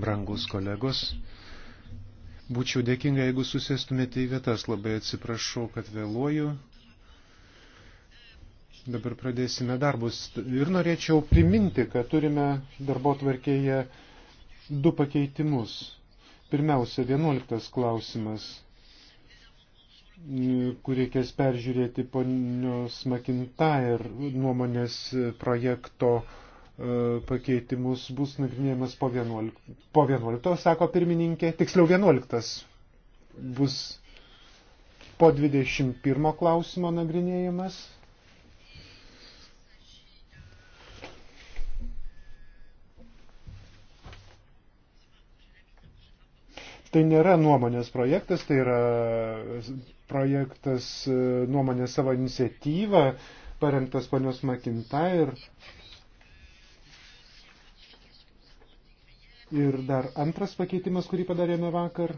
Brangus kolegos, būčiau dėkinga, jeigu susėstumėte į vietas. Labai atsiprašau, kad vėluoju. Dabar pradėsime darbus. Ir norėčiau priminti, kad turime darbo tvarkėje du pakeitimus. Pirmiausia, vienuoliktas klausimas, kur reikės peržiūrėti ponios McIntyre nuomonės projekto uh, E, pakeitimus bus nagrinėjimas po 11, po 11, sako pirmininkė, tiksliau 11 bus po 21 klausimo nagrinėjimas. Tai nėra nuomonės projektas, tai yra projektas e, nuomonė savo iniciatyvą, parengtas ponios Makinta ir Ir dar antras pakeitimas, kurį padarėme vakar,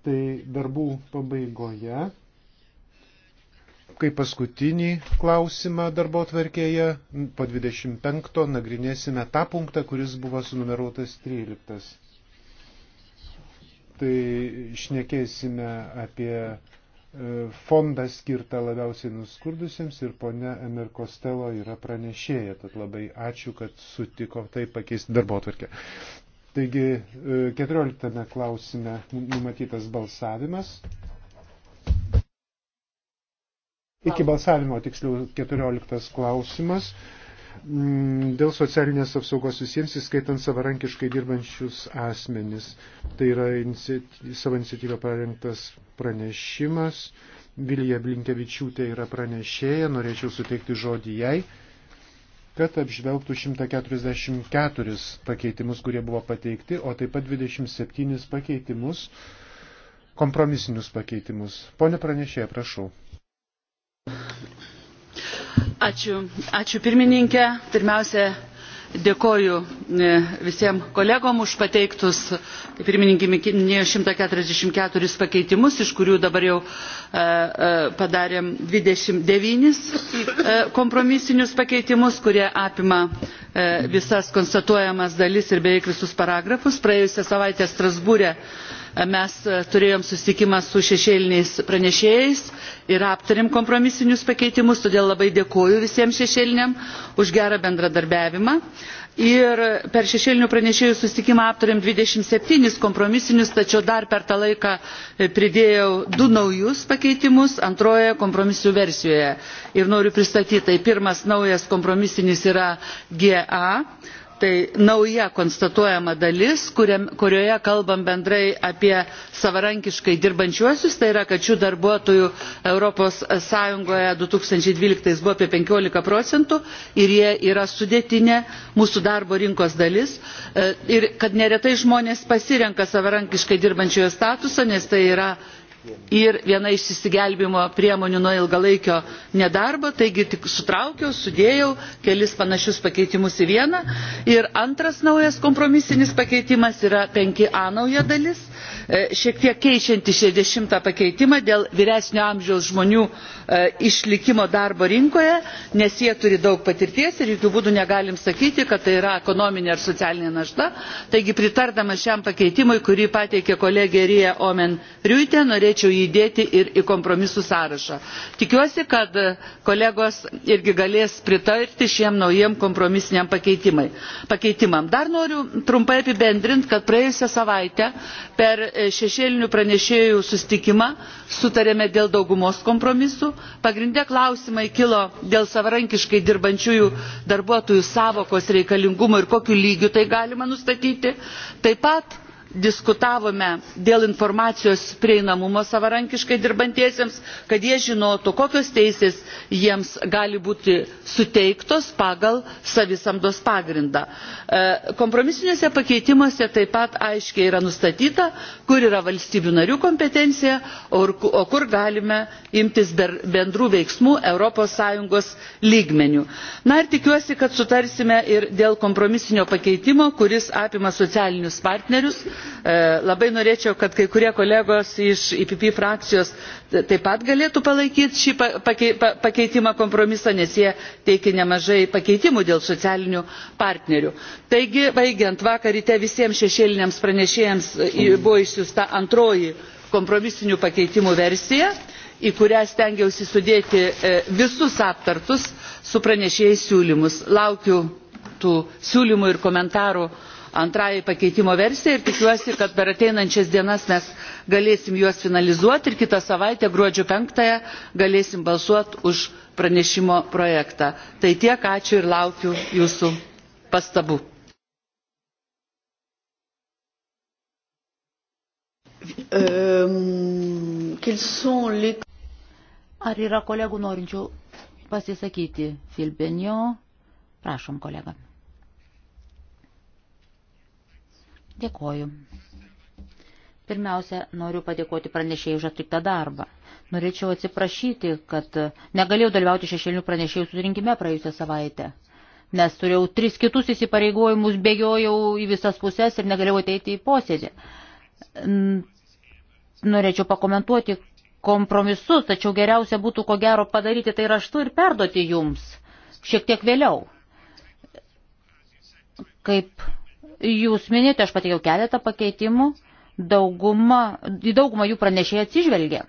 tai darbų pabaigoje. Kaip paskutinį klausimą darbo tvarkėje, po 25 nagrinėsime tą punktą, kuris buvo sunumeruotas 13. Tai šnekėsime apie E, fondą skirtą labiausiai nuskurdusiems ir ponia Emir Kostelo yra pranešėja, tad labai ačiū, kad sutiko tai pakeisti darbo atvarkę. Taigi, 14 e, klausime numatytas balsavimas. Iki balsavimo tiksliau 14 klausimas. Mm, dėl socialinės apsaugos visiems, įskaitant savarankiškai dirbančius asmenis. Tai yra iniciatyva, savo iniciatyvą parengtas pranešimas. Vilija Blinkevičiūtė yra pranešėja, norėčiau suteikti žodį jai, kad apžvelgtų 144 pakeitimus, kurie buvo pateikti, o taip pat 27 pakeitimus, kompromisinius pakeitimus. Pone pranešėja, prašau. Ačiū, ačiū pirmininkė. Pirmiausia, dėkoju e, visiems kolegom už pateiktus kaip pirmininkė minėjo šimtą keturiasdešimt keturis pakeitimus iš kurių dabar jau e, e, padarėm dvidešimt devynis kompromisinius pakeitimus kurie apima visas konstatuojamas dalis ir beveik visus paragrafus. praėjusią savaitę strasbūre E, mes e, turėjom susitikimą su šešėliniais pranešėjais ir aptarėm kompromisinius pakeitimus todėl labai dėkoju visiems šešėliniam už gerą bendradarbiavimą ir per šešėlinių pranešėjų susitikimą aptarėm dvidešimt septynis kompromisinius tačiau dar per tą laiką e, pridėjau du naujus pakeitimus antrojoje kompromisų versijoje ir noriu pristatyti tai pirmas naujas kompromisinis yra ga tai nauja konstatuojama dalis kuriam, kurioje kalbam bendrai apie savarankiškai dirbančiuosius tai yra kad šių darbuotojų europos sąjungoje du tūkstančiai dvyliktais buvo apie penkiolika procentų ir jie yra sudėtinė mūsų darbo rinkos dalis e, ir kad neretai žmonės pasirenka savarankiškai dirbančiojo statusą nes tai yra ir viena iš išsigelbėjimo priemonių nuo ilgalaikio nedarbo taigi tik sutraukiau sudėjau kelis panašius pakeitimus į vieną ir antras naujas kompromisinis pakeitimas yra penki a nauja dalis E, šiek tiek keičianti šešiasdešimt pakeitimą dėl vyresnio amžiaus žmonių e, išlikimo darbo rinkoje nes jie turi daug patirties ir jokiu būdu negalime sakyti kad tai yra ekonominė ar socialinė našta taigi pritardama šiam pakeitimui kurį pateikė kolegė ria oomen ruijten norėčiau jį įdėti ir į kompromisų sąrašą. tikiuosi kad kolegos irgi galės pritarti šiems naujiems kompromisiniams pakeitimams. dar noriu trumpai apibendrinti kad praėjusią savaitę per E, šešėlinių pranešėjų susitikimą sutarėme dėl daugumos kompromisų pagrinde klausimai kilo dėl savarankiškai dirbančiųjų darbuotojų sąvokos reikalingumo ir kokiu lygiu tai galima nustatyti taip pat diskutavome dėl informacijos prieinamumo savarankiškai dirbantiesiems kad jie žinotų kokios teisės jiems gali būti suteiktos pagal savisamdos pagrindą. E, kompromisiniuose pakeitimuose taip pat aiškiai yra nustatyta kur yra valstybių narių kompetencija o kur galime imtis bendrų veiksmų europos sąjungos lygmeniu. na ir tikiuosi kad sutarsime ir dėl kompromisinio pakeitimo kuris apima socialinius partnerius E, labai norėčiau, kad kai kurie kolegos iš IPP frakcijos taip pat galėtų palaikyti šį pakeitimą kompromisą, nes jie teikia nemažai pakeitimų dėl socialinių partnerių. Taigi, baigiant, vakar ryte visiems šešėliniams pranešėjams buvo išsiusta antroji kompromisinių pakeitimų versija į kurią stengiausi sudėti e, visus aptartus su pranešėjais siūlymus. Laukiu tų siūlymų ir komentarų antrajai pakeitimo versijai ir tikiuosi kad per ateinančias dienas mes galėsim juos finalizuoti ir kitą savaitę gruodžio penki ąją galėsim balsuoti už pranešimo projektą. tai tiek ačiū ir laukiu jūsų pastabų. Ehm, Ar yra kolegų norinčių pasisakyti? Filbenio, prašom kolegą. Dėkoju. Pirmiausia, noriu padėkoti pranešėjai už atliktą darbą. Norėčiau atsiprašyti, kad negalėjau dalyvauti šešėlinių pranešėjų surinkime praėjusią savaitę, nes turėjau tris kitus įsipareigojimus, bėgiojau į visas pusės ir negalėjau ateiti į posėdį. Norėčiau pakomentuoti kompromisus, tačiau geriausia būtų ko gero padaryti tai raštu ir perduoti jums šiek tiek vėliau. Kaip jūs minėjote, aš pateikiau keletą pakeitimų, dauguma, į daugumą jų pranešėjai atsižvelgia.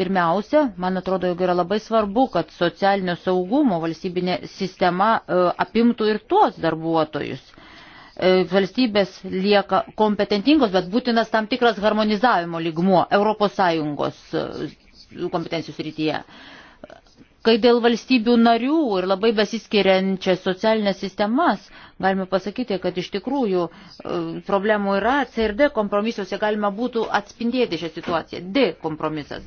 Pirmiausia, man atrodo, jog yra labai svarbu, kad socialinio saugumo valstybinė sistema e, apimtų ir tuos darbuotojus. E, valstybės lieka kompetentingos, bet būtinas tam tikras harmonizavimo lygmuo Europos Sąjungos e, kompetencijų srityje kai dėl valstybių narių ir labai besiskiriančias socialinės sistemas, galime pasakyti, kad iš tikrųjų e, problemų yra, C ir D kompromisuose galima būtų atspindėti šią situaciją. D kompromisas.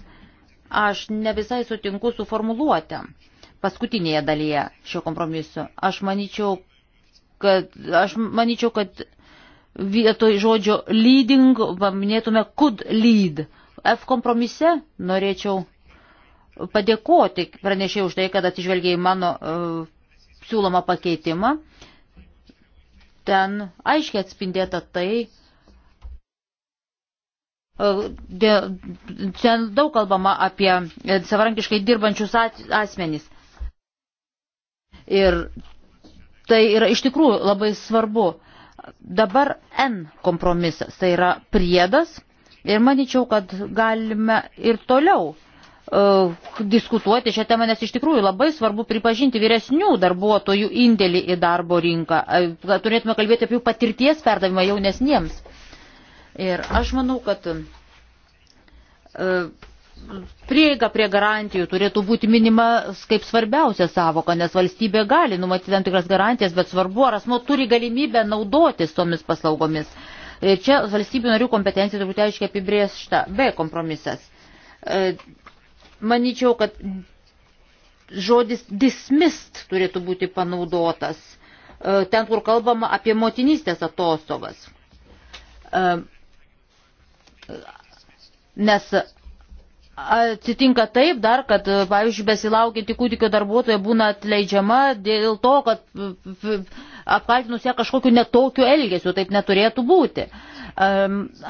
Aš ne visai sutinku su formuluotė paskutinėje dalyje šio kompromiso. Aš manyčiau, kad, aš manyčiau, kad vietoj žodžio leading paminėtume could lead. F kompromise norėčiau padėkoti pranešėjai už tai, kad atsižvelgiai mano uh, siūlomą pakeitimą. Ten aiškiai atspindėta tai, uh, de, ten daug kalbama apie e, savarankiškai dirbančius asmenys. Ir tai yra iš tikrųjų labai svarbu. Dabar N kompromisas, tai yra priedas ir manyčiau, kad galime ir toliau uh, uh, diskutuoti šią temą, nes iš tikrųjų labai svarbu pripažinti vyresnių darbuotojų indėlį į darbo rinką. Uh, turėtume kalbėti apie jų patirties perdavimą jaunesniems. Ir aš manau, kad uh, prieiga prie garantijų turėtų būti minima kaip svarbiausia savoka, nes valstybė gali numatyti tam tikras garantijas, bet svarbu, ar asmo turi galimybę naudotis tomis paslaugomis. Ir čia valstybių narių kompetencija turbūt aiškiai apibrėžta B kompromisas. Maničiau, kad žodis dismist turėtų būti panaudotas e, ten, kur kalbama apie motinystės atostogas. E, nes atsitinka taip dar, kad, pavyzdžiui, besilaukianti kūdikio darbuotoja būna atleidžiama dėl to, kad apkaltinus ją kažkokiu netokiu elgesiu, taip neturėtų būti. E,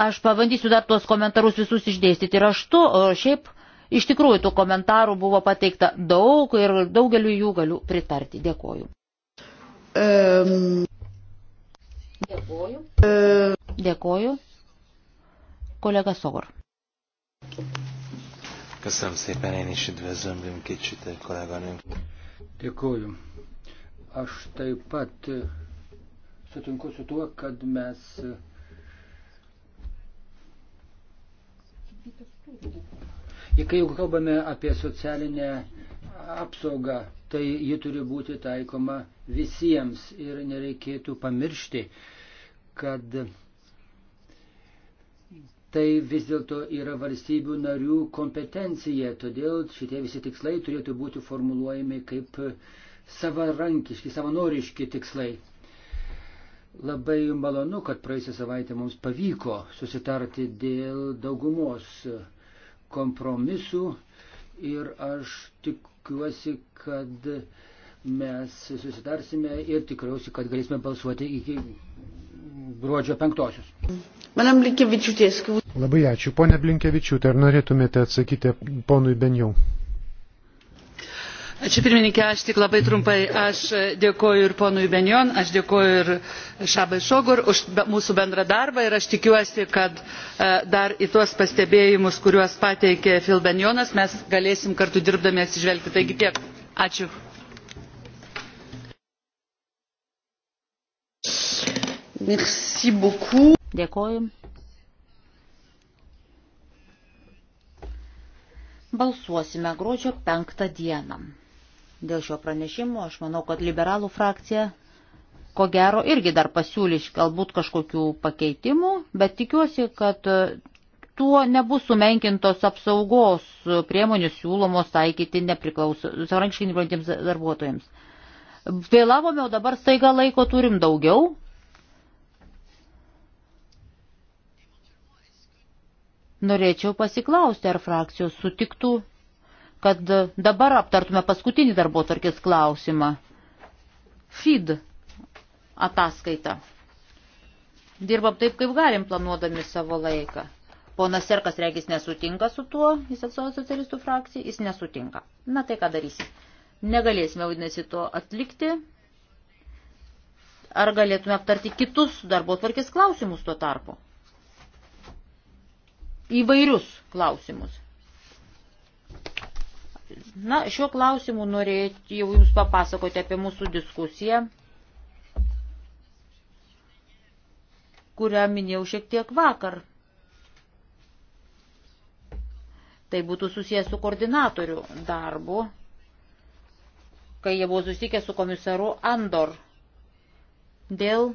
aš pabandysiu dar tuos komentarus visus išdėstyti raštu, o šiaip Iš tikrųjų, tų komentarų buvo pateikta daug ir daugeliu jų galiu pritarti. Dėkoju. Um, Dėkoju. Um, Dėkoju. Kolega Szobor. Köszönöm szépen, én is üdvözlöm kicsit kolléganőnk. Dėkoju. Aš taip pat e, sutinku su tuo, kad mes e, Jeigu kalbame apie socialinę apsaugą, tai ji turi būti taikoma visiems ir nereikėtų pamiršti, kad tai vis dėlto yra valstybių narių kompetencija, todėl šitie visi tikslai turėtų būti formuluojami kaip savarankiški, savanoriški tikslai. Labai malonu, kad praėjusią savaitę mums pavyko susitarti dėl daugumos kompromisų ir aš tikiuosi, kad mes susitarsime ir tikriausi, kad galėsime balsuoti iki gruodžio penktosios. Manam Blinkevičiūtės. Labai ačiū. Pone Blinkevičiūtė, ar norėtumėte atsakyti ponui Benjau? aš tik labai trumpai aš e, dėkoju ir ponui bennion aš dėkoju ir sabai sogor už mūsų bendrą darbą ir aš tikiuosi kad e, dar į tuos pastebėjimus kuriuos pateikė phil benjonas mes galėsime kartu dirbdami atsižvelgti. taigi tiek ačiū. Dėkoju. Balsuosime gruodžio penktą dieną dėl šio pranešimo. Aš manau, kad liberalų frakcija ko gero irgi dar pasiūlys galbūt kažkokių pakeitimų, bet tikiuosi, kad e, tuo nebus sumenkintos apsaugos priemonės siūlomos taikyti savarankiškai neprantiems darbuotojams. Vėlavome, o dabar staiga laiko turim daugiau. Norėčiau pasiklausti, ar frakcijos sutiktų kad dabar aptartume paskutinį darbo tarkės klausimą. FID ataskaita. Dirbam taip, kaip galim, planuodami savo laiką. Ponas Serkas Regis nesutinka su tuo, jis atstovauja socialistų frakcijai, jis nesutinka. Na tai ką darysim? Negalėsime, vadinasi, to atlikti. Ar galėtume aptarti kitus darbo tvarkės klausimus tuo tarpu? Įvairius klausimus. Na, šiuo klausimu norėčiau Jums papasakoti apie mūsų diskusiją, kurią minėjau šiek tiek vakar. Tai būtų susijęs su koordinatorių darbu, kai jie buvo susitikę su komisaru Andor dėl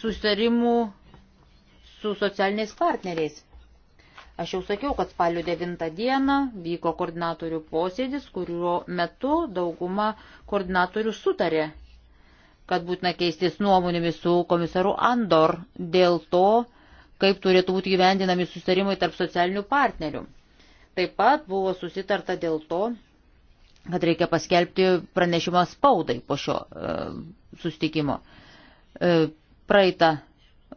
sustarimų su socialiniais partneriais. Aš jau sakiau, kad spalio 9 dieną vyko koordinatorių posėdis, kurio metu dauguma koordinatorių sutarė, kad būtina keistis nuomonėmis su komisaru Andor dėl to, kaip turėtų būti gyvendinami sustarimai tarp socialinių partnerių. Taip pat buvo susitarta dėl to, kad reikia paskelbti pranešimą spaudai po šio e, sustikimo. E, praeitą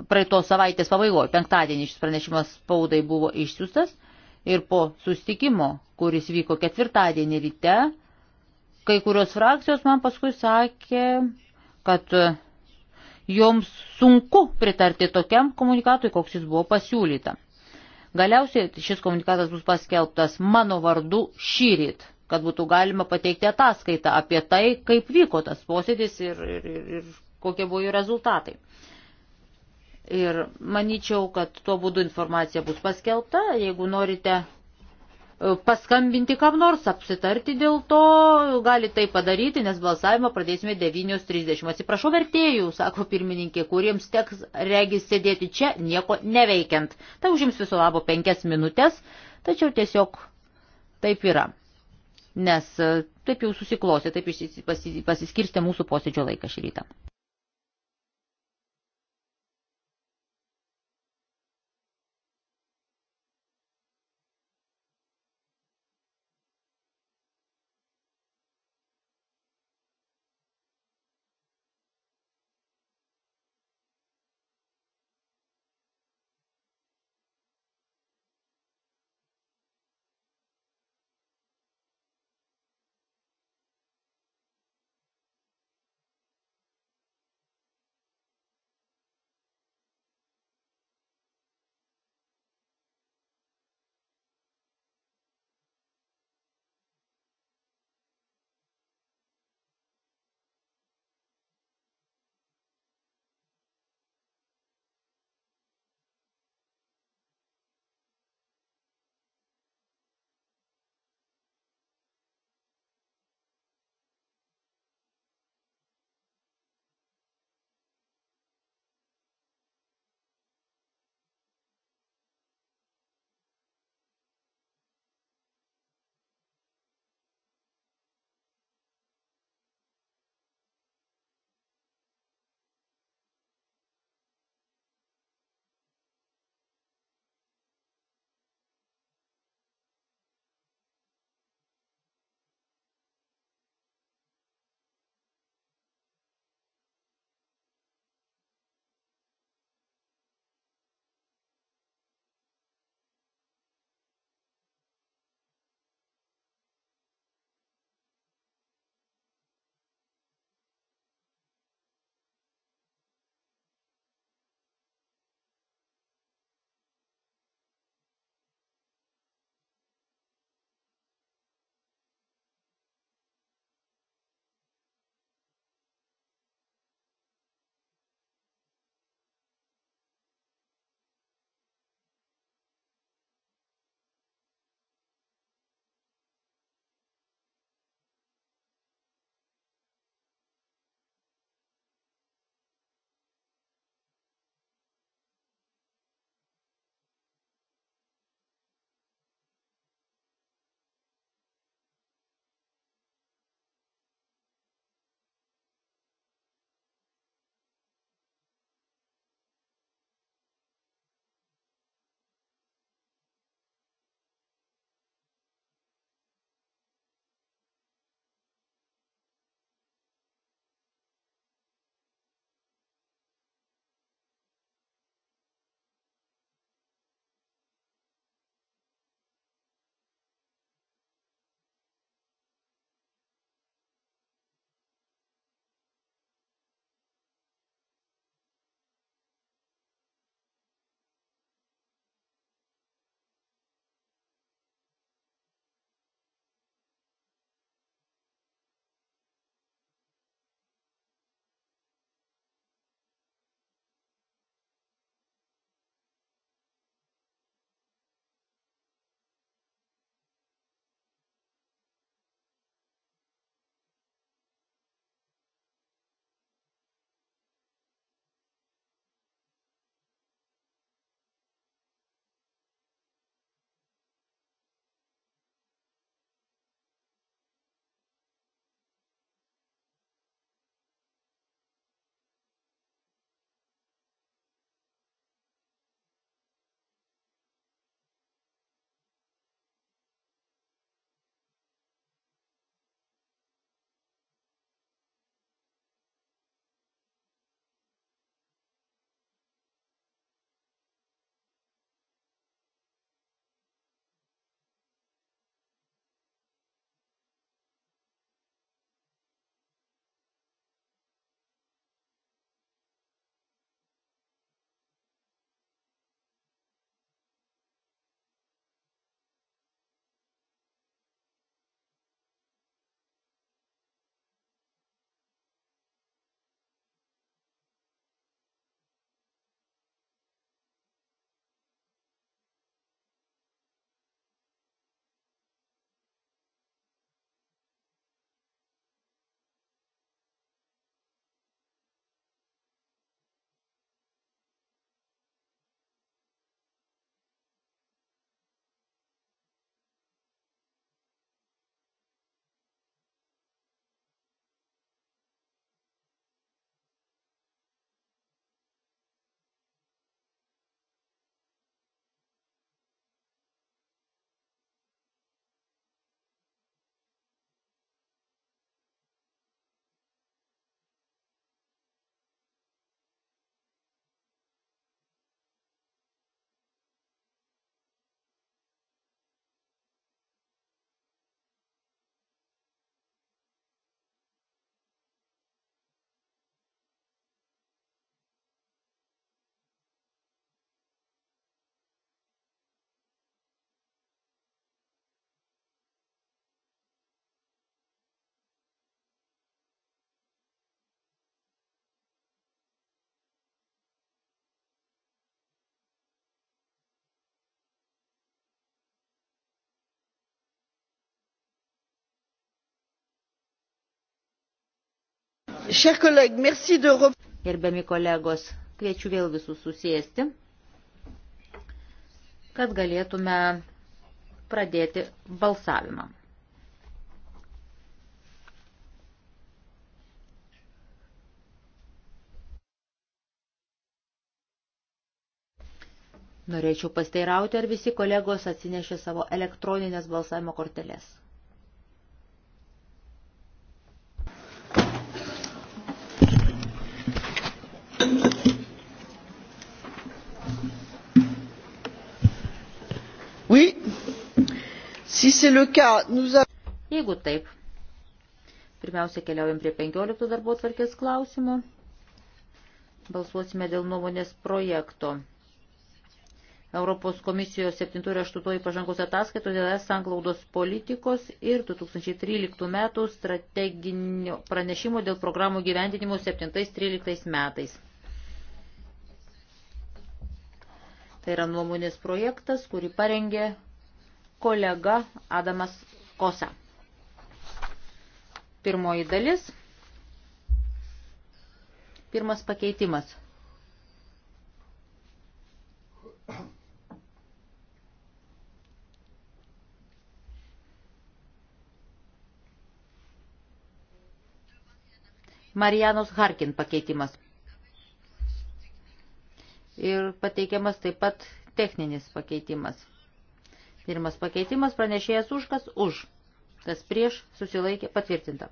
praeitos savaitės pabaigoje, penktadienį šis pranešimas spaudai buvo išsiustas ir po sustikimo, kuris vyko ketvirtadienį ryte, kai kurios frakcijos man paskui sakė, kad e, joms sunku pritarti tokiam komunikatui, koks jis buvo pasiūlyta. Galiausiai šis komunikatas bus paskelbtas mano vardu šyryt, kad būtų galima pateikti ataskaitą apie tai, kaip vyko tas posėdis ir, ir, ir, ir kokie buvo jų rezultatai. Ir manyčiau, kad tuo būdu informacija bus paskelbta. Jeigu norite e, paskambinti kam nors, apsitarti dėl to, gali tai padaryti, nes balsavimą pradėsime 9.30. Atsiprašau vertėjų, sako pirmininkė, kuriems teks regis sėdėti čia nieko neveikiant. Tai užims viso labo penkias minutės, tačiau tiesiog taip yra. Nes e, taip jau susiklosi, taip pasis, pasiskirstė mūsų posėdžio laiką šį rytą. Gerbiami kolegos, kviečiu vėl visus susėsti, kad galėtume pradėti balsavimą. Norėčiau pasteirauti, ar visi kolegos atsinešė savo elektroninės balsavimo korteles. Oui. Si c'est le cas, nous avons. Jeigu taip, pirmiausia keliaujam prie 15 darbo tvarkės klausimų. Balsuosime dėl nuomonės projekto. Europos komisijos 7 ir 8 pažangos ataskaitos dėl es sanglaudos politikos ir 2013 metų strateginio pranešimo dėl programų gyvendinimo 7-13 metais. Tai yra nuomonės projektas, kurį parengė kolega Adamas Kosa. Pirmoji dalis. Pirmas pakeitimas. Marijanos Harkin pakeitimas ir pateikiamas taip pat techninis pakeitimas. Pirmas pakeitimas pranešėjas už, kas už, kas prieš susilaikė patvirtinta.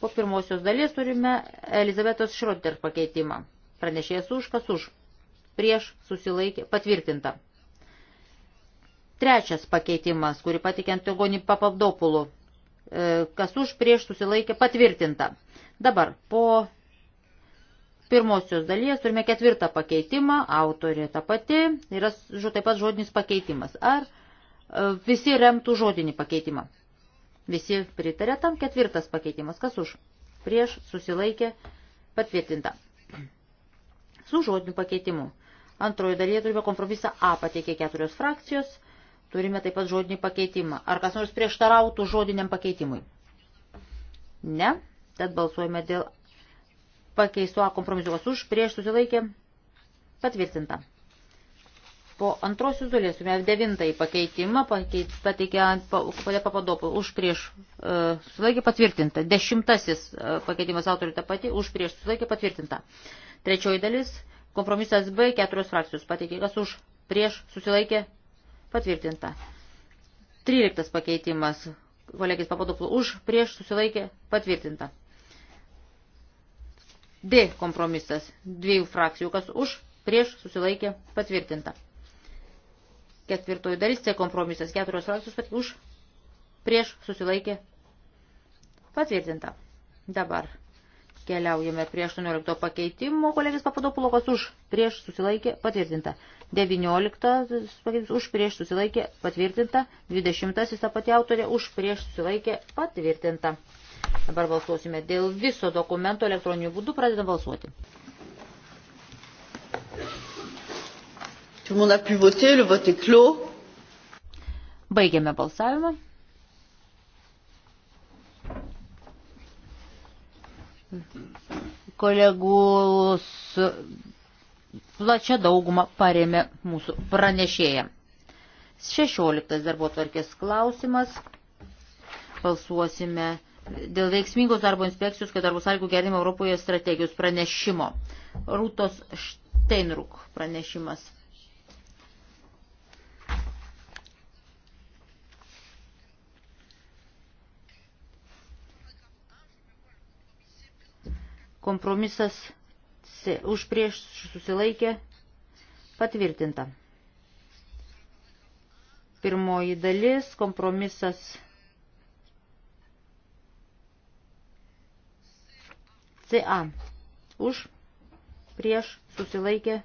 Po pirmosios dalies turime Elizabetos Šrotter pakeitimą. Pranešėjas už, kas už, prieš susilaikė patvirtinta. Trečias pakeitimas, kurį patikė Antigonį Papavdopulų. E, kas už prieš susilaikė patvirtinta. Dabar po pirmosios dalies turime ketvirtą pakeitimą, autorė ta pati, yra taip pat žodinis pakeitimas. Ar e, visi remtų žodinį pakeitimą? Visi pritarė tam ketvirtas pakeitimas. Kas už? Prieš susilaikė patvirtinta. Su žodiniu pakeitimu. Antrojo dalyje turime kompromisą A pateikė keturios frakcijos. Turime taip pat žodinį pakeitimą. Ar kas nors prieštarautų žodiniam pakeitimui? Ne. Tad balsuojame dėl pakeisto A kompromisu, kas už, prieš susilaikė, patvirtinta. Po antrosios dalies, turime devintąjį pakeitimą, pakeit, pateikė ponė Papadopų, už prieš e, sulaikė patvirtinta. Dešimtasis e, pakeitimas autorių ta pati, už prieš sulaikė patvirtinta. Trečioji dalis, kompromisas B, keturios frakcijos pateikė, kas už prieš susilaikė patvirtinta. Tryliktas pakeitimas, kolegės Papadopų, už prieš susilaikė patvirtinta. D kompromisas dviejų frakcijų, kas už, prieš, susilaikė, patvirtinta. Ketvirtoji dalis C kompromisas keturios frakcijos, pat už, prieš, susilaikė, patvirtinta. Dabar keliaujame prie 18 pakeitimo, kolegis Papadopulo, kas už, prieš, susilaikė, patvirtinta. 19 pakeitimas už, prieš, susilaikė, patvirtinta. 20 ta pati autorė už, prieš, susilaikė, patvirtinta. Dabar balsuosime dėl viso dokumento elektroniniu būdu. Pradedam balsuoti. Tout le monde a pu voter, le vote est clos. Baigiame balsavimą. Kolegus plačia dauguma paremė mūsų pranešėją. 16 darbo tvarkės klausimas. Balsuosime dėl veiksmingos darbo inspekcijos, kad darbo sąlygų gerinimo Europoje strategijos pranešimo. Rūtos Steinruk pranešimas. Kompromisas C. už prieš susilaikė patvirtinta. Pirmoji dalis kompromisas C CA. Už, prieš, susilaikė,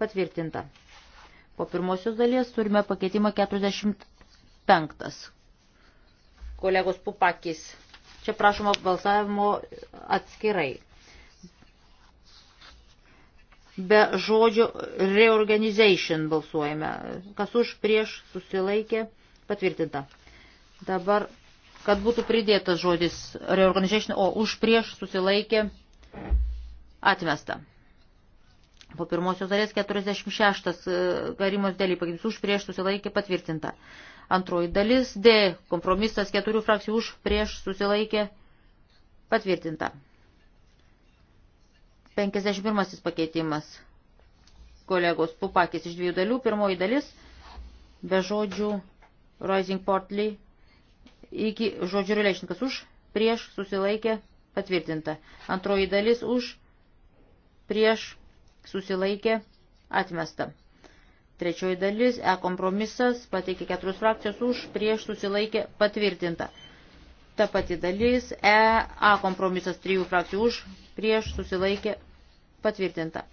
patvirtinta. Po pirmosios dalies turime pakeitimą 45. Kolegos Pupakis. Čia prašoma balsavimo atskirai. Be žodžio reorganization balsuojame. Kas už prieš susilaikė patvirtinta. Dabar kad būtų pridėtas žodis reorganization, o už prieš susilaikė atmesta. Po pirmosios dalies 46 e, karimos dėlį pagrindus už prieš susilaikė patvirtinta. Antroji dalis D. Kompromisas keturių frakcijų už prieš susilaikė patvirtinta. 51 pakeitimas. Kolegos Pupakis iš dviejų dalių. Pirmoji dalis be žodžių Rising Portly iki žodžių relation, kas už, prieš, susilaikė, patvirtinta. Antroji dalis už, prieš, susilaikė, atmesta. Trečioji dalis, E kompromisas, pateikė keturios frakcijos už, prieš, susilaikė, patvirtinta. Ta pati dalis, E, A kompromisas, trijų frakcijų už, prieš, susilaikė, patvirtinta.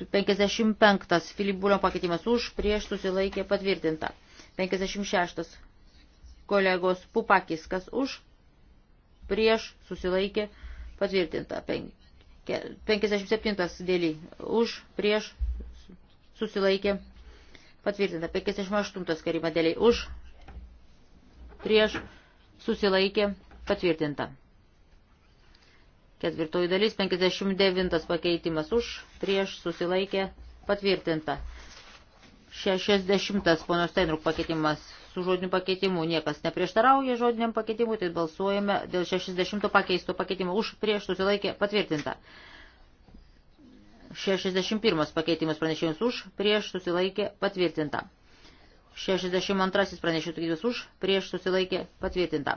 55. Filip Būlio pakeitimas už, prieš, susilaikė, patvirtinta. 56 kolegos Pupakis, kas už, prieš, susilaikė, patvirtinta. 57 dėlį, už, prieš, susilaikė, patvirtinta. 58 karima dėlį, už, prieš, susilaikė, patvirtinta. Ketvirtoji dalis, 59 pakeitimas už, prieš, susilaikė, patvirtinta. 60 pono Steinruk pakeitimas su žodiniu pakeitimu. Niekas neprieštarauja žodiniam pakeitimui, tai balsuojame dėl 60 pakeisto pakeitimo. Už prieš susilaikė patvirtinta. 61 pakeitimas pranešėjams už, prieš susilaikė patvirtinta. 62 pranešėjus už, prieš susilaikė patvirtinta.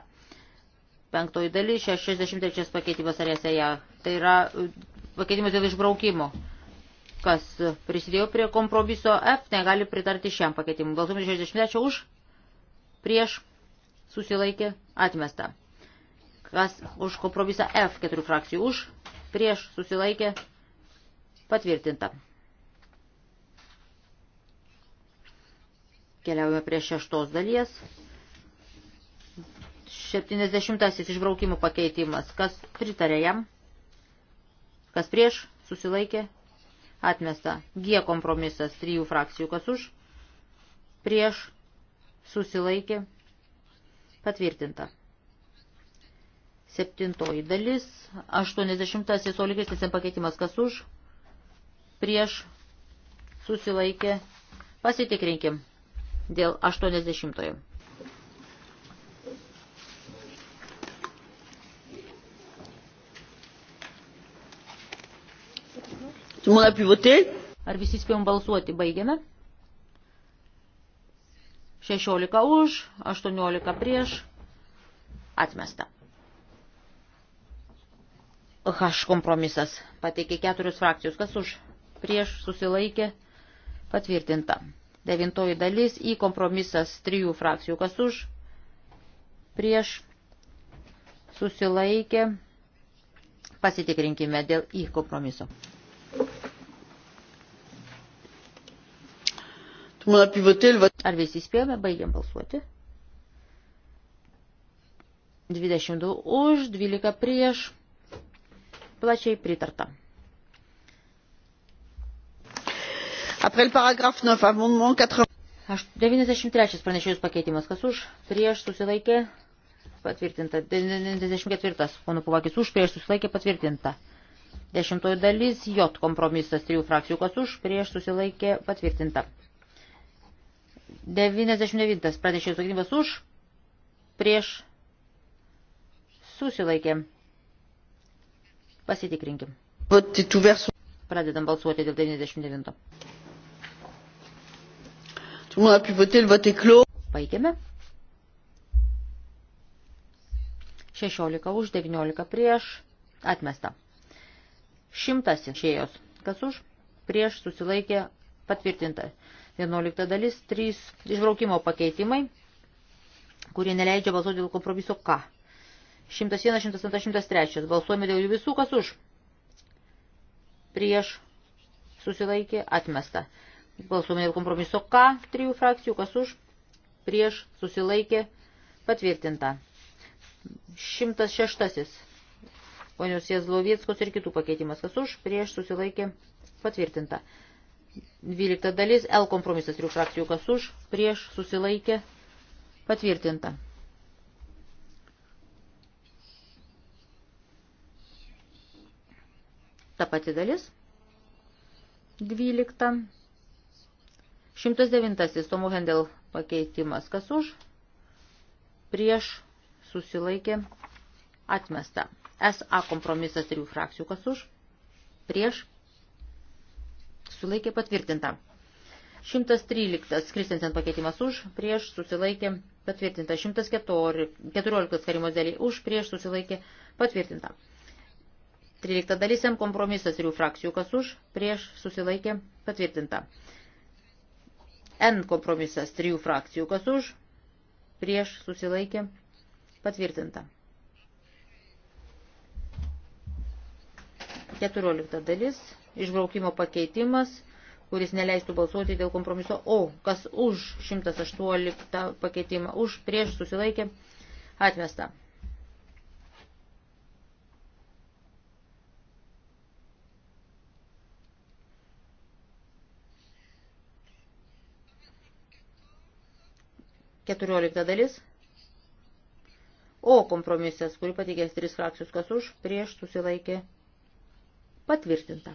Penktoji dalis, 63 pakeitimas arėsėje. Tai yra uh, pakeitimas dėl išbraukimo kas prisidėjo prie kompromiso F, negali pritarti šiam pakeitimui. Balsuomis 63 už, prieš susilaikė atmesta. Kas už kompromisą F keturių frakcijų už prieš susilaikė patvirtinta. Keliaujame prie šeštos dalies. 70 išbraukimo pakeitimas. Kas pritarė jam? Kas prieš? Susilaikė? Atmesta. G kompromisas trijų frakcijų. Kas už? Prieš susilaikė, patvirtinta. Septintoji dalis, 80-asis olikesnis pakeitimas, kas už, prieš, susilaikė, pasitikrinkim dėl 80-ojo. Ar visi spėjom balsuoti, baigiame? 16 už, 18 prieš, atmesta. H kompromisas pateikė keturius frakcijus, kas už, prieš, susilaikė, patvirtinta. Devintoji dalis į kompromisas trijų frakcijų, kas už, prieš, susilaikė, pasitikrinkime dėl į kompromiso. Ar visi spėjome, baigiam balsuoti? 22 už, 12 prieš, plačiai pritarta. Après le paragraphe 9, amendement 80. 93 pranešėjus pakeitimas, kas už, prieš susilaikė, patvirtinta. 94, pono Puvakis, už, prieš susilaikė, patvirtinta. Dešimtoji dalis, J kompromisas, trijų frakcijų, kas už, prieš susilaikė, patvirtinta. 99 pranešėjos pagrindybas už, prieš, susilaikė. Pasitikrinkim. Pradedam balsuoti dėl 99. Paikėme. 16 už, 19 prieš, atmesta. Šimtas išėjos. Kas už? Prieš susilaikė patvirtinta. 11 dalis, 3 išbraukimo pakeitimai, kurie neleidžia balsuoti dėl kompromiso K. 101, 102, 103. Balsuojame dėl jų visų, kas už. Prieš susilaikė atmesta. Balsuojame dėl kompromiso K, trijų frakcijų, kas už. Prieš susilaikė patvirtinta. 106. Ponios Jezlovieckos ir kitų pakeitimas, kas už. Prieš susilaikė patvirtinta. 12 dalis, L kompromisas trijų frakcijų kas už, prieš, susilaikė, patvirtinta. Ta pati dalis. 12. 109. Tomo Hendel pakeitimas. Kas už? Prieš susilaikė atmesta. SA kompromisas trijų frakcijų. Kas už? Prieš susilaikė patvirtinta. 113 Kristinsen pakeitimas už, prieš susilaikė patvirtinta. 114 karimos daliai už, prieš susilaikė patvirtinta. 13 dalis M kompromisas ir jų frakcijų kas už, prieš susilaikė patvirtinta. N kompromisas trijų frakcijų kas už, prieš susilaikė patvirtinta. 14 dalis išbraukimo pakeitimas, kuris neleistų balsuoti dėl kompromiso O. Kas už 118 pakeitimą, už prieš susilaikė, atmesta. Keturiolikta dalis. O kompromisas, kurį pateikės tris frakcijos, kas už, prieš susilaikė patvirtinta.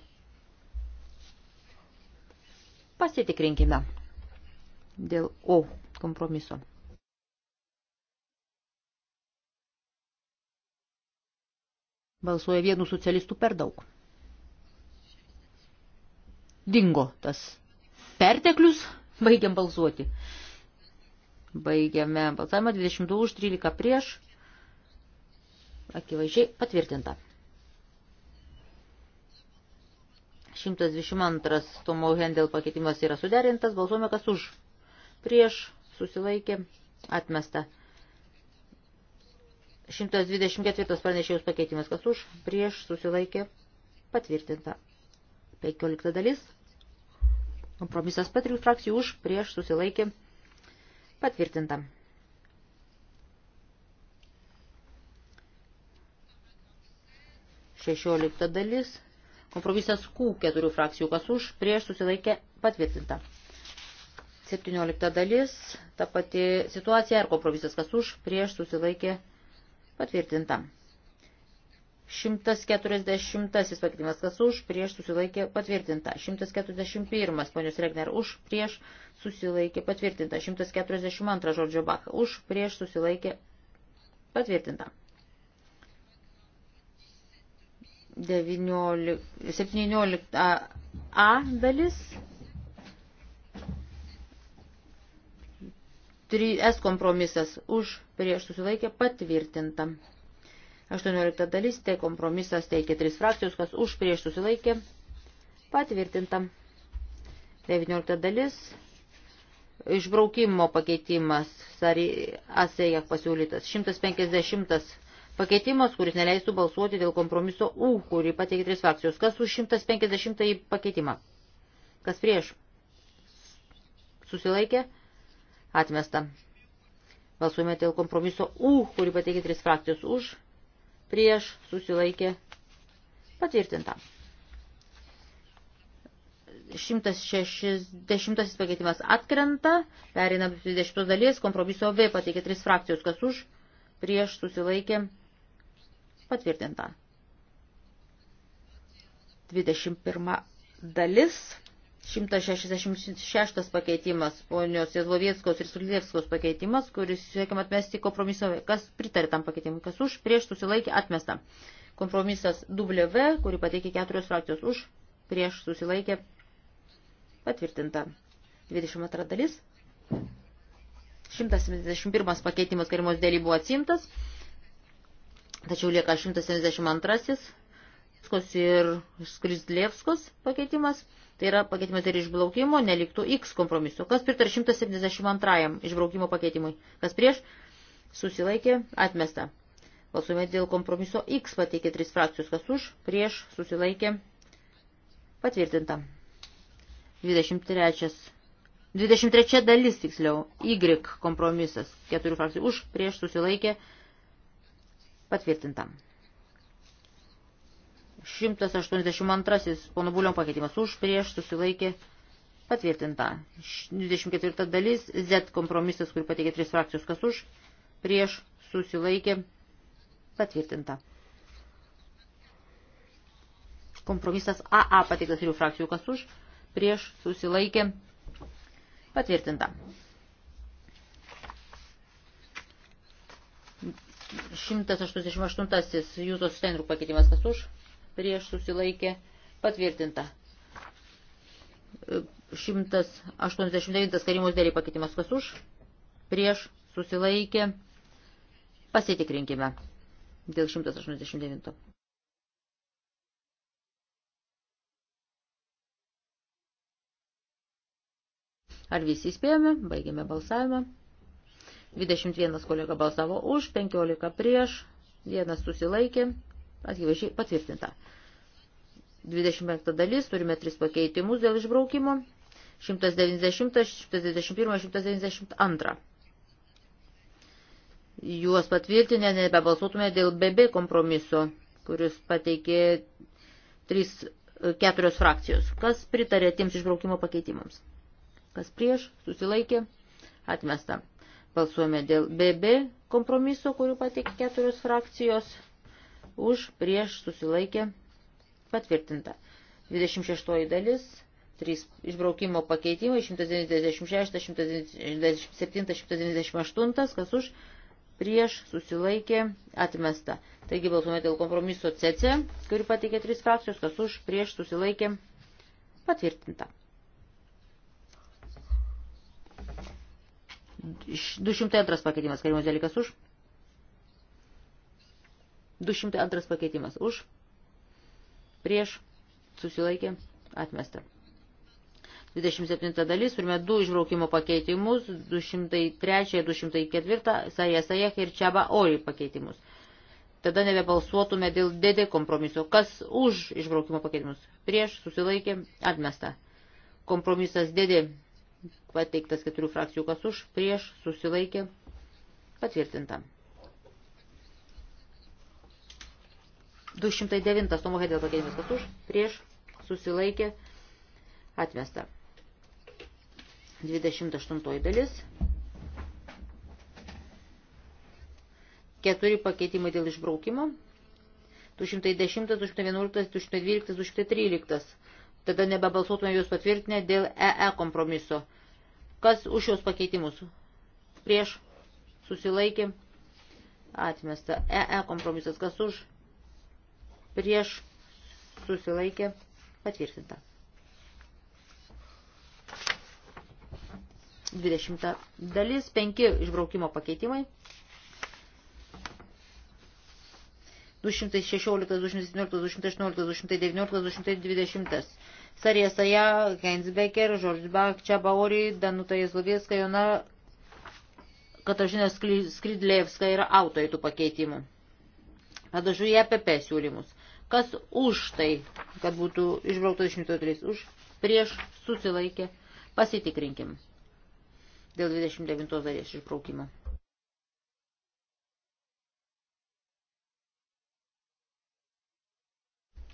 Pasitikrinkime dėl O kompromiso. Balsuoja vienų socialistų per daug. Dingo tas perteklius, baigiam balsuoti. Baigiame balsavimą 22 už 13 prieš. Akivaizdžiai patvirtinta. 122 Tomo Hendel pakeitimas yra suderintas, balsuome kas už. Prieš susilaikė atmesta. 124 pranešėjus pakeitimas kas už. Prieš susilaikė patvirtinta. 15 dalis. Kompromisas patrijų frakcijų už. Prieš susilaikė patvirtinta. Šešiolikta dalis. Kompromisas Q keturių frakcijų kas už, prieš susilaikė patvirtinta. 17 dalis, ta pati situacija ir kompromisas kas už, prieš susilaikė patvirtinta. 140 pakeitimas kas už, prieš susilaikė patvirtinta. 141 ponios Regner už, prieš susilaikė patvirtinta. 142 žodžio Bach už, prieš susilaikė patvirtinta. 19, 17 A dalis. S kompromisas už prieš susilaikė patvirtinta. 18 dalis, tai kompromisas teikia 3 frakcijos, kas už prieš susilaikė patvirtinta. 19 dalis, išbraukimo pakeitimas, asėjak pasiūlytas, 150 pakeitimas, kuris neleistų balsuoti dėl kompromiso U, kurį pateikė tris frakcijos. Kas už 150 pakeitimą? Kas prieš? Susilaikė? Atmesta. Balsuojame dėl kompromiso U, kurį pateikė tris frakcijos už, prieš, susilaikė, patvirtinta. 160 pakeitimas atkrenta, perina 20 dalies, kompromiso V pateikė tris frakcijos, kas už, prieš, susilaikė, Patvirtinta. 21 dalis. 166 pakeitimas, ponios Jezlovieckos ir Sulėvskos pakeitimas, kuris siekiam atmesti kompromiso, kas pritarė tam pakeitimui, kas už, prieš susilaikė atmestą. Kompromisas W, kurį pateikė keturios frakcijos už, prieš susilaikė patvirtinta. 22 dalis. 171 pakeitimas karimos dėlį buvo atsimtas. Tačiau lieka 172 ir Skrisdlevskos pakeitimas. Tai yra pakeitimas ir išbraukimo, neliktų X kompromiso. Kas pritar 172 išbraukimo pakeitimui? Kas prieš? Susilaikė, atmesta. Balsuojame dėl kompromiso X pateikė tris frakcijos. Kas už? Prieš, susilaikė, patvirtinta. 23. 23 dalis tiksliau. Y kompromisas. Keturių frakcijų už, prieš, susilaikė, patvirtinta Patvirtinta. 182 pono Būlio pakeitimas už prieš susilaikė patvirtinta. 24 dalis Z kompromisas, kurį pateikė tris frakcijos kas už prieš susilaikė patvirtinta. Kompromisas AA pateiktas trijų frakcijų kas už prieš susilaikė patvirtinta. 188 Jūzos Steinrų pakeitimas kas už, prieš susilaikė patvirtinta. 189 Karimos dėlį pakeitimas kas už, prieš susilaikė pasitikrinkime dėl 189. Ar visi spėjome? Baigėme balsavimą. 21 kolega balsavo už, 15 prieš, vienas susilaikė, akivaizdžiai patvirtinta. 25 dalis, turime tris pakeitimus dėl išbraukimo. 190, 191, 192. Juos patvirtinę nebebalsuotume dėl BB kompromiso, kuris pateikė trys, keturios frakcijos. Kas pritarė tiems išbraukimo pakeitimams? Kas prieš? Susilaikė? Atmesta. Balsuojame dėl BB kompromiso, kurių pateikė keturios frakcijos. Už, prieš, susilaikė, patvirtinta. 26 dalis, 3 išbraukimo pakeitimai, 196, 197, 198, kas už, prieš, susilaikė, atmesta. Taigi balsuojame dėl kompromiso CC, kurį pateikė 3 frakcijos, kas už, prieš, susilaikė, patvirtinta. 202 pakeitimas, karimas dalykas už. 202 pakeitimas už. Prieš susilaikė atmesta. 27 dalis, turime du išbraukimo pakeitimus, 203, 204, Saja Sajek ir Čiaba Ori pakeitimus. Tada nebebalsuotume dėl DD kompromiso. Kas už išbraukimo pakeitimus? Prieš susilaikė atmesta. Kompromisas DD Pateiktas keturių frakcijų kas už, prieš, susilaikė, patvirtinta. 209 Tomo Hedėl pakeitimas kas už, prieš, susilaikė, atmesta. 28 dalis. Keturi pakeitimai dėl išbraukimo. 210, 211, 212, 213. Tada nebebalsuotume juos patvirtinę dėl EE e kompromiso. Kas už šios pakeitimus? Prieš susilaikė atmesta. EE e kompromisas kas už? Prieš susilaikė patvirtinta. 20 dalis, 5 išbraukimo pakeitimai. 216, 217, 218, 219, 220. Sariesaja, Geinsbecker, Žoržbach, Čiabaori, Danuta Jezlovieska, Jona Katažina Skridlevska yra autoriai tų pakeitimų. Padažu į APP siūlymus. Kas už tai, kad būtų išbraukta 103, už, prieš, susilaikė, pasitikrinkim dėl 29 dalies išbraukimo.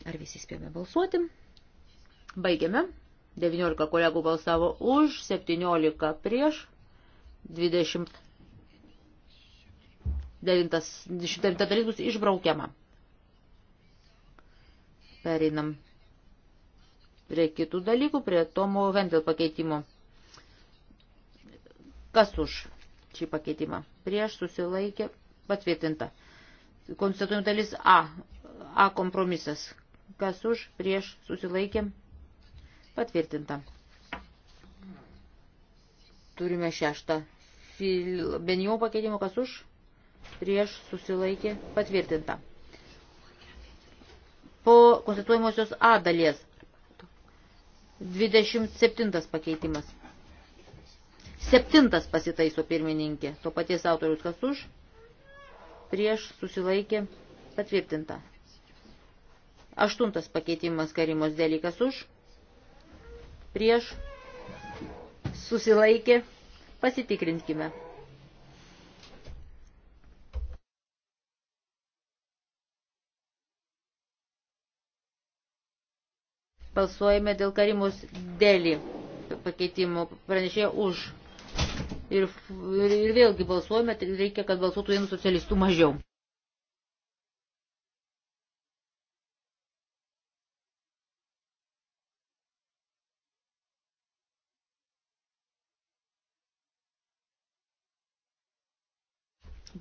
Ar visi spėjome balsuoti? Baigiame. 19 kolegų balsavo už, 17 prieš, 29 dalis bus išbraukiama. Pereinam prie kitų dalykų, prie Tomo Vendel pakeitimo. Kas už šį pakeitimą? Prieš susilaikė patvirtinta. Konstatuojam dalis A. A kompromisas. Kas už prieš susilaikė patvirtinta Patvirtinta. Turime šeštą. Benjų pakeitimo kas už? Prieš susilaikė. Patvirtinta. Po konstatuojamosios A dalies. 27 pakeitimas. Septintas pasitaiso pirmininkė. To paties autorius kas už? Prieš susilaikė. Patvirtinta. Aštuntas pakeitimas karimos dėlį kas už? prieš, susilaikė, pasitikrinkime. Balsuojame dėl karimus dėlį pakeitimo pranešėjo už. Ir, ir, ir vėlgi balsuojame, tai reikia, kad balsuotų vienu socialistų mažiau.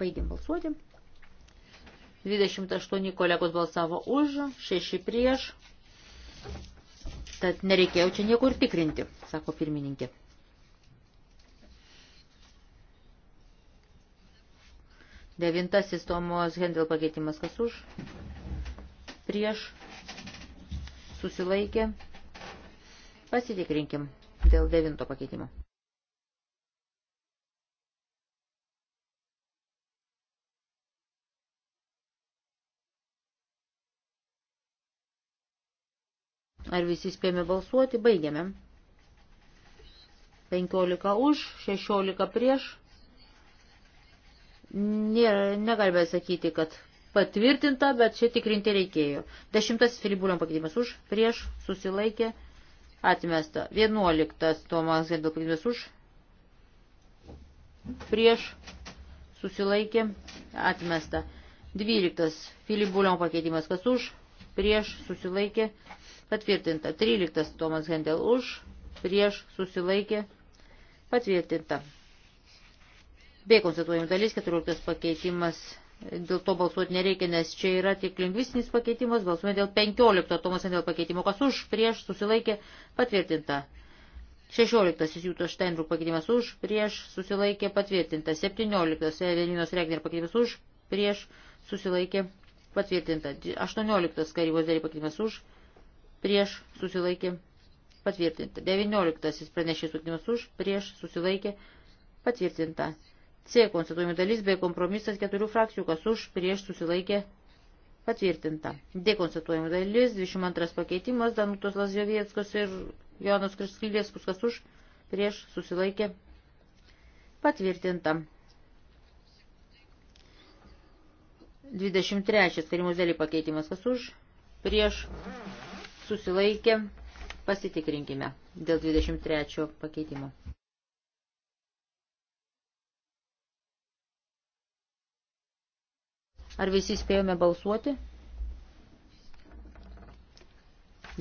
Baigiam balsuoti. 28 kolegos balsavo už, 6 prieš. Tad nereikėjo čia niekur tikrinti, sako pirmininkė. Devintasis Tomos Hendel pakeitimas kas už. Prieš. Susilaikė. Pasitikrinkim dėl devinto pakeitimo. Ar visi spėjome balsuoti? Baigiame. 15 už, 16 prieš. Nėra, negalime sakyti, kad patvirtinta, bet čia tikrinti reikėjo. Dešimtasis Filibuliam pakeitimas už, prieš, susilaikė, atmesta. Vienuoliktas Tomas Gendel pakeitimas už, prieš, susilaikė, atmesta. Dvyliktas Filibuliam pakeitimas kas už, prieš, susilaikė, atmesta. Patvirtinta. 13 Tomas Hendel už, prieš, susilaikė. Patvirtinta. B konstatuojim dalis, 14 pakeitimas. Dėl to balsuoti nereikia, nes čia yra tik lingvistinis pakeitimas. Balsuojame dėl 15 Tomas Hendel pakeitimo. Kas už, prieš, susilaikė. Patvirtinta. 16 Jūto Steinbruk pakeitimas už, prieš, susilaikė, patvirtinta. 17 Evelinos Regner pakeitimas už, prieš, susilaikė, patvirtinta. 18 Karybos dėlį pakeitimas už, prieš susilaikė patvirtinta. 19 pranešės sutikimas už, prieš susilaikė patvirtinta. C konstatuojami dalis bei kompromisas keturių frakcijų, kas už, prieš susilaikė patvirtinta. D konstatuojami dalis, 22 pakeitimas, Danutos Lazjovietskos ir Jonas Krisklydėskus, kas už, prieš susilaikė patvirtinta. 23 karimus dėlį pakeitimas, kas už, prieš susilaikė, pasitikrinkime dėl 23 pakeitimo. Ar visi spėjome balsuoti?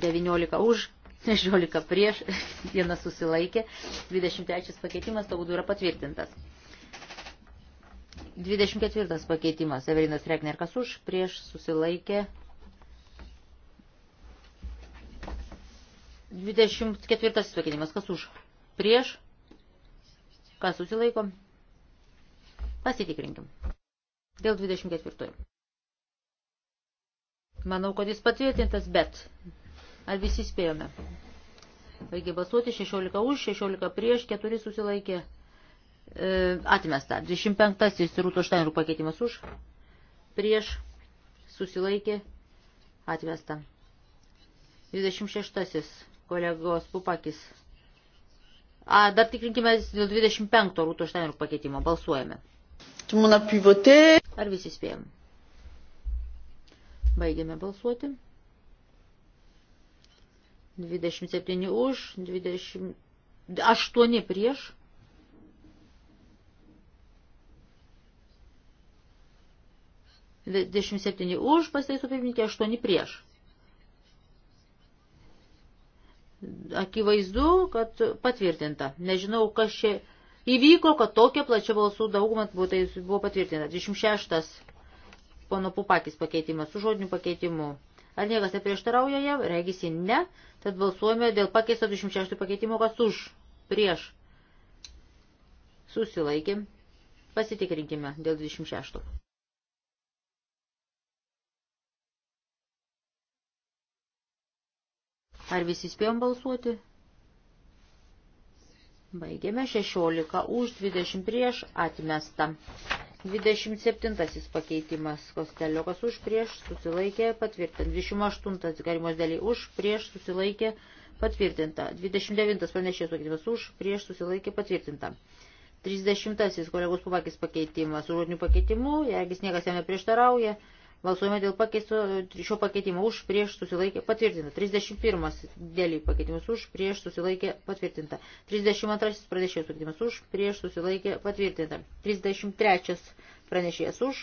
19 už, 16 prieš, vienas susilaikė, 23 pakeitimas to būdu yra patvirtintas. 24 pakeitimas, Evelinas Regner kas už, prieš susilaikė, 24 pakinimas. Kas už? Prieš? Kas susilaiko? Pasitikrinkim. Dėl 24. Manau, kad jis patvirtintas, bet ar visi spėjome? Baigė balsuoti 16 už, 16 prieš, 4 susilaikė. E, atmesta. 25 rūto štainrų pakeitimas už, prieš, susilaikė, atmesta. 26 kolegos Pupakis. A, dar tikrinkime dėl 25 rūto štainų pakeitimo. Balsuojame. Ar visi spėjom? Baigėme balsuoti. 27 už, 28 prieš. Dvidešimt septyni už, pasitaiso pirmininkė, aštuoni prieš. akivaizdu, kad patvirtinta. Nežinau, kas čia įvyko, kad tokia plačia balsų daugumą buvo, tai buvo patvirtinta. 26 pono Pupakis pakeitimas su žodiniu pakeitimu. Ar niekas neprieštarauja jam? Regisi ne. Tad balsuojame dėl pakeisto 26 pakeitimo, kas už, prieš. Susilaikėm. Pasitikrinkime dėl 26. Ar visi spėjom balsuoti? Baigėme 16 už 20 prieš atmestą. 27 pakeitimas kosteliokas už prieš susilaikė patvirtinta. 28 garimos daly už prieš susilaikė patvirtinta. 29 pranešės pakeitimas už prieš susilaikė patvirtinta. 30 kolegos pavakis pakeitimas su žodiniu pakeitimu, jeigu niekas jame prieštarauja, Balsuojame dėl pakeisto, šio pakeitimo už prieš susilaikė patvirtinta. 31 dėl pakeitimas už prieš susilaikė patvirtinta. 32 pranešėjas pakeitimas už prieš susilaikė patvirtinta. 33 pranešėjas už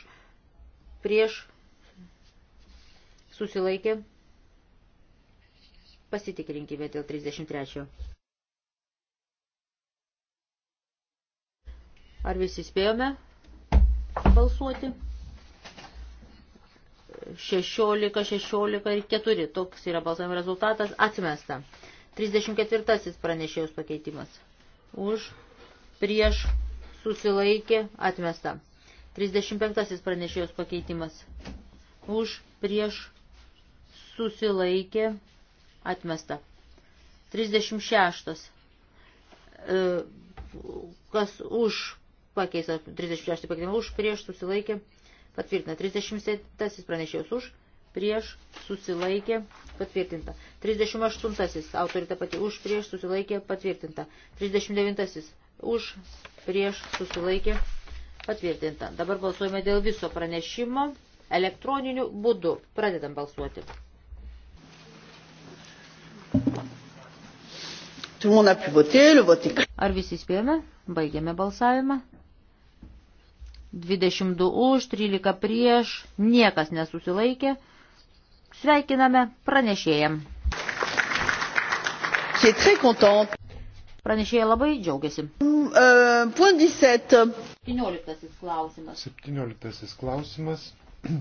prieš susilaikė. Pasitikrinkime dėl 33. Ar visi spėjome balsuoti? 16, 16 ir 4. Toks yra balsavimo rezultatas. Atmesta. 34 pranešėjus pakeitimas. Už, prieš, susilaikė, atmesta. 35 pranešėjus pakeitimas. Už, prieš, susilaikė, atmesta. 36. E, kas už pakeis 36 pakeitimą, už, prieš, susilaikė, atmesta patvirtina. 37 pranešėjus už, prieš, susilaikė, patvirtinta. 38 autorita pati už, prieš, susilaikė, patvirtinta. 39 už, prieš, susilaikė, patvirtinta. Dabar balsuojame dėl viso pranešimo elektroniniu būdu. Pradedam balsuoti. Ar visi spėjome? Baigėme balsavimą. 22 už, 13 prieš, niekas nesusilaikė. Sveikiname pranešėjam. Pranešėjai labai džiaugiasi. Uh, 17 klausimas. 17 klausimas.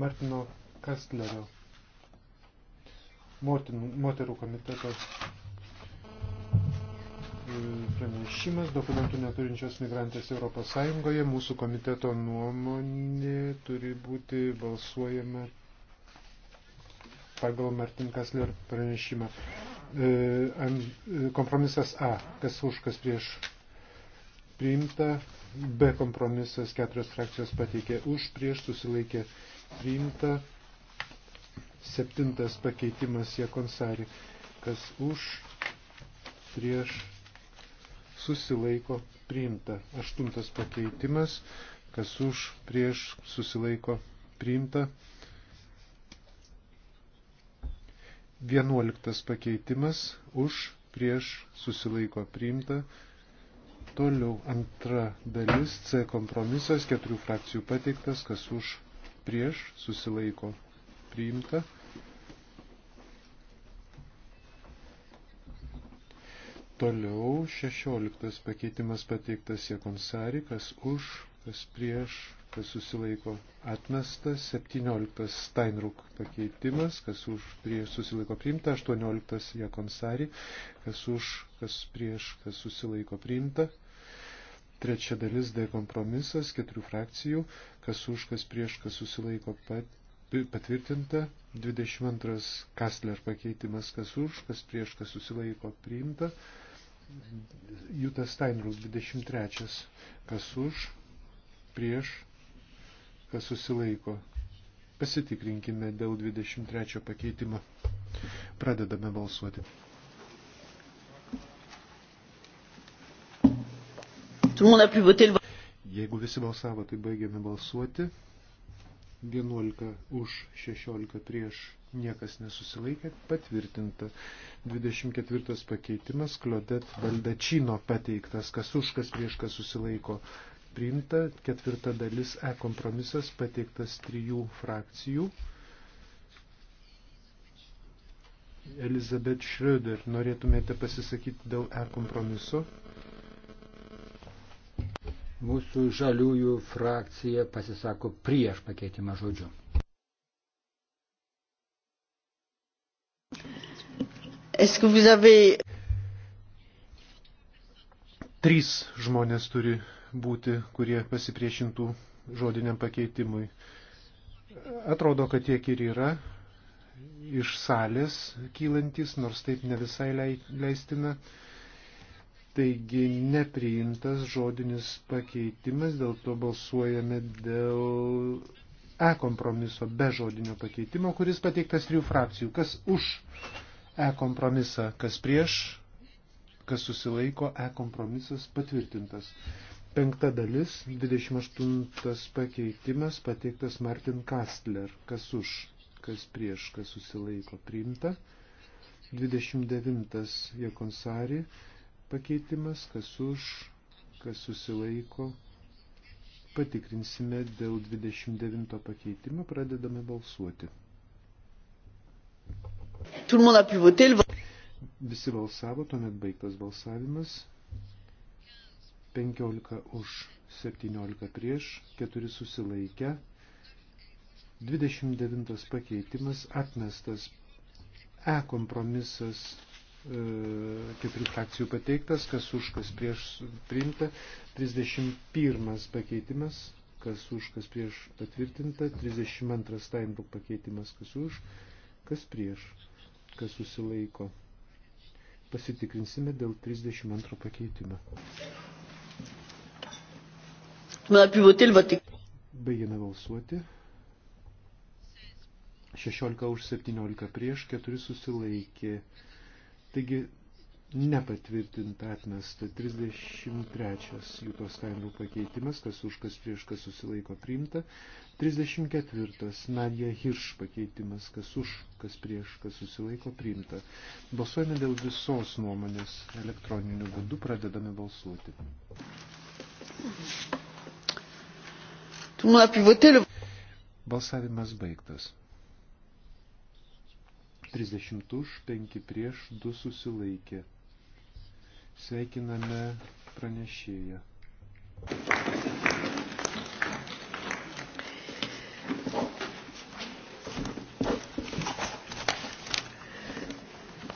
Martino Kastlerio motinų, moterų komiteto pranešimas dokumentų neturinčios migrantės Europos Sąjungoje. Mūsų komiteto nuomonė turi būti balsuojama pagal Martin Kasler pranešimą. E, e, kompromisas A. Kas už, kas prieš priimta. B kompromisas keturios frakcijos pateikė už, prieš susilaikė priimta. Septintas pakeitimas Jekonsari. Kas už, prieš susilaiko priimta. Aštuntas pakeitimas, kas už prieš susilaiko priimta. Vienuoliktas pakeitimas, už prieš susilaiko priimta. Toliau antra dalis C kompromisas, keturių frakcijų pateiktas, kas už prieš susilaiko priimta. Toliau 16 pakeitimas pateiktas Jekonsari, kas už, kas prieš, kas susilaiko atmestas. 17 Steinruk pakeitimas, kas už, prieš susilaiko priimta. 18 Jekonsari, kas už, kas prieš, kas susilaiko priimta. Trečia dalis D kompromisas, keturių frakcijų, kas už, kas prieš, kas susilaiko pat, patvirtinta. 22 Kastler pakeitimas, kas už, kas prieš, kas susilaiko priimta. Jutas Steinrus 23. Kas už, prieš, kas susilaiko. Pasitikrinkime dėl 23 pakeitimo. Pradedame balsuoti. Jeigu visi balsavo, tai baigiame balsuoti. 11 už, 16 prieš, niekas nesusilaikė, patvirtinta. 24 pakeitimas, Klodet Baldačino pateiktas, kas už, kas prieš, kas susilaiko. Priimta, ketvirta dalis E kompromisas pateiktas trijų frakcijų. Elizabeth Schröder, norėtumėte pasisakyti dėl E kompromiso? Mūsų žaliųjų frakcija pasisako prieš pakeitimą žodžiu. Est-ce que vous avez... Trys žmonės turi būti, kurie pasipriešintų žodiniam pakeitimui. Atrodo, kad tiek ir yra iš salės kylantis, nors taip ne visai leistina. Taigi nepriimtas žodinis pakeitimas, dėl to balsuojame dėl E kompromiso be žodinio pakeitimo, kuris pateiktas trijų frakcijų. Kas už? E kompromisą, kas prieš, kas susilaiko, E kompromisas patvirtintas. Penkta dalis, 28 pakeitimas, pateiktas Martin Kastler, kas už, kas prieš, kas susilaiko, priimta. 29 Jekonsari pakeitimas, kas už, kas susilaiko, patikrinsime dėl 29 pakeitimo, pradedame balsuoti. Visi balsavo, tuomet baigtas balsavimas. 15 už, 17 prieš, 4 susilaikę. 29 pakeitimas atmestas. E kompromisas e, keturių frakcijų pateiktas, kas už, kas prieš priimta, 31 pakeitimas, kas už, kas prieš patvirtinta, 32 Steinbuk pakeitimas, kas už, kas prieš kas susilaiko. Pasitikrinsime dėl 32 pakeitimo. Baigina balsuoti. 16 už 17 prieš, 4 susilaikė. Taigi nepatvirtinta atmesta 33 jūtos kainų pakeitimas, kas už kas prieš kas susilaiko priimta, 34 Nadja Hirš pakeitimas, kas už kas prieš kas susilaiko priimta. Balsuojame dėl visos nuomonės elektroniniu būdu, pradedame balsuoti. Balsavimas baigtas. 30 už, 5 prieš, 2 susilaikė. Sveikiname pranešėją.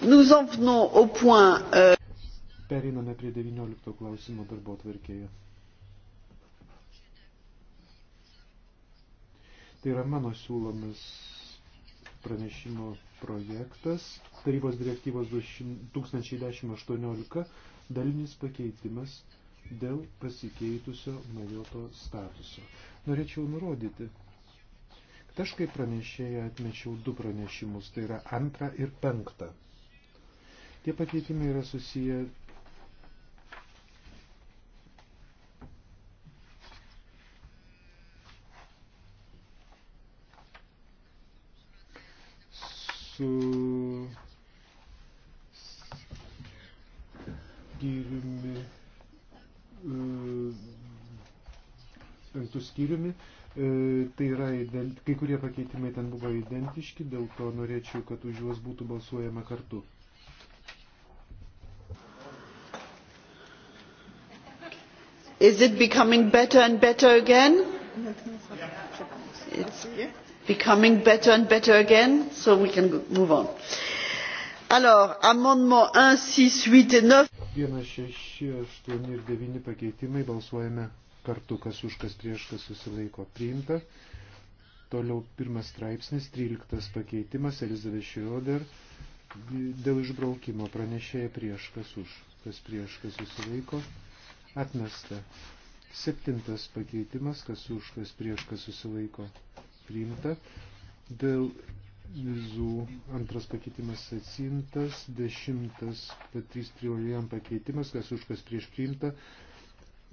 Nous en venons au point. Euh... Periname prie 19 klausimo darbo atverkėje. Tai yra mano siūlomas pranešimo projektas tarybos direktyvos 2018 dalinis pakeitimas dėl pasikeitusio naujoto statuso. Norėčiau nurodyti, kad aš kaip pranešėja atmečiau du pranešimus, tai yra antrą ir penktą. Tie pakeitimai yra susiję kai kurie pakeitimai ten buvo identiški, dėl to norėčiau, kad už juos būtų balsuojama kartu. Is it becoming better and better again? It's becoming better and better again, so we can move on. Alors, amendement 1, 6, 8 et 9. 1, 6, 8 ir 9 pakeitimai balsuojame kartu, kas už, kas prieš, kas susilaiko priimta. Toliau pirmas straipsnis, tryliktas pakeitimas, Elizabeth Schroeder dėl išbraukimo pranešėja prieš kas už, kas prieš kas susilaiko, atmesta. Septintas pakeitimas, kas už, kas prieš kas susilaiko, priimta. Dėl vizų antras pakeitimas atsintas, dešimtas, trys triolijan pakeitimas, kas už, kas prieš priimta.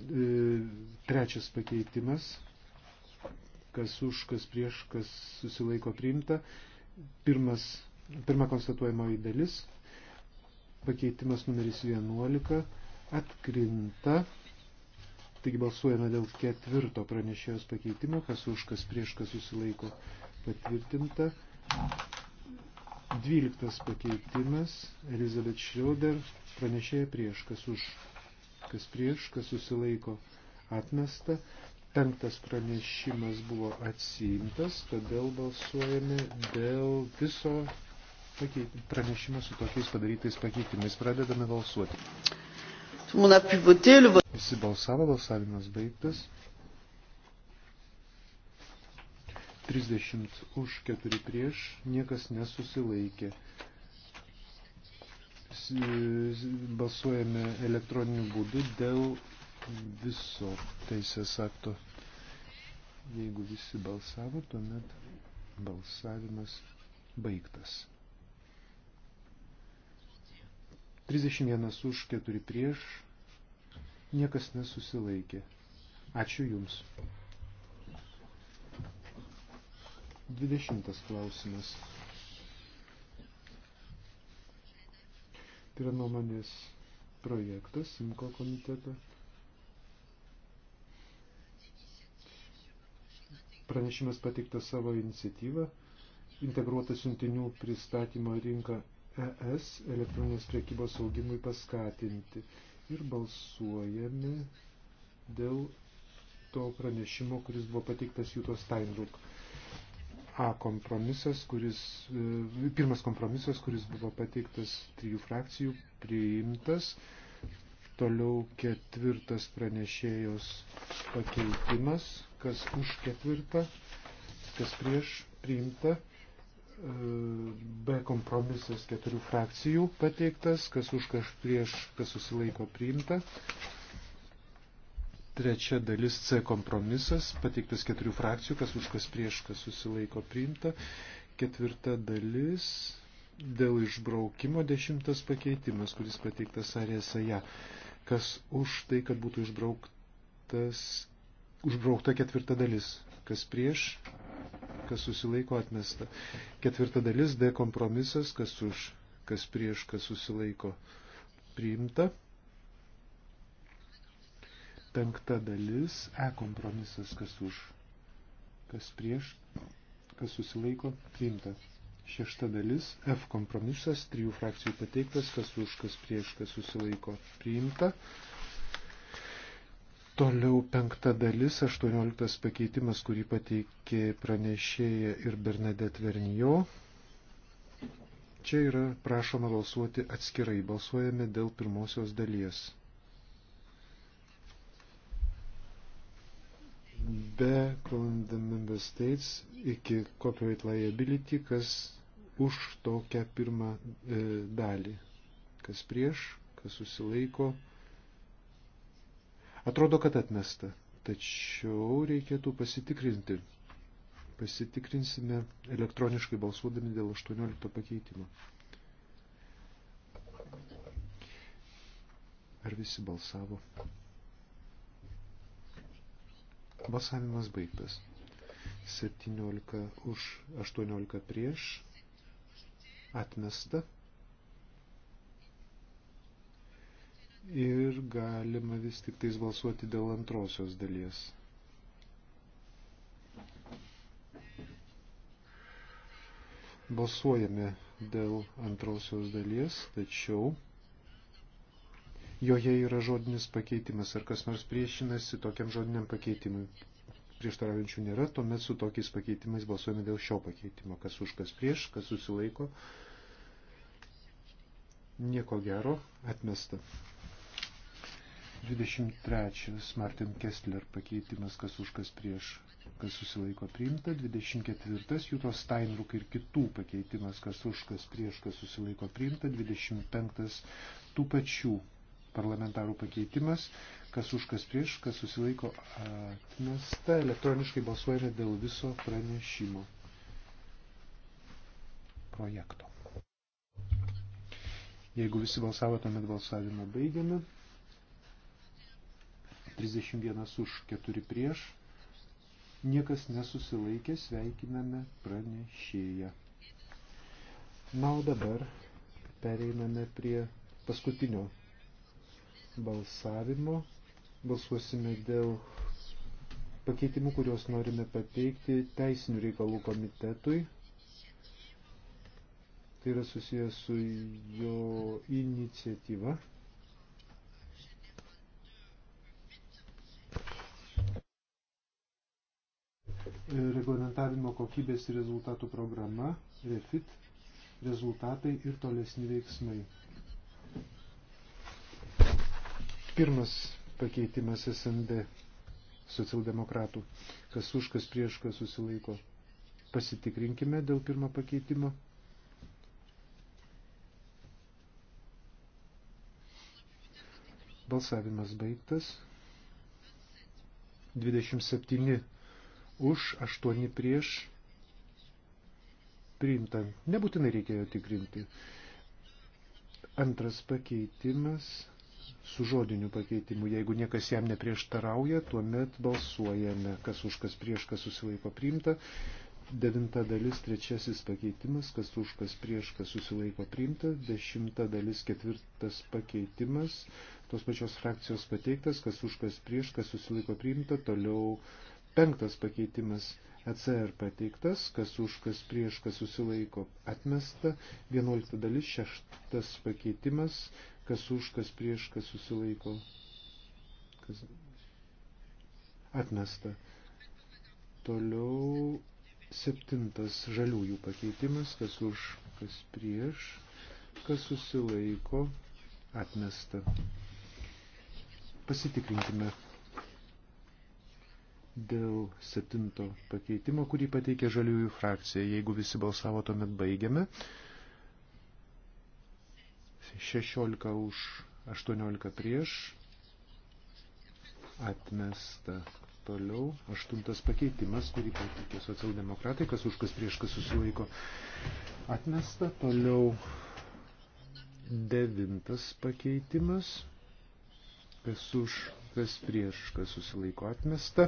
E, trečias pakeitimas, kas už, kas prieš, kas susilaiko priimta. Pirmas, pirma konstatuojamoji dalis, pakeitimas numeris 11, atkrinta. Taigi balsuojame dėl ketvirto pranešėjos pakeitimo, kas už, kas prieš, kas susilaiko patvirtinta. Dvyliktas pakeitimas, Elizabeth Schroeder, pranešėja prieš, kas už, kas prieš, kas susilaiko atmesta. Penktas pranešimas buvo atsiimtas, todėl balsuojame dėl viso pranešimo su tokiais padarytais pakeitimais. Pradedame balsuoti. Visi balsavo, balsavimas baigtas. 30 už 4 prieš, niekas nesusilaikė. Balsuojame elektroniniu būdu dėl viso teisės akto. Jeigu visi balsavo, tuomet balsavimas baigtas. 31 už 4 prieš. Niekas nesusilaikė. Ačiū Jums. 20 klausimas. Tai yra nuomonės projektas Simko komiteto pranešimas pateiktas savo iniciatyvą, integruota siuntinių pristatymo rinka ES elektroninės priekybos augimui paskatinti. Ir balsuojame dėl to pranešimo, kuris buvo pateiktas Jūto Steinruk. A kompromisas, kuris, e, pirmas kompromisas, kuris buvo pateiktas trijų frakcijų, priimtas. Toliau ketvirtas pranešėjos pakeitimas kas už ketvirtą, kas prieš priimta. E, B kompromisas keturių frakcijų pateiktas, kas už, kas prieš, kas susilaiko priimta. Trečia dalis C kompromisas, pateiktas keturių frakcijų, kas už kas prieš, kas susilaiko priimta. Ketvirta dalis dėl išbraukimo dešimtas pakeitimas, kuris pateiktas arėsaja. Kas už tai, kad būtų išbrauktas užbraukta ketvirta dalis. Kas prieš, kas susilaiko atmesta. Ketvirta dalis D kompromisas, kas už, kas prieš, kas susilaiko priimta. Penkta dalis E kompromisas, kas už, kas prieš, kas susilaiko priimta. Šešta dalis F kompromisas, trijų frakcijų pateiktas, kas už, kas prieš, kas susilaiko priimta. Toliau penkta dalis, aštuonioliktas pakeitimas, kurį pateikė pranešėja ir Bernadette Vernijo. Čia yra prašoma balsuoti atskirai. Balsuojame dėl pirmosios dalies. Be Calling the Member States iki Copyright Liability, kas už tokią pirmą e, dalį. Kas prieš, kas susilaiko, Atrodo, kad atmesta. Tačiau reikėtų pasitikrinti. Pasitikrinsime elektroniškai balsuodami dėl 18 pakeitimo. Ar visi balsavo? Balsavimas baigtas. 17 už 18 prieš. Atmesta. ir galima vis tik tais balsuoti dėl antrosios dalies. Balsuojame dėl antrosios dalies, tačiau joje yra žodinis pakeitimas. Ar kas nors priešinasi tokiam žodiniam pakeitimui? Prieštaraujančių nėra, tuomet su tokiais pakeitimais balsuojame dėl šio pakeitimo. Kas už, kas prieš, kas susilaiko. Nieko gero, atmesta. 23 Martin Kessler pakeitimas, kas už kas prieš, kas susilaiko priimta. 24 Juto Steinruk ir kitų pakeitimas, kas už kas prieš, kas susilaiko priimta. 25 tų pačių parlamentarų pakeitimas, kas už kas prieš, kas susilaiko atmesta. Elektroniškai balsuojame dėl viso pranešimo projekto. Jeigu visi balsavo, tuomet balsavimą baigiame. 31 už 4 prieš. Niekas nesusilaikė, sveikiname pranešėją. Na, o dabar pereiname prie paskutinio balsavimo. Balsuosime dėl pakeitimų, kuriuos norime pateikti teisinių reikalų komitetui. Tai yra susijęs su jo iniciatyva. reglamentavimo kokybės ir rezultatų programa, REFIT, rezultatai ir tolesni veiksmai. Pirmas pakeitimas SND socialdemokratų. Kas už, kas prieš, kas susilaiko. Pasitikrinkime dėl pirmo pakeitimo. Balsavimas baigtas. 27 už, 8 prieš priimta. Nebūtinai reikėjo tikrinti. Antras pakeitimas su žodiniu pakeitimu. Jeigu niekas jam neprieštarauja, tuomet balsuojame, kas už, kas prieš, kas susilaiko priimta. Devinta dalis, trečiasis pakeitimas, kas už, kas prieš, kas susilaiko priimta. Dešimta dalis, ketvirtas pakeitimas, tos pačios frakcijos pateiktas, kas už, kas prieš, kas susilaiko priimta. Toliau Penktas pakeitimas ECR pateiktas, kas už, kas prieš, kas susilaiko atmesta. Vienuolikta dalis, šeštas pakeitimas, kas už, kas prieš, kas susilaiko kas... atmesta. Toliau septintas žaliųjų pakeitimas, kas už, kas prieš, kas susilaiko atmesta. Pasitikrinkime dėl septinto pakeitimo, kurį pateikė žaliųjų frakcija. Jeigu visi balsavo, tuomet baigiame. 16 už 18 prieš. Atmesta toliau. Aštuntas pakeitimas, kurį pateikė socialdemokratai, kas už kas prieš kas susilaiko. Atmesta toliau. Devintas pakeitimas, kas už kas prieš kas susilaiko atmesta.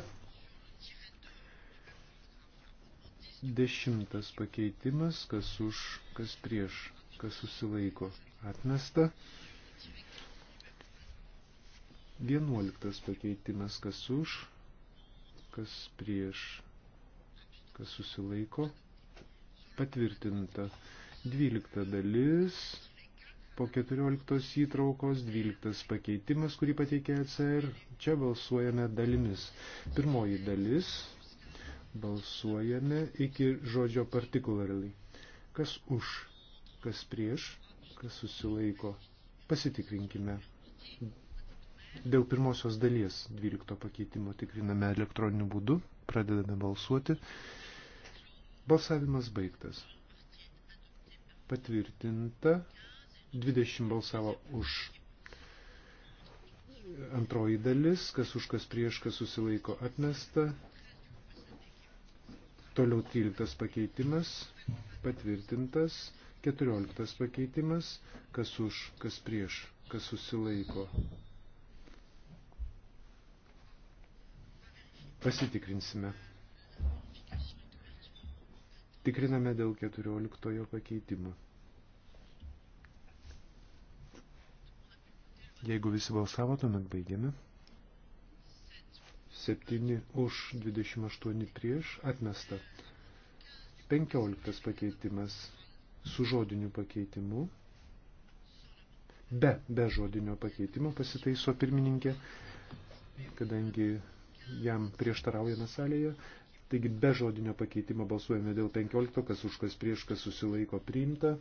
Dešimtas pakeitimas, kas už, kas prieš, kas susilaiko atmesta. Vienuoliktas pakeitimas, kas už, kas prieš, kas susilaiko patvirtinta. Dvylikta dalis, po keturioliktos įtraukos, dvyliktas pakeitimas, kurį pateikė ECR, čia balsuojame dalimis. Pirmoji dalis, Balsuojame iki žodžio particularly. Kas už, kas prieš, kas susilaiko. Pasitikrinkime. Dėl pirmosios dalies 12 pakeitimo tikriname elektroniniu būdu, pradedame balsuoti. Balsavimas baigtas. Patvirtinta. 20 balsavo už antroji dalis, kas už kas prieš, kas susilaiko atmesta, Toliau 13 pakeitimas, patvirtintas. 14 pakeitimas, kas už, kas prieš, kas susilaiko. Pasitikrinsime. Tikriname dėl 14 pakeitimo. Jeigu visi balsavo, tuomet baigiame. 7 už 28 prieš atmesta. 15 pakeitimas su žodiniu pakeitimu. Be, be žodinio pakeitimo pasitaiso pirmininkė, kadangi jam prieštaraujame salėje. Taigi be žodinio pakeitimo balsuojame dėl 15, kas už, kas prieš, kas susilaiko priimta.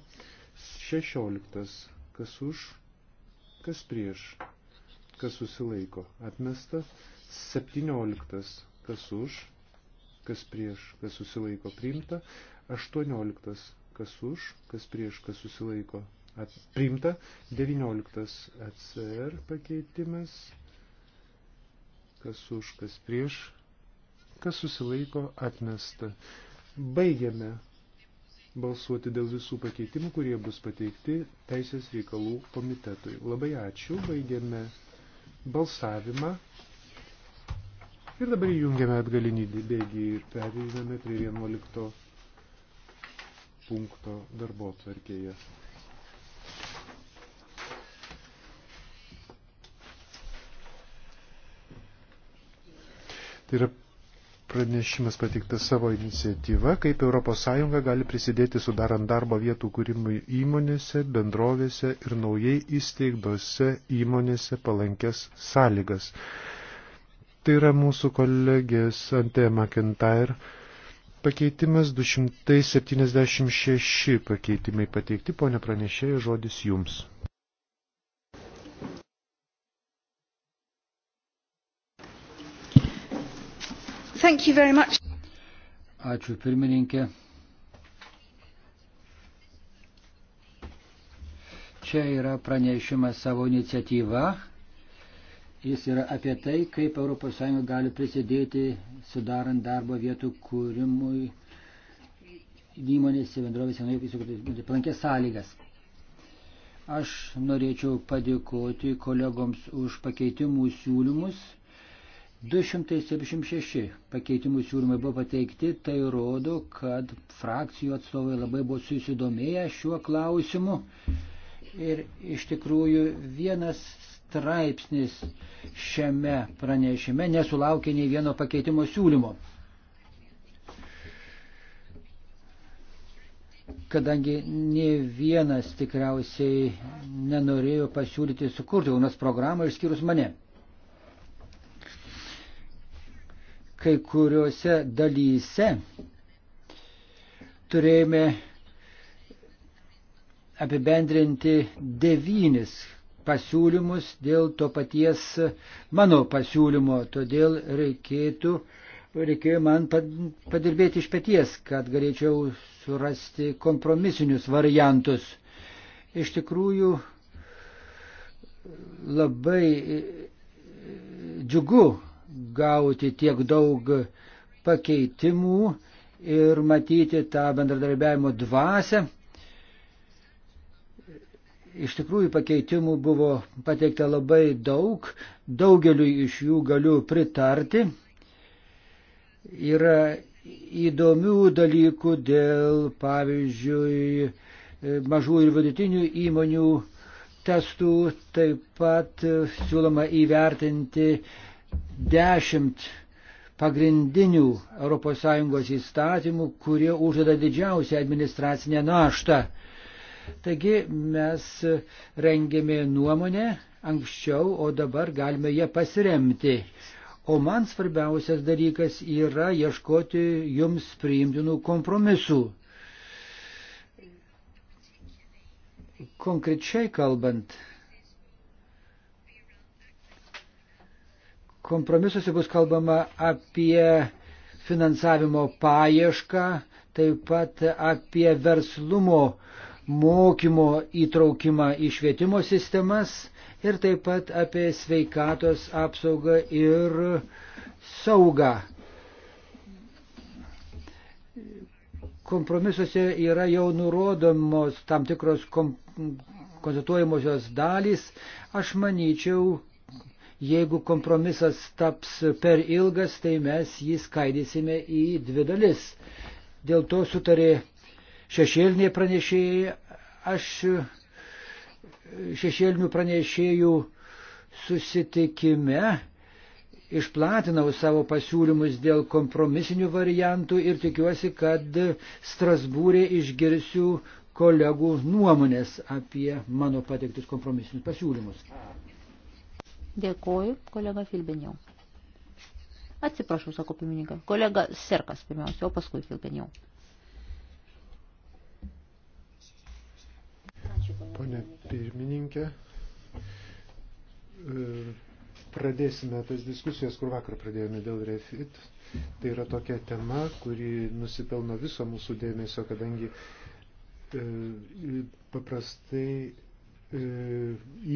16, kas už, kas prieš, kas susilaiko atmesta. 17. Kas už, kas prieš, kas susilaiko priimta. 18. Kas už, kas prieš, kas susilaiko at, priimta. 19. ACR pakeitimas. Kas už, kas prieš, kas susilaiko atmesta. Baigiame balsuoti dėl visų pakeitimų, kurie bus pateikti Teisės reikalų komitetui. Labai ačiū, baigiame balsavimą. Ir dabar įjungiame atgalinį bėgį ir pereiname prie 11 punkto darbo tvarkėje. Tai yra pranešimas patiktas savo iniciatyva, kaip ES gali prisidėti sudarant darbo vietų kūrimui įmonėse, bendrovėse ir naujai įsteigdose įmonėse palankes sąlygas. Tai yra mūsų kolegės Ante McIntyre. Pakeitimas 276 pakeitimai pateikti, ponė pranešėja, žodis jums. Thank you very much. Ačiū pirmininkė. Čia yra pranešimas savo iniciatyva Jis yra apie tai, kaip ES gali prisidėti sudarant darbo vietų kūrimui įmonėse, bendrovėse, nuėjusiu palankės sąlygas. Aš norėčiau padėkoti kolegoms už pakeitimų siūlymus. 276 pakeitimų siūlymai buvo pateikti, tai rodo, kad frakcijų atstovai labai buvo susidomėję šiuo klausimu. Ir iš tikrųjų vienas straipsnis šiame pranešime nesulaukė nei vieno pakeitimo siūlymo. Kadangi ne vienas tikriausiai nenorėjo pasiūlyti sukurti jaunas programą išskyrus mane. Kai kuriuose dalyse turėjome apibendrinti devynis pasiūlymus dėl to paties e, mano pasiūlymo, todėl reikėtų, reikėjo man padirbėti iš pėties, kad galėčiau surasti kompromisinius variantus. Iš tikrųjų, labai e, e, džiugu gauti tiek daug pakeitimų ir matyti tą bendradarbiavimo dvasę Iš tikrųjų pakeitimų buvo pateikta labai daug, daugeliu iš jų galiu pritarti. Yra įdomių dalykų dėl, pavyzdžiui, mažų ir vidutinių įmonių testų, taip pat siūloma įvertinti dešimt pagrindinių ES įstatymų, kurie uždeda didžiausią administracinę naštą. Taigi mes rengėme nuomonę anksčiau, o dabar galime ją pasiremti. O man svarbiausias dalykas yra ieškoti jums priimtinų kompromisų. Konkrečiai kalbant, kompromisuose bus kalbama apie finansavimo paiešką, taip pat apie verslumo uh, mokymo įtraukimą į švietimo sistemas ir taip pat apie sveikatos apsaugą ir saugą. Kompromisuose yra jau nurodomos tam tikros kom... konstatuojamosios dalys. Aš manyčiau, jeigu kompromisas taps per ilgas, tai mes jį skaidysime į dvi dalis. Dėl to sutarė šešėliniai pranešėjai. Aš šešėlinių pranešėjų susitikime išplatinau savo pasiūlymus dėl kompromisinių variantų ir tikiuosi, kad Strasbūrė išgirsiu kolegų nuomonės apie mano pateiktus kompromisinius pasiūlymus. Dėkoju, kolega Filbeniau. Atsiprašau, sako pirmininkas. Kolega Serkas pirmiausia, o paskui Filbeniau. ponė pirmininkė. E, pradėsime tas diskusijas, kur vakar pradėjome dėl refit. Tai yra tokia tema, kuri nusipelno viso mūsų dėmesio, kadangi e, paprastai e,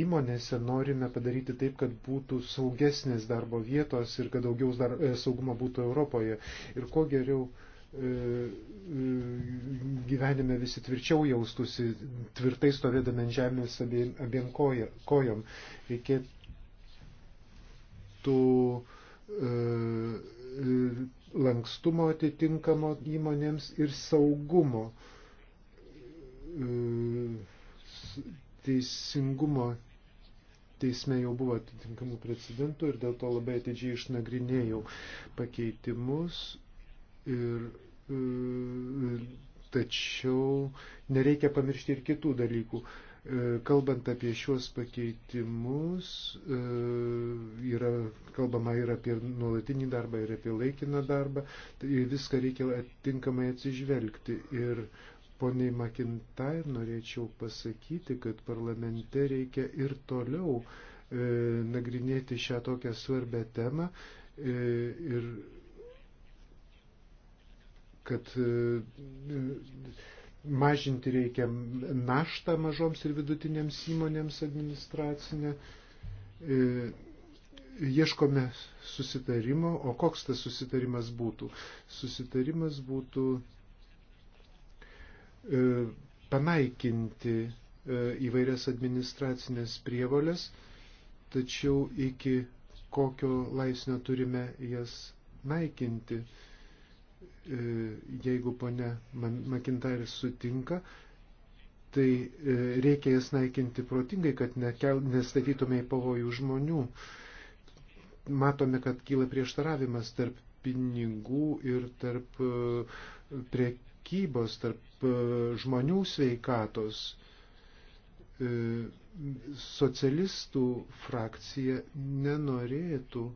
įmonėse norime padaryti taip, kad būtų saugesnės darbo vietos ir kad daugiau dar, saugumo būtų Europoje. Ir kuo geriau E, gyvenime visi tvirčiau jaustusi, tvirtai stovėdami ant žemės abiem, abiem koja, kojom. Reikėtų e, lankstumo atitinkamo įmonėms ir saugumo, e, teisingumo. Teisme jau buvo atitinkamų precedentų ir dėl to labai atidžiai išnagrinėjau pakeitimus ir Mm, tačiau nereikia pamiršti ir kitų dalykų. E, kalbant apie šiuos pakeitimus, e, yra, kalbama ir apie nuolatinį darbą, ir apie laikiną darbą, tai viską reikia atinkamai atsižvelgti. Ir poniai Makintair norėčiau pasakyti, kad parlamente reikia ir toliau e, nagrinėti šią tokią svarbę temą ir kad e, mažinti reikia naštą mažoms ir vidutinėms įmonėms administracinę. E, ieškome susitarimo, o koks tas susitarimas būtų? Susitarimas būtų e, panaikinti įvairias administracinės prievolės, tačiau iki kokio laisnio turime jas naikinti. E, jeigu ponia Makintaris sutinka, tai e, reikia jas naikinti protingai, kad nestatytume į pavojų žmonių. Matome, kad kyla prieštaravimas tarp pinigų ir tarp e, priekybos, tarp žmonių sveikatos. Socialistų frakcija nenorėtų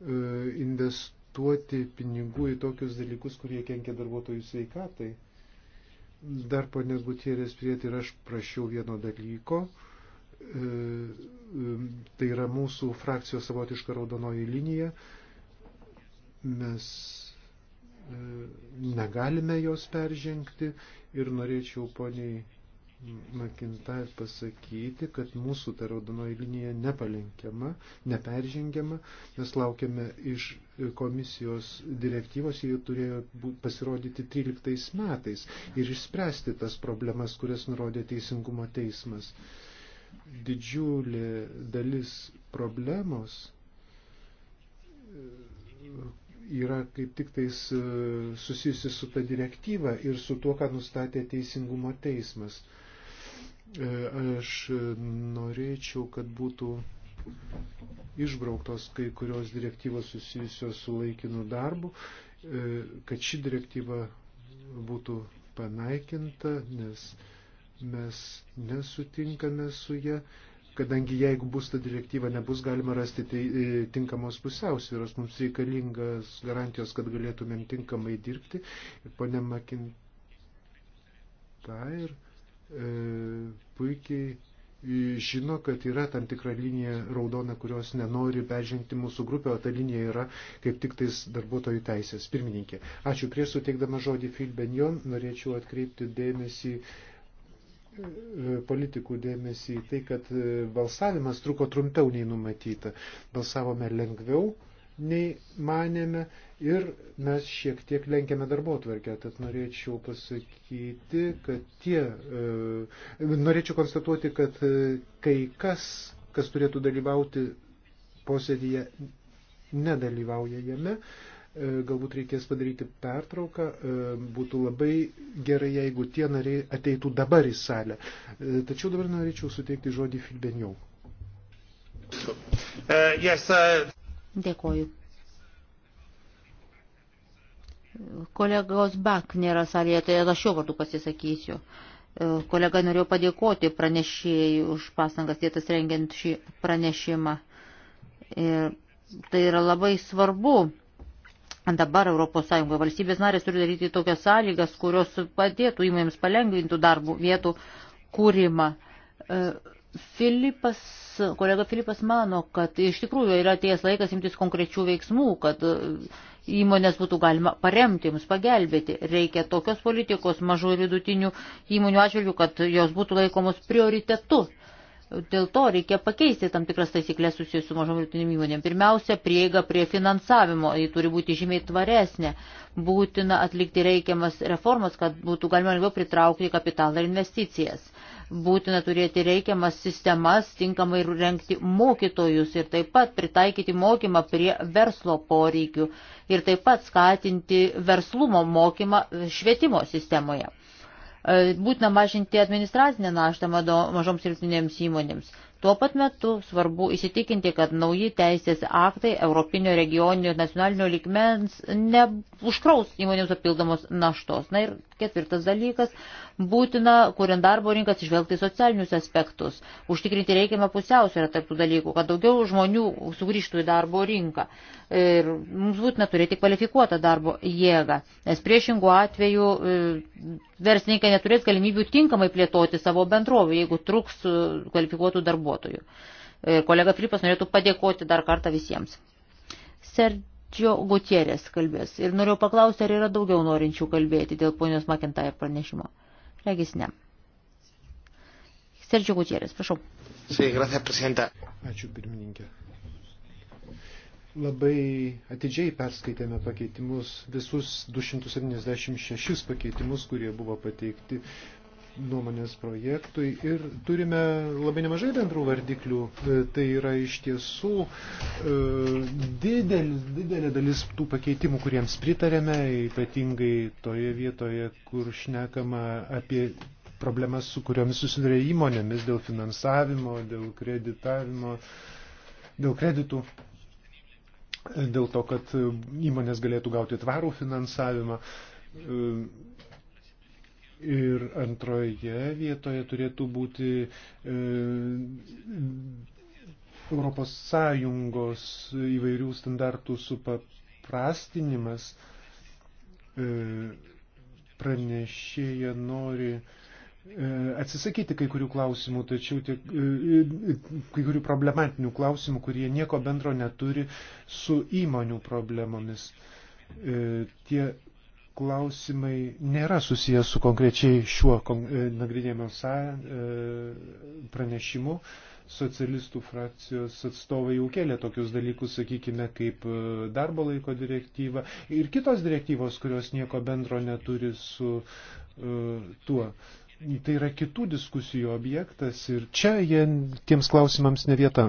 investuoti investuoti pinigų į tokius dalykus, kurie kenkia darbuotojų sveikatai. Dar ponės Gutierės priet ir aš prašiau vieno dalyko. E, e, tai yra mūsų frakcijos savotiška raudonoji linija. Mes e, negalime jos peržengti ir norėčiau poniai Makintai pasakyti, kad mūsų ta raudonoji linija nepalenkiama, neperžengiama, nes laukiame iš komisijos direktyvos, jie turėjo pasirodyti 13 metais ir išspręsti tas problemas, kurias nurodė Teisingumo teismas. Didžiulė dalis problemos e, yra kaip tik tais e, susijusi su ta direktyva ir su tuo, ką nustatė Teisingumo teismas. E, aš norėčiau, kad būtų išbrauktos kai kurios direktyvos susijusios su laikinu darbu, e, kad ši direktyva būtų panaikinta, nes mes nesutinkame su ją, kadangi jeigu bus ta direktyva, nebus galima rasti tai, e, tinkamos pusiausvyros, mums reikalingas garantijos, kad galėtumėm tinkamai dirbti. Ir ponė Makinta ir E, puikiai e, žino, kad yra tam tikra linija raudona, kurios nenori peržengti mūsų grupė, o ta linija yra kaip tik tais darbuotojų teisės. Pirmininkė, ačiū prieš suteikdama žodį Filbenjon, norėčiau atkreipti dėmesį e, politikų dėmesį į tai, kad balsavimas truko trumpiau nei numatyta. Balsavome lengviau, nei manėme ir mes šiek tiek lenkiame darbo tvarkę. Tad norėčiau pasakyti, kad tie, e, norėčiau konstatuoti, kad e, kai kas, kas turėtų dalyvauti posėdėje, nedalyvauja jame. E, galbūt reikės padaryti pertrauką. E, būtų labai gerai, jeigu tie nariai ateitų dabar į salę. Tačiau dabar norėčiau suteikti žodį Filbeniau. Uh, yes, uh... Dėkoju. Kolegos Bak nėra salėje, tai aš jo vardu pasisakysiu. E, kolega norėjau padėkoti pranešėjai už pastangas dėtas rengiant šį pranešimą. Ir e, tai yra labai svarbu. Dabar ES valstybės narės turi daryti tokias sąlygas, kurios padėtų įmonėms palengvintų darbų vietų kūrimą. E, Filipas, kolega Filipas mano, kad iš tikrųjų yra ties laikas imtis konkrečių veiksmų, kad e, įmonės būtų galima paremti, jums pagelbėti. Reikia tokios politikos mažų ir vidutinių įmonių atžvilgių, kad jos būtų laikomos prioritetu. Dėl to reikia pakeisti tam tikras taisyklės susijęs su mažom rytinim įmonėm. Pirmiausia, prieiga prie finansavimo, ji turi būti žymiai tvaresnė. Būtina atlikti reikiamas reformas, kad būtų galima lengviau pritraukti kapitalą ir investicijas būtina turėti reikiamas sistemas, tinkamai renkti mokytojus ir taip pat pritaikyti mokymą prie verslo poreikių ir taip pat skatinti verslumo mokymą švietimo sistemoje. E, būtina mažinti administracinę naštą mažoms ir vidutinėms įmonėms. Tuo pat metu svarbu įsitikinti, kad nauji teisės aktai Europinio regioninio ir nacionalinio likmens neužkraus įmonėms papildomos naštos. Na ir ketvirtas dalykas Būtina, kuriant darbo rinką, atsižvelgti socialinius aspektus, užtikrinti reikiamą pusiausvyrą tarptų dalykų, kad daugiau žmonių sugrįžtų į darbo rinką. Ir mums būtina turėti kvalifikuotą darbo jėgą, nes priešingų atveju e, verslininkai neturės galimybių tinkamai plėtoti savo bendrovį, jeigu truks e, kvalifikuotų darbuotojų. Ir kolega Filipas norėtų padėkoti dar kartą visiems. Sergio Gutierės kalbės. Ir noriu paklausti, ar yra daugiau norinčių kalbėti dėl ponios Makintai pranešimo. Regis ne. Sergio Gutierrez, prašau. Sí, gracias, presidenta. Ačiū, pirmininkė. Labai atidžiai perskaitėme pakeitimus, visus 276 pakeitimus, kurie buvo pateikti nuomonės projektui ir turime labai nemažai bendrų vardiklių. E, tai yra iš tiesų e, didelis, didelė dalis tų pakeitimų, kuriems pritarėme, ypatingai toje vietoje, kur šnekama apie problemas, su kuriomis susiduria įmonėmis dėl finansavimo, dėl kreditavimo, dėl kreditų dėl to, kad įmonės galėtų gauti tvarų finansavimą. E, Ir antroje vietoje turėtų būti e, Europos Sąjungos įvairių standartų supaprastinimas. E, pranešėja nori e, atsisakyti kai kurių klausimų, tačiau tiek, e, e kai kurių problematinių klausimų, kurie nieko bendro neturi su įmonių problemomis. E, tie klausimai nėra susijęs su konkrečiai šiuo e, nagrinėjimo e, pranešimu. Socialistų frakcijos atstovai jau kėlė tokius dalykus, sakykime, kaip e, darbo laiko direktyva ir kitos direktyvos, kurios nieko bendro neturi su uh, tuo. Uh, tai yra kitų diskusijų objektas ir čia jie tiems klausimams ne vieta.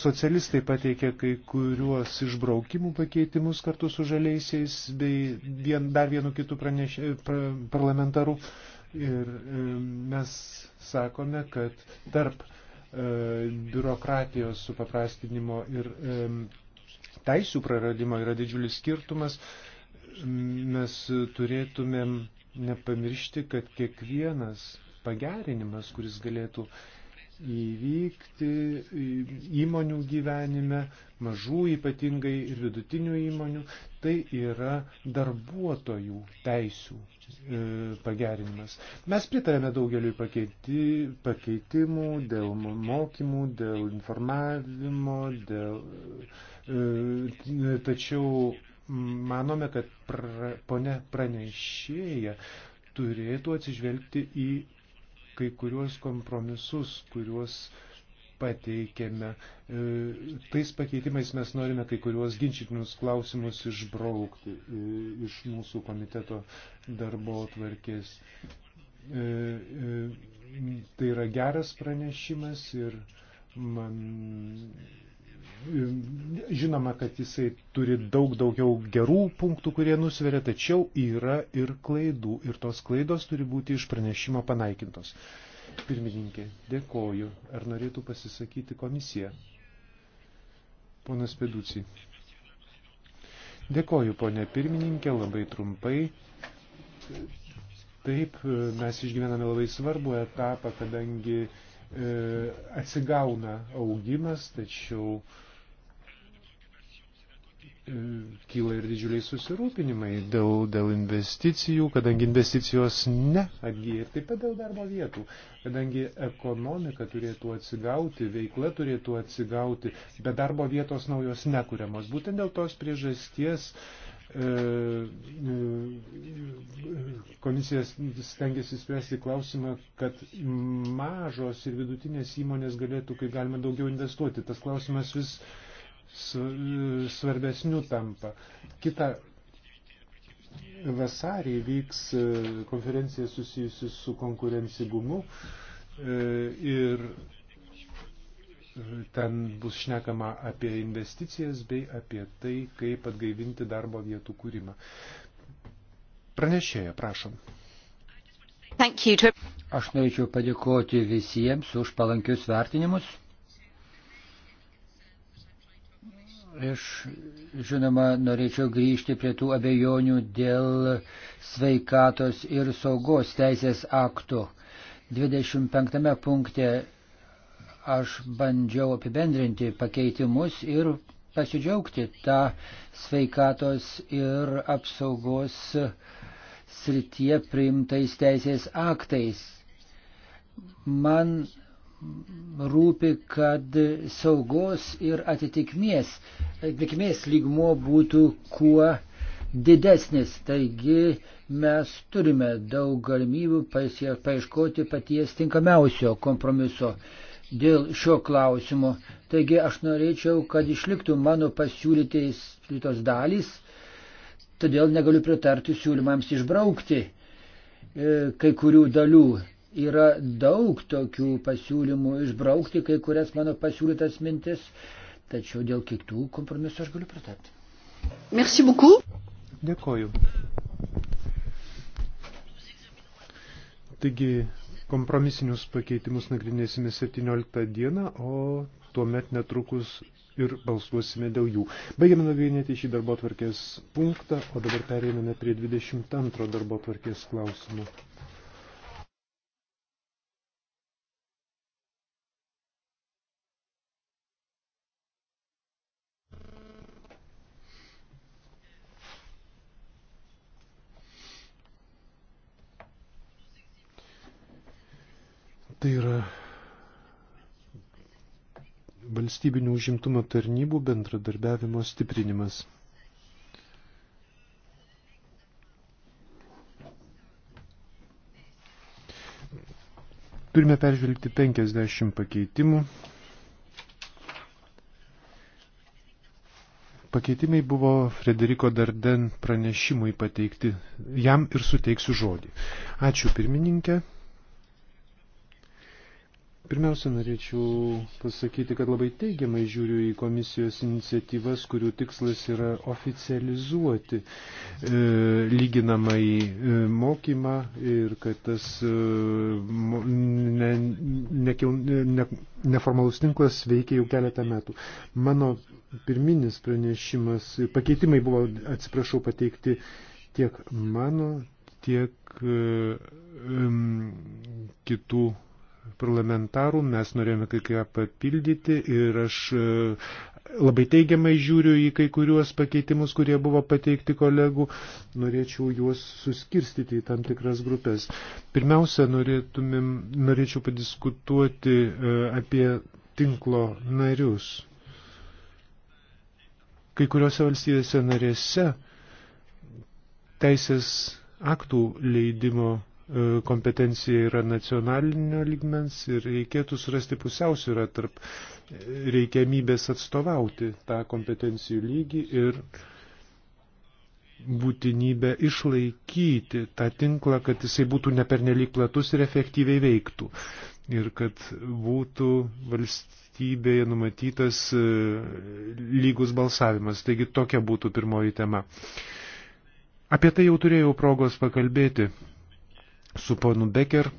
Socialistai pateikė kai kuriuos išbraukimų pakeitimus kartu su žaliaisiais bei vien, dar vienu kitų praneš, pra, parlamentarų. Ir e, mes sakome, kad tarp e, biurokratijos supaprastinimo ir e, teisų praradimo yra didžiulis skirtumas. Mes turėtumėm nepamiršti, kad kiekvienas pagerinimas, kuris galėtų įvykti įmonių gyvenime, mažų ypatingai ir vidutinių įmonių, tai yra darbuotojų teisių e, pagerinimas. Mes pritarėme daugeliu pakeitimų dėl mokymų, dėl informavimo, dėl, e, tačiau manome, kad pra, ponė pranešėja turėtų atsižvelgti į kai kuriuos kompromisus, kuriuos pateikėme. E, tais pakeitimais mes norime kai kuriuos ginčytinus klausimus išbraukti e, iš mūsų komiteto darbo tvarkės. E, tai yra geras pranešimas ir man Žinoma, kad jisai turi daug daugiau gerų punktų, kurie nusveria, tačiau yra ir klaidų. Ir tos klaidos turi būti iš pranešimo panaikintos. Pirmininkė, dėkoju. Ar norėtų pasisakyti komisija? Ponas Peducijai. Dėkoju, ponė pirmininkė, labai trumpai. Taip, mes išgyvename labai svarbų etapą, kadangi e, atsigauna augimas, tačiau e, E, kyla ir didžiuliai susirūpinimai dėl, dėl investicijų, kadangi investicijos neatgyja ir taip pat dėl darbo vietų, kadangi ekonomika turėtų atsigauti, veikla turėtų atsigauti, bet darbo vietos naujos nekuriamos. Būtent dėl tos priežasties e, e, komisija stengiasi spręsti klausimą, kad mažos ir vidutinės įmonės galėtų, kai galima, daugiau investuoti. Tas klausimas vis uh, svarbesnių tampa. Kita vasarį vyks e, konferencija susijusi su konkurencigumu e, ir e, ten bus šnekama apie investicijas bei apie tai, kaip atgaivinti darbo vietų kūrimą. Pranešėja, prašom. Aš norėčiau padėkoti visiems už palankius vertinimus. Aš žinoma norėčiau grįžti prie tų abejonių dėl sveikatos ir saugos teisės aktų. 25 punkte aš bandžiau apibendrinti pakeitimus ir pasidžiaugti tą sveikatos ir apsaugos srityje priimtais teisės aktais. Man rūpi, kad saugos ir atitikmės, atitikmės lygmo būtų kuo didesnis. Taigi mes turime daug galimybių paieškoti paties tinkamiausio kompromiso dėl šio klausimo. Taigi aš norėčiau, kad išliktų mano pasiūlytos dalys, todėl negaliu pritarti siūlymams išbraukti e, kai kurių dalių yra daug tokių pasiūlymų išbraukti kai kurias mano pasiūlytas mintis, tačiau dėl kitų kompromisų aš galiu pritarti. Merci beaucoup. Dėkoju. Taigi kompromisinius pakeitimus nagrinėsime 17 dieną, o tuomet netrukus ir balsuosime dėl jų. Baigiame nagrinėti šį darbo tvarkės punktą, o dabar pereiname prie 22 darbo tvarkės klausimų. Tai yra valstybinių užimtumo tarnybų bendradarbiavimo stiprinimas. Turime peržvelgti 50 pakeitimų. Pakeitimai buvo Frederiko Darden pranešimui pateikti. Jam ir suteiksiu žodį. Ačiū pirmininkė. Pirmiausia, norėčiau pasakyti, kad labai teigiamai žiūriu į komisijos iniciatyvas, kurių tikslas yra oficializuoti e, lyginamąjį e, mokymą ir kad tas e, ne, nekil, ne, neformalus tinklas veikia jau keletą metų. Mano pirminis pranešimas, pakeitimai buvo, atsiprašau, pateikti tiek mano, tiek e, e, kitų parlamentarų, mes norėjome kai ką papildyti ir aš e, labai teigiamai žiūriu į kai kuriuos pakeitimus, kurie buvo pateikti kolegų, norėčiau juos suskirstyti į tam tikras grupės. Pirmiausia, norėčiau padiskutuoti e, apie tinklo narius. Kai kuriuose valstybėse narėse teisės aktų leidimo E, kompetencija yra nacionalinio lygmens ir reikėtų surasti pusiausvyrą tarp e, reikiamybės atstovauti tą kompetencijų lygį ir būtinybę išlaikyti tą tinklą, kad jisai būtų nepernelyg platus ir efektyviai veiktų. Ir kad būtų valstybėje numatytas e, lygus balsavimas. Taigi tokia būtų pirmoji tema. Apie tai jau turėjau progos pakalbėti su ponu Becker,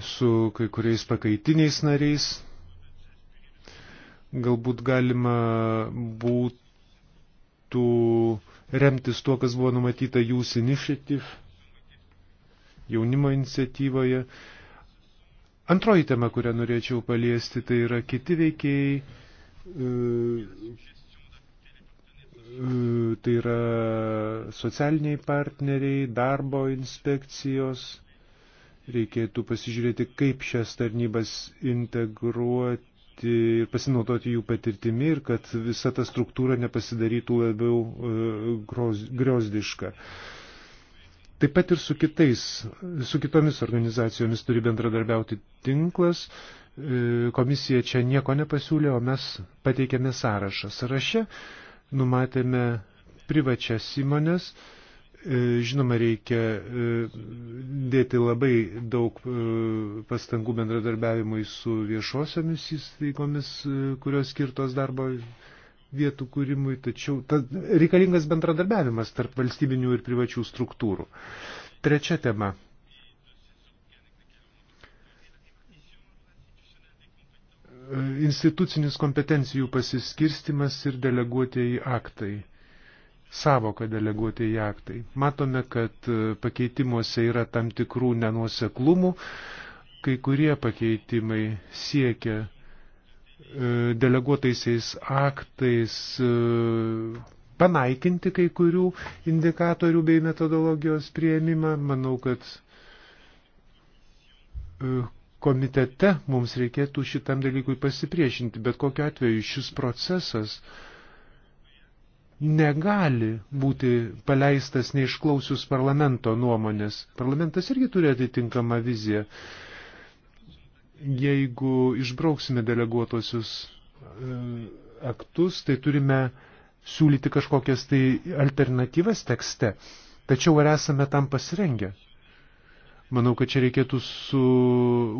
su kai kuriais pakaitiniais nariais. Galbūt galima būtų remtis tuo, kas buvo numatyta Youth Initiative, jaunimo iniciatyvoje. Antroji tema, kurią norėčiau paliesti, tai yra kiti veikėjai, e, tai yra socialiniai partneriai, darbo inspekcijos. Reikėtų pasižiūrėti, kaip šias tarnybas integruoti ir pasinaudoti jų patirtimi ir kad visa ta struktūra nepasidarytų labiau e, grozdiška. Taip pat ir su, kitais, su kitomis organizacijomis turi bendradarbiauti tinklas, e, komisija čia nieko nepasiūlė, o mes pateikėme sąrašą. Sąraše numatėme privačias įmonės. E, žinoma, reikia e, dėti labai daug e, pastangų bendradarbiavimui su viešosiomis įstaigomis, kurios skirtos darbo vietų kūrimui, tačiau ta, reikalingas bendradarbiavimas tarp valstybinių ir privačių struktūrų. Trečia tema institucinis kompetencijų pasiskirstimas ir deleguotieji aktai. Savoka deleguotieji aktai. Matome, kad e, pakeitimuose yra tam tikrų nenuoseklumų, kai kurie pakeitimai siekia e, deleguotaisiais aktais e, panaikinti kai kurių indikatorių bei metodologijos prieimimą. Manau, kad komitete mums reikėtų šitam dalykui pasipriešinti, bet kokiu atveju šis procesas negali būti paleistas neišklausius parlamento nuomonės. Parlamentas irgi turi atitinkamą viziją. Jeigu išbrauksime deleguotosius e, aktus, tai turime siūlyti kažkokias tai alternatyvas tekste. Tačiau ar esame tam pasirengę? Manau, kad čia reikėtų su...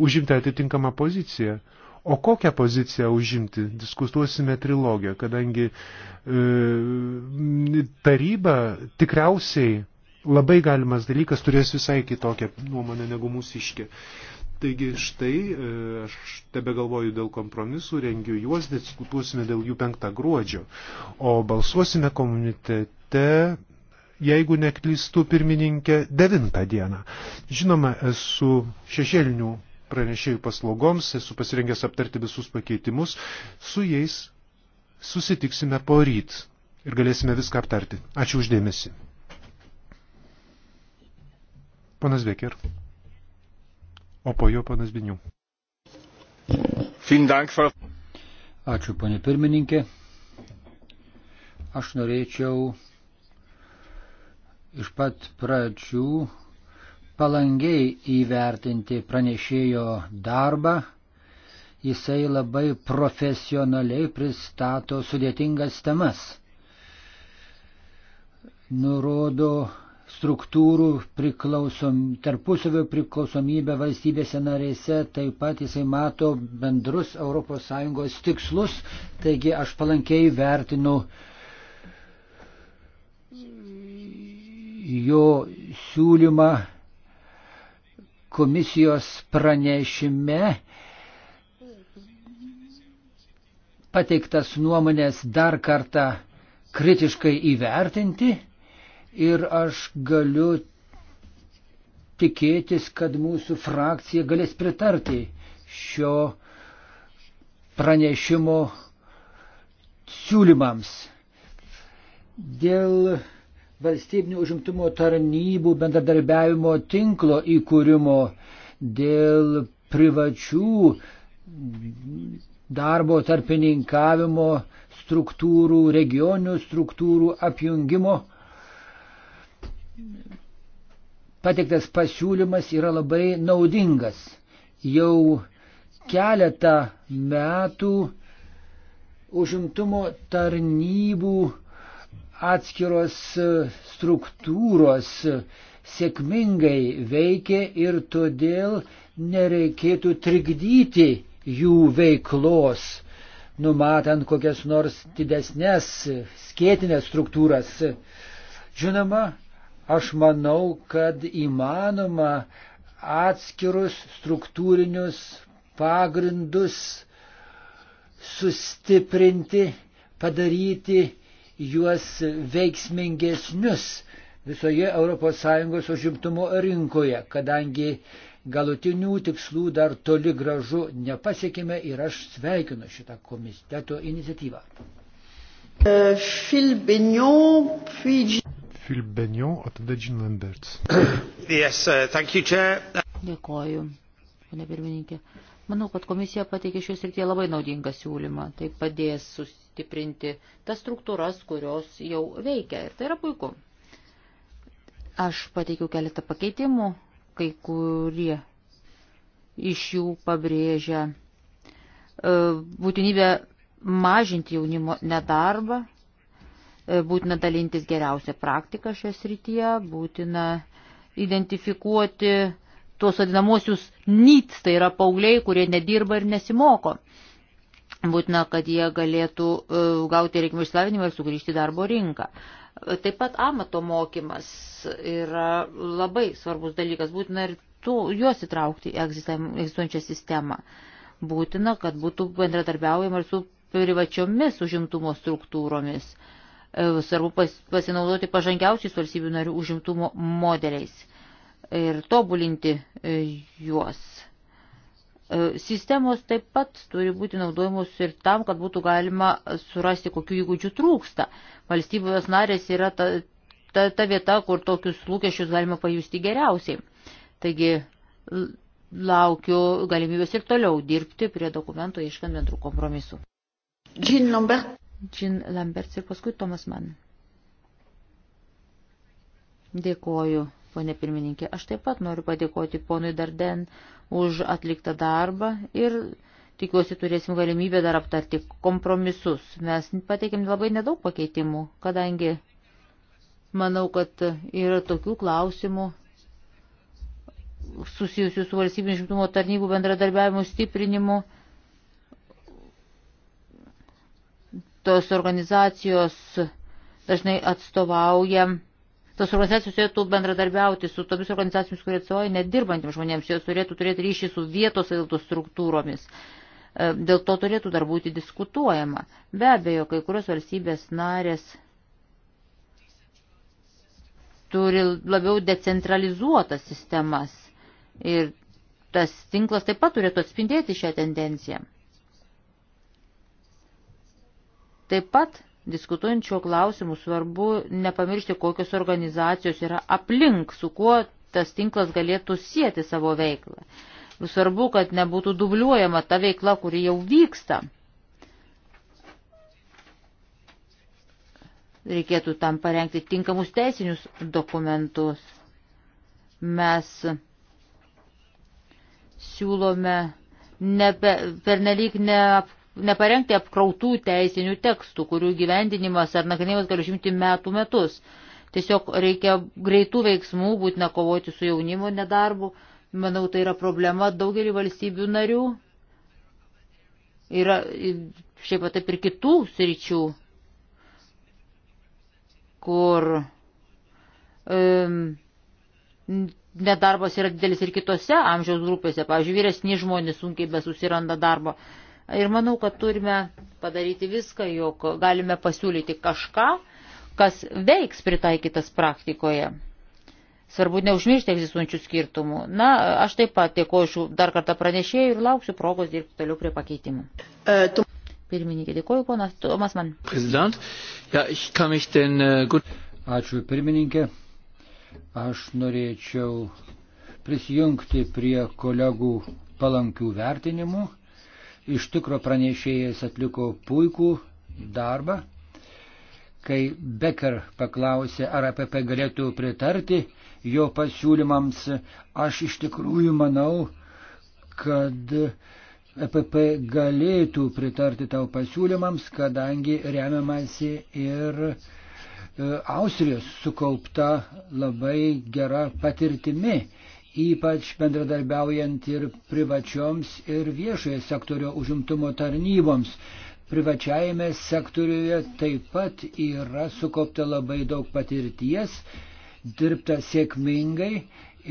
užimti atitinkamą poziciją. O kokią poziciją užimti? Diskutuosime trilogiją, kadangi e, taryba tikriausiai labai galimas dalykas turės visai kitokią nuomonę negu mūsiškė. Taigi štai e, aš tebe galvoju dėl kompromisų, rengiu juos, diskutuosime dėl jų 5 gruodžio, o balsuosime komitete jeigu neklystų pirmininkė, devintą dieną. Žinoma, esu šešėlinių pranešėjų paslaugoms, esu pasirengęs aptarti visus pakeitimus, su jais susitiksime po ryt ir galėsime viską aptarti. Ačiū uždėmesi. Panas Becker. O po jo panas Binių. Ačiū, ponė pirmininkė. Aš norėčiau iš pat pradžių palangiai įvertinti pranešėjo darbą. Jisai labai profesionaliai pristato sudėtingas temas. Nurodo struktūrų priklausom, tarpusavio priklausomybę valstybėse narėse, taip pat jisai mato bendrus ES tikslus, taigi aš palankiai vertinu uh, jo siūlymą komisijos pranešime pateiktas nuomonės dar kartą kritiškai įvertinti ir aš galiu tikėtis, kad mūsų frakcija galės pritarti šio pranešimo siūlymams. Dėl valstybinių užimtumo tarnybų bendradarbiavimo tinklo įkūrimo, dėl privačių darbo tarpininkavimo struktūrų, regionių struktūrų apjungimo. Pateiktas pasiūlymas yra labai naudingas. Jau keletą metų užimtumo tarnybų atskiros e, struktūros sėkmingai veikia ir todėl nereikėtų trikdyti jų veiklos, numatant kokias nors didesnės skėtinės struktūras. Žinoma, aš manau, kad įmanoma atskirus struktūrinius pagrindus sustiprinti, padaryti juos veiksmingesnius visoje ES užimtumo rinkoje, kadangi galutinių tikslų dar toli gražu nepasiekime ir aš sveikinu šitą komiteto iniciatyvą. E, Phil Benyon, puis... Phil Benyon, o tada Jean Lamberts. yes, uh, thank you, Chair. Dėkoju, ponė pirmininkė. Manau, kad komisija pateikė šios ir tie labai naudingą siūlymą. Tai padės susitikti stiprinti tas struktūras, kurios jau veikia. Ir tai yra puiku. Aš pateikiau keletą pakeitimų, kai kurie iš jų pabrėžia e, būtinybę mažinti jaunimo nedarbą, e, būtina dalintis geriausią praktiką šioje srityje, būtina identifikuoti tuos vadinamosius nyts, tai yra paaugliai, kurie nedirba ir nesimoko būtina, kad jie galėtų e, gauti reikimų išsilavinimą ir sugrįžti į darbo rinką. Taip pat amato mokymas yra labai svarbus dalykas, būtina ir tu, juos įtraukti į egzistuojančią sistemą. Būtina, kad būtų bendradarbiaujama ir su privačiomis užimtumo struktūromis. E, svarbu pasinaudoti pažangiausiais valstybių narių užimtumo modeliais ir tobulinti e, juos E, sistemos taip pat turi būti naudojamos ir tam, kad būtų galima surasti, kokiu įgūdžiu trūksta. Valstybės narės yra ta, ta, ta vieta, kur tokius lūkesčius galima pajusti geriausiai. Taigi laukiu galimybės ir toliau dirbti prie dokumento ieškant bendrų kompromisų. Jean Lambert. Jean Lambert ir paskui Tomas Mann. Dėkoju, ponė pirmininkė. Aš taip pat noriu padėkoti ponui Darden už atliktą darbą ir tikiuosi turėsim galimybę dar aptarti kompromisus. Mes pateikėm labai nedaug pakeitimų, kadangi manau, kad yra tokių klausimų susijusių su valstybinio žimtumo tarnybų bendradarbiavimu stiprinimu. Tos organizacijos dažnai atstovauja tos organizacijos turėtų bendradarbiauti su tomis organizacijomis, kurie atsvoja nedirbantiems žmonėms, jos turėtų turėti ryšį su vietos saviltos struktūromis. E, dėl to turėtų dar būti diskutuojama. Be abejo, kai kurios valstybės narės turi labiau decentralizuotas sistemas ir tas tinklas taip pat turėtų atspindėti šią tendenciją. Taip pat diskutuojant šiuo klausimu svarbu nepamiršti, kokios organizacijos yra aplink, su kuo tas tinklas galėtų sieti savo veiklą. Svarbu, kad nebūtų dubliuojama ta veikla, kuri jau vyksta. Reikėtų tam parengti tinkamus teisinius dokumentus. Mes siūlome nebe, pernelyg ne, neparengti apkrautų teisinių tekstų, kurių gyvendinimas ar nagrinėjimas gali žimti metų metus. Tiesiog reikia greitų veiksmų, būtina kovoti su jaunimo nedarbu. Manau, tai yra problema daugelį valstybių narių. Yra šiaip pat taip ir kitų sričių, kur um, nedarbas yra didelis ir kitose amžiaus grupėse. Pavyzdžiui, vyresni žmonės sunkiai besusiranda darbo. Uh, Ir manau, kad turime padaryti viską, jog galime pasiūlyti kažką, kas veiks pritaikytas praktikoje. Svarbu neužmiršti egzistuojančių skirtumų. Na, aš taip pat dėkoju dar kartą pranešėjai ir lauksiu progos dirbti toliau prie pakeitimų. E, tu... Pirmininkė, dėkoju, ponas Tomas man. Prezident, ja, ich kann mich den, uh, äh, gut... Ačiū, pirmininkė. Aš norėčiau prisijungti prie kolegų palankių vertinimų Iš tikro pranešėjas atliko puikų darbą. Kai Becker paklausė, ar APP galėtų pritarti jo pasiūlymams, aš iš tikrųjų manau, kad EPP galėtų pritarti tau pasiūlymams, kadangi remiamasi ir e, Austrijos sukaupta labai gera patirtimi ypač bendradarbiaujant ir privačioms ir viešoje sektorio užimtumo tarnyboms. Privačiajame sektoriuje taip pat yra sukaupta labai daug patirties, dirbta sėkmingai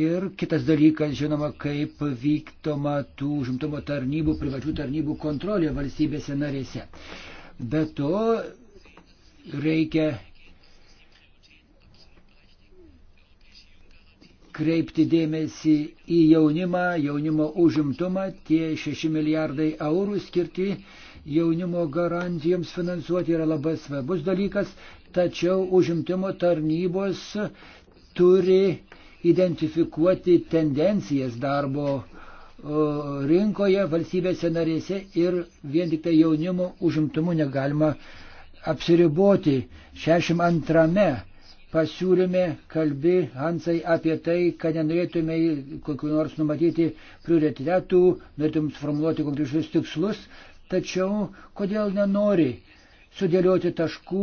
ir kitas dalykas, žinoma, kaip vykdoma tų užimtumo tarnybų, privačių tarnybų kontrolė valstybėse narėse. Be to reikia kreipti dėmesį į jaunimą, jaunimo užimtumą, tie 6 milijardai eurų skirti jaunimo garantijoms finansuoti yra labai svarbus dalykas, tačiau užimtumo tarnybos turi identifikuoti tendencijas darbo rinkoje, valstybėse narėse ir vien tik tai jaunimo užimtumu negalima apsiriboti. 62 pasiūlyme kalbi, Hansai, apie tai, kad nenorėtume kokiu nors numatyti prioritetų, norėtum suformuoluoti konkrečius tikslus, tačiau kodėl nenori sudėlioti taškų,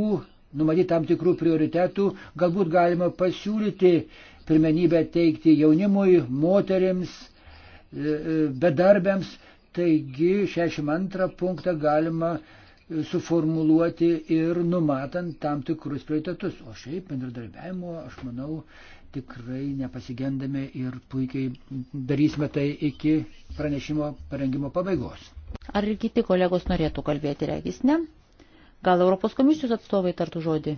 numatyti tam tikrų prioritetų, galbūt galima pasiūlyti pirmenybę teikti jaunimui, moterims, e, e, bedarbėms, taigi 62 punktą galima suformuluoti ir numatant tam tikrus prioritetus. O šiaip bendradarbiavimo, aš manau, tikrai nepasigendame ir puikiai darysime tai iki pranešimo parengimo pabaigos. Ar ir kiti kolegos norėtų kalbėti, regis ne? Gal Europos komisijos atstovai tartų žodį?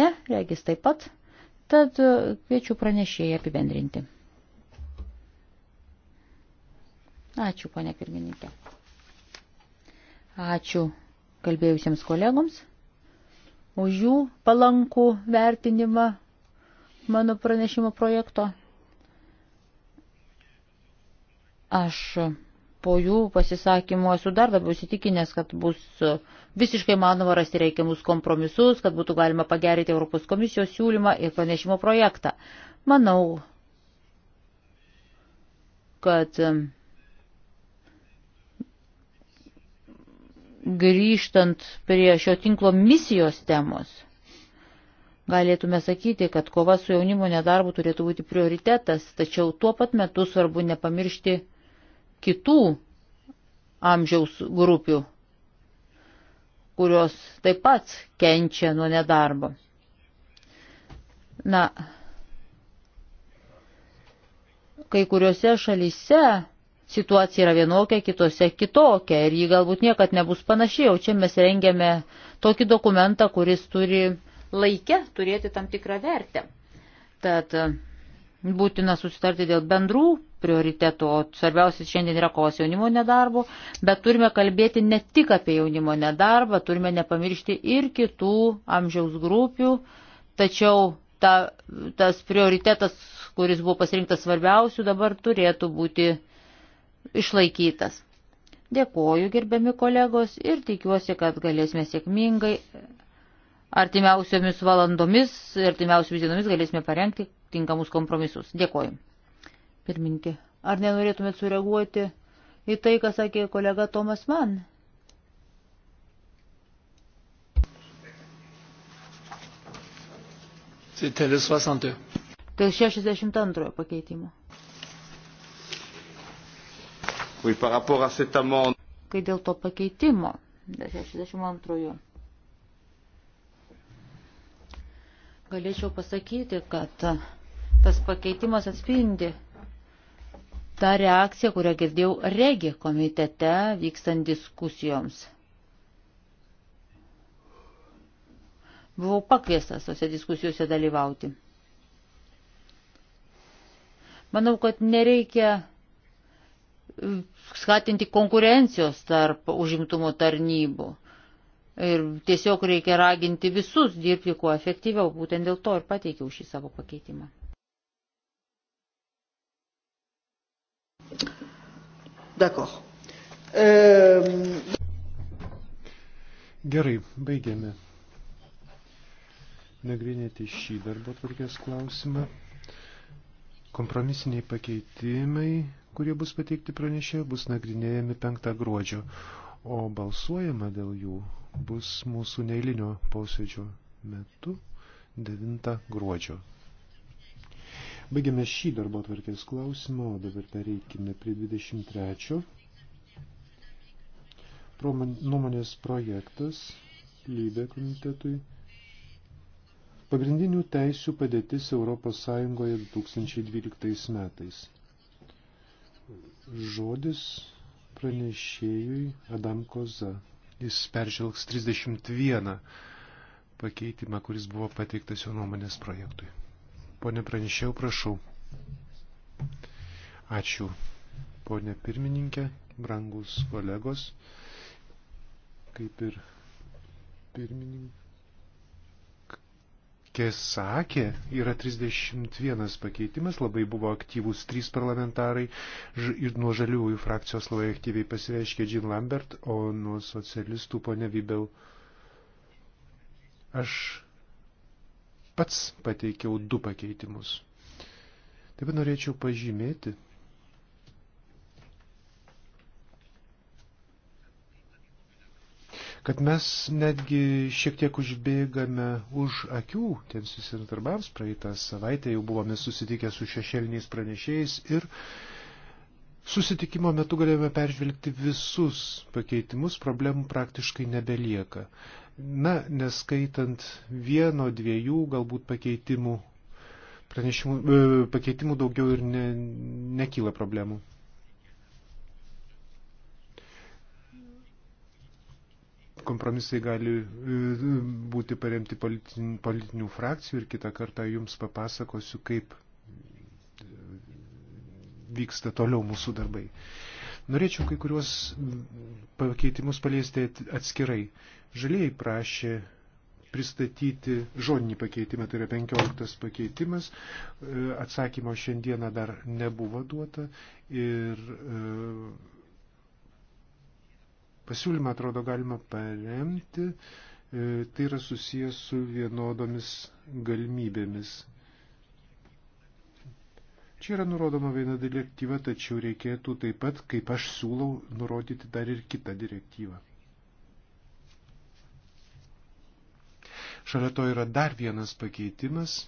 Ne, regis taip pat. Tad e, kviečiu pranešėjai apibendrinti. Ačiū, ponia pirmininkė. Ačiū kalbėjusiems kolegoms už jų palankų vertinimą mano pranešimo projekto. Aš po jų pasisakymų esu dar labiau įsitikinęs, kad bus visiškai manoma rasti reikiamus kompromisus, kad būtų galima pagerinti Europos komisijos siūlymą ir pranešimo projektą. Manau, kad grįžtant prie šio tinklo misijos temos, galėtume sakyti, kad kova su jaunimo nedarbu turėtų būti prioritetas, tačiau tuo pat metu svarbu nepamiršti kitų amžiaus grupių, kurios taip pat kenčia nuo nedarbo. Na, kai kuriuose šalyse situacija yra vienokia, kitose kitokia ir ji galbūt niekad nebus panašiai, o čia mes rengiame tokį dokumentą, kuris turi laikę turėti tam tikrą vertę. Tad e, būtina susitarti dėl bendrų prioritetų, o svarbiausias šiandien yra kovas jaunimo nedarbo, bet turime kalbėti ne tik apie jaunimo nedarbą, turime nepamiršti ir kitų amžiaus grupių, tačiau ta, tas prioritetas, kuris buvo pasirinktas svarbiausių, dabar turėtų būti išlaikytas. Dėkoju, gerbiami kolegos, ir tikiuosi, kad galėsime sėkmingai artimiausiomis valandomis, artimiausiomis dienomis galėsime parengti tinkamus kompromisus. Dėkoju. Pirminkė, ar nenorėtumėt sureaguoti į tai, ką sakė kolega Tomas Mann? Dėl 62 pakeitimo. Oui, par rapport à cet amende. Kai dėl to pakeitimo, 62. Galėčiau pasakyti, kad tas pakeitimas atspindi tą reakciją, kurią girdėjau regi komitete vykstant diskusijoms. Buvau pakviestas tose diskusijose dalyvauti. Manau, kad nereikia skatinti konkurencijos tarp užimtumo tarnybų. Ir tiesiog reikia raginti visus dirbti kuo efektyviau, būtent dėl to ir pateikiau šį savo pakeitimą. D'accord. Euh... Gerai, baigiame nagrinėti šį darbo tvarkės klausimą. Kompromisiniai pakeitimai kurie bus pateikti pranešė, bus nagrinėjami 5 gruodžio, o balsuojama dėl jų bus mūsų neįlinio posėdžio metu 9 gruodžio. Baigiame šį darbo tvarkės klausimą, o dabar pereikime prie 23. Proman, nuomonės projektas lybė komitetui. Pagrindinių teisių padėtis Europos Sąjungoje 2012 metais žodis pranešėjui Adam Koza. Jis peržvelgs 31 pakeitimą, kuris buvo pateiktas jo nuomonės projektui. Pone pranešėjau, prašau. Ačiū, ponė pirmininkė, brangus kolegos, kaip ir pirmininkas sakė, yra 31 pakeitimas, labai buvo aktyvūs trys parlamentarai ir nuo žaliųjų frakcijos labai aktyviai pasireiškė Jean Lambert, o nuo socialistų ponė Vibel. Aš pats pateikiau du pakeitimus. Taip pat norėčiau pažymėti, kad mes netgi šiek tiek užbėgame už akių tiems visiems darbams. Praeitą savaitę jau buvome susitikę su šešėliniais pranešėjais ir susitikimo metu galėjome peržvelgti visus pakeitimus, problemų praktiškai nebelieka. Na, neskaitant vieno, dviejų galbūt pakeitimų, pranešimų, e, pakeitimų daugiau ir ne, nekyla problemų. kompromisai gali e, būti paremti politinių frakcijų ir kitą kartą jums papasakosiu, kaip vyksta toliau mūsų darbai. Norėčiau kai kuriuos pakeitimus paliesti atskirai. Žalieji prašė pristatyti žodinį pakeitimą, tai yra 15 pakeitimas. E, atsakymo šiandieną dar nebuvo duota ir e, pasiūlymą atrodo galima paremti, e, tai yra susijęs su vienodomis galimybėmis. Čia yra nurodoma viena direktyva, tačiau reikėtų taip pat, kaip aš siūlau, nurodyti dar ir kitą direktyvą. Šalia to yra dar vienas pakeitimas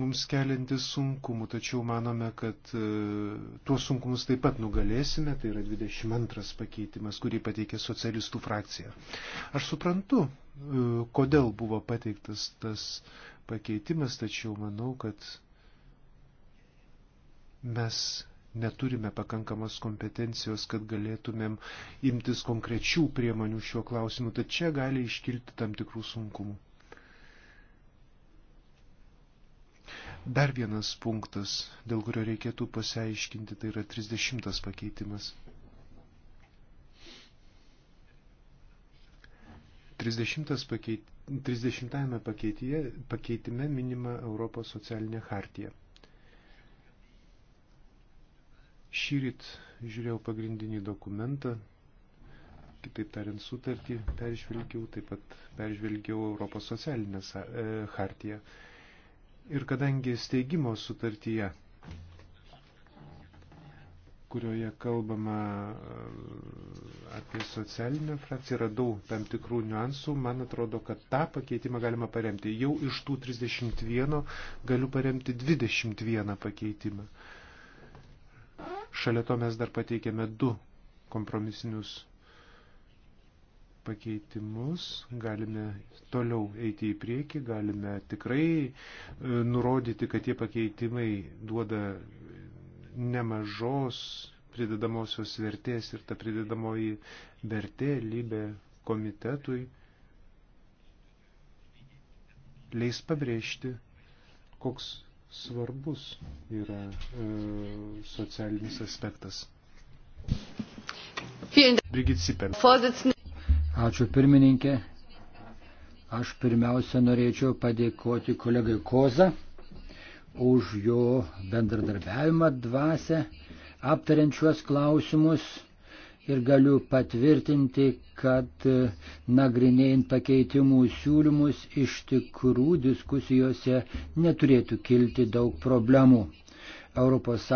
mums keliantis sunkumų, tačiau manome, kad e, tuos sunkumus taip pat nugalėsime, tai yra 22 pakeitimas, kurį pateikė socialistų frakcija. Aš suprantu, e, kodėl buvo pateiktas tas pakeitimas, tačiau manau, kad mes neturime pakankamos kompetencijos, kad galėtumėm imtis konkrečių priemonių šiuo klausimu, tad čia gali iškilti tam tikrų sunkumų. Dar vienas punktas, dėl kurio reikėtų pasiaiškinti, tai yra 30 pakeitimas. 30 pakeit, 30 pakeityje, pakeitime minima Europos socialinė hartija. Šyrit žiūrėjau pagrindinį dokumentą, kitaip tariant sutartį peržvelgiau, taip pat peržvelgiau Europos socialinę e, hartiją. E, Ir kadangi steigimo sutartyje, kurioje kalbama e, apie socialinę frakciją, radau tam tikrų niuansų, man atrodo, kad tą pakeitimą galima paremti. Jau iš tų 31 galiu paremti 21 pakeitimą. Šalia to mes dar pateikėme du kompromisinius pakeitimus, galime toliau eiti į priekį, galime tikrai e, nurodyti, kad tie pakeitimai duoda nemažos pridedamosios vertės ir ta pridedamoji vertė lybė komitetui leis pabrėžti, koks svarbus yra e, socialinis aspektas. Brigit Sipel. Ačiū pirmininkė. Aš pirmiausia norėčiau padėkoti kolegai Koza už jo bendradarbiavimą dvasę, aptariančios klausimus ir galiu patvirtinti, kad e, nagrinėjant pakeitimų siūlymus iš tikrų diskusijose neturėtų kilti daug problemų. ES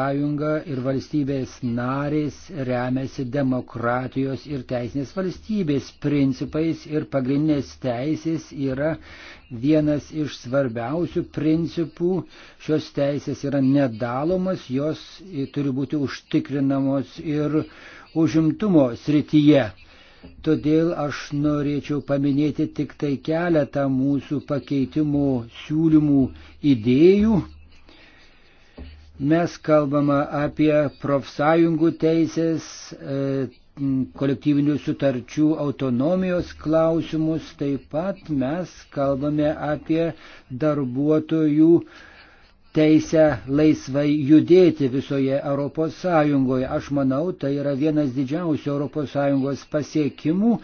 ir valstybės narės remiasi demokratijos ir teisinės valstybės principais ir pagrindinės teisės yra vienas iš svarbiausių principų. Šios teisės yra nedalomos, jos turi būti užtikrinamos ir užimtumo srityje. Todėl aš norėčiau paminėti tik tai keletą mūsų pakeitimų siūlymų idėjų Mes kalbame apie profsąjungų teisės, e, kolektyvinių sutarčių autonomijos klausimus, taip pat mes kalbame apie darbuotojų teisę laisvai judėti visoje ES. Aš manau, tai yra vienas didžiausių ES pasiekimų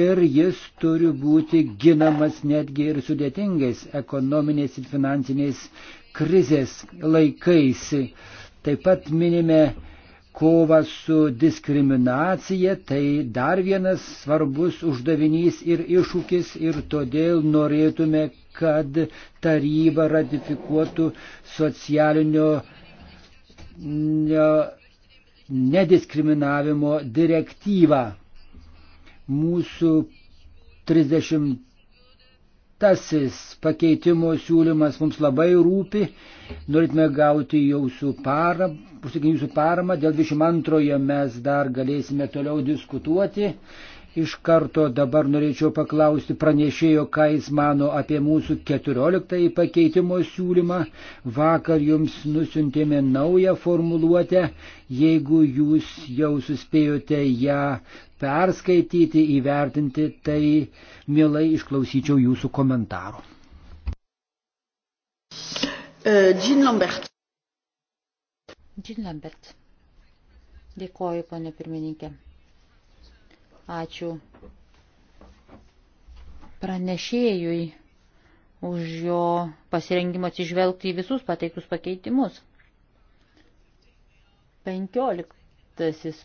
ir jis turi būti ginamas netgi ir sudėtingais ekonominiais ir finansiniais krizės laikais. Taip pat minime kovą su diskriminacija, tai dar vienas svarbus uždavinys ir iššūkis ir todėl norėtume, kad taryba ratifikuotų socialinio nediskriminavimo direktyvą. Mūsų 30 Penktasis pakeitimo siūlymas mums labai rūpi. Norėtume gauti jūsų paramą, jūsų paramą. Dėl 22 mes dar galėsime toliau diskutuoti. Iš karto dabar norėčiau paklausti pranešėjo, ką jis mano apie mūsų 14 pakeitimo siūlymą. Vakar jums nusintėme naują formuluotę. Jeigu jūs jau suspėjote ją perskaityti, įvertinti, tai mielai išklausyčiau jūsų komentarų. E, Jean Lambert. Jean Lambert. Dėkoju, ponė pirmininkė. Ačiū pranešėjui už jo pasirengimą atsižvelgti į visus pateiktus pakeitimus. 15 Tasis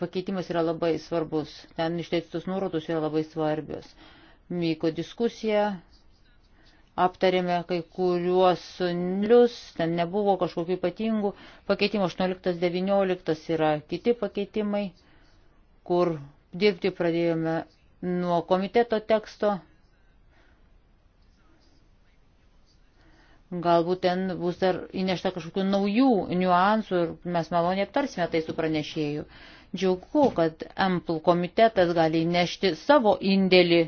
pakeitimas yra labai svarbus. Ten išteistos nuorodos yra labai svarbios. Myko diskusija, aptarėme kai kuriuos lius, ten nebuvo kažkokių ypatingų pakeitimų. 18-19 yra kiti pakeitimai, kur dirbti pradėjome nuo komiteto teksto Galbūt ten bus dar įnešta kažkokių naujų niuansų ir mes maloniai aptarsime tai su pranešėju. Džiaugu, kad MPL komitetas gali įnešti savo indėlį,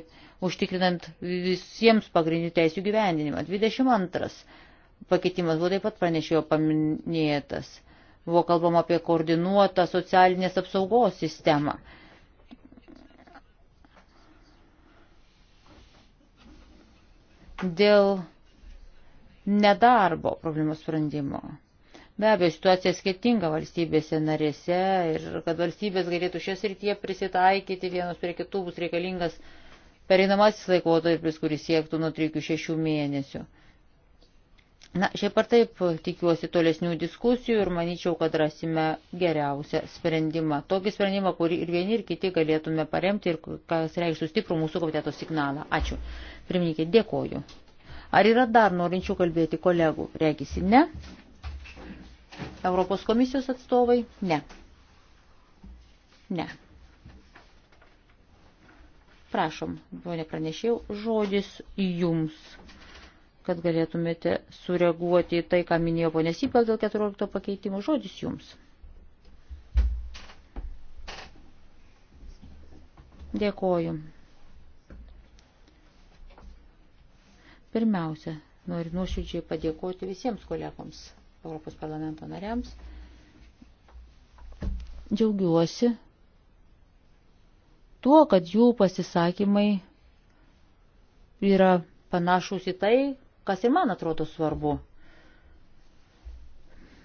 užtikrinant visiems pagrindinių teisų gyvendinimą. 22 pakeitimas buvo taip pat pranešėjo paminėtas. Buvo kalbama apie koordinuotą socialinės apsaugos sistemą. Dėl nedarbo problemos sprendimo. Be abejo, situacija skirtinga valstybėse narėse ir kad valstybės galėtų šias rytyje prisitaikyti vienos prie kitų bus reikalingas pereinamasis laikotarpis, kuris siektų nuo 3-6 mėnesių. Na, šiaip ar taip tikiuosi tolesnių diskusijų ir manyčiau, kad rasime geriausią sprendimą. Tokį sprendimą, kurį ir vieni, ir kiti galėtume paremti ir kas reikštų stiprų mūsų komiteto signalą. Ačiū. Pirmininkė, dėkoju. Ar yra dar norinčių kalbėti kolegų? Regisi ne. Europos komisijos atstovai? Ne. Ne. Prašom, ponė pranešėjau, žodis jums, kad galėtumėte sureaguoti į tai, ką minėjo ponė Sipel dėl 14 pakeitimo. Žodis jums. Dėkoju. Pirmiausia, noriu nuoširdžiai padėkoti visiems kolegoms, Europos parlamento nariams. Džiaugiuosi tuo, kad jų pasisakymai yra panašus į tai, kas ir man atrodo svarbu.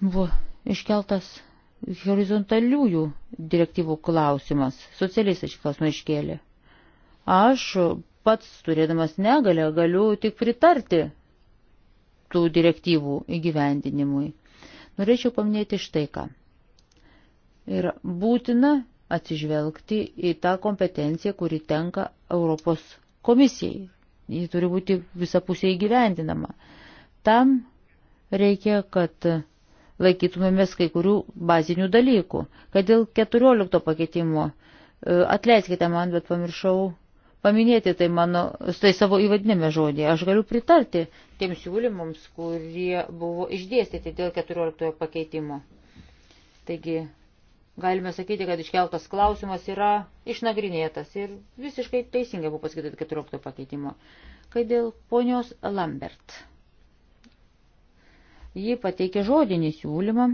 Buvo iškeltas horizontaliųjų direktyvų klausimas. Socialistai šį klausimą iškėlė. Aš pats, turėdamas negalę, galiu tik pritarti tų direktyvų įgyvendinimui. Norėčiau paminėti štai ką. Ir būtina atsižvelgti į tą kompetenciją, kuri tenka Europos komisijai. Ji turi būti visapusiai įgyvendinama. Tam reikia, kad laikytumėmės kai kurių bazinių dalykų. Kad dėl 14 pakeitimo, e, atleiskite man, bet pamiršau paminėti tai mano, tai savo įvadinėme žodėje. Aš galiu pritarti tiems siūlymams, kurie buvo išdėstyti dėl 14 pakeitimo. Taigi, galime sakyti, kad iškeltas klausimas yra išnagrinėtas ir visiškai teisingai buvo pasakyta 14 pakeitimo. Kai dėl ponios Lambert. Ji pateikė žodinį siūlymą.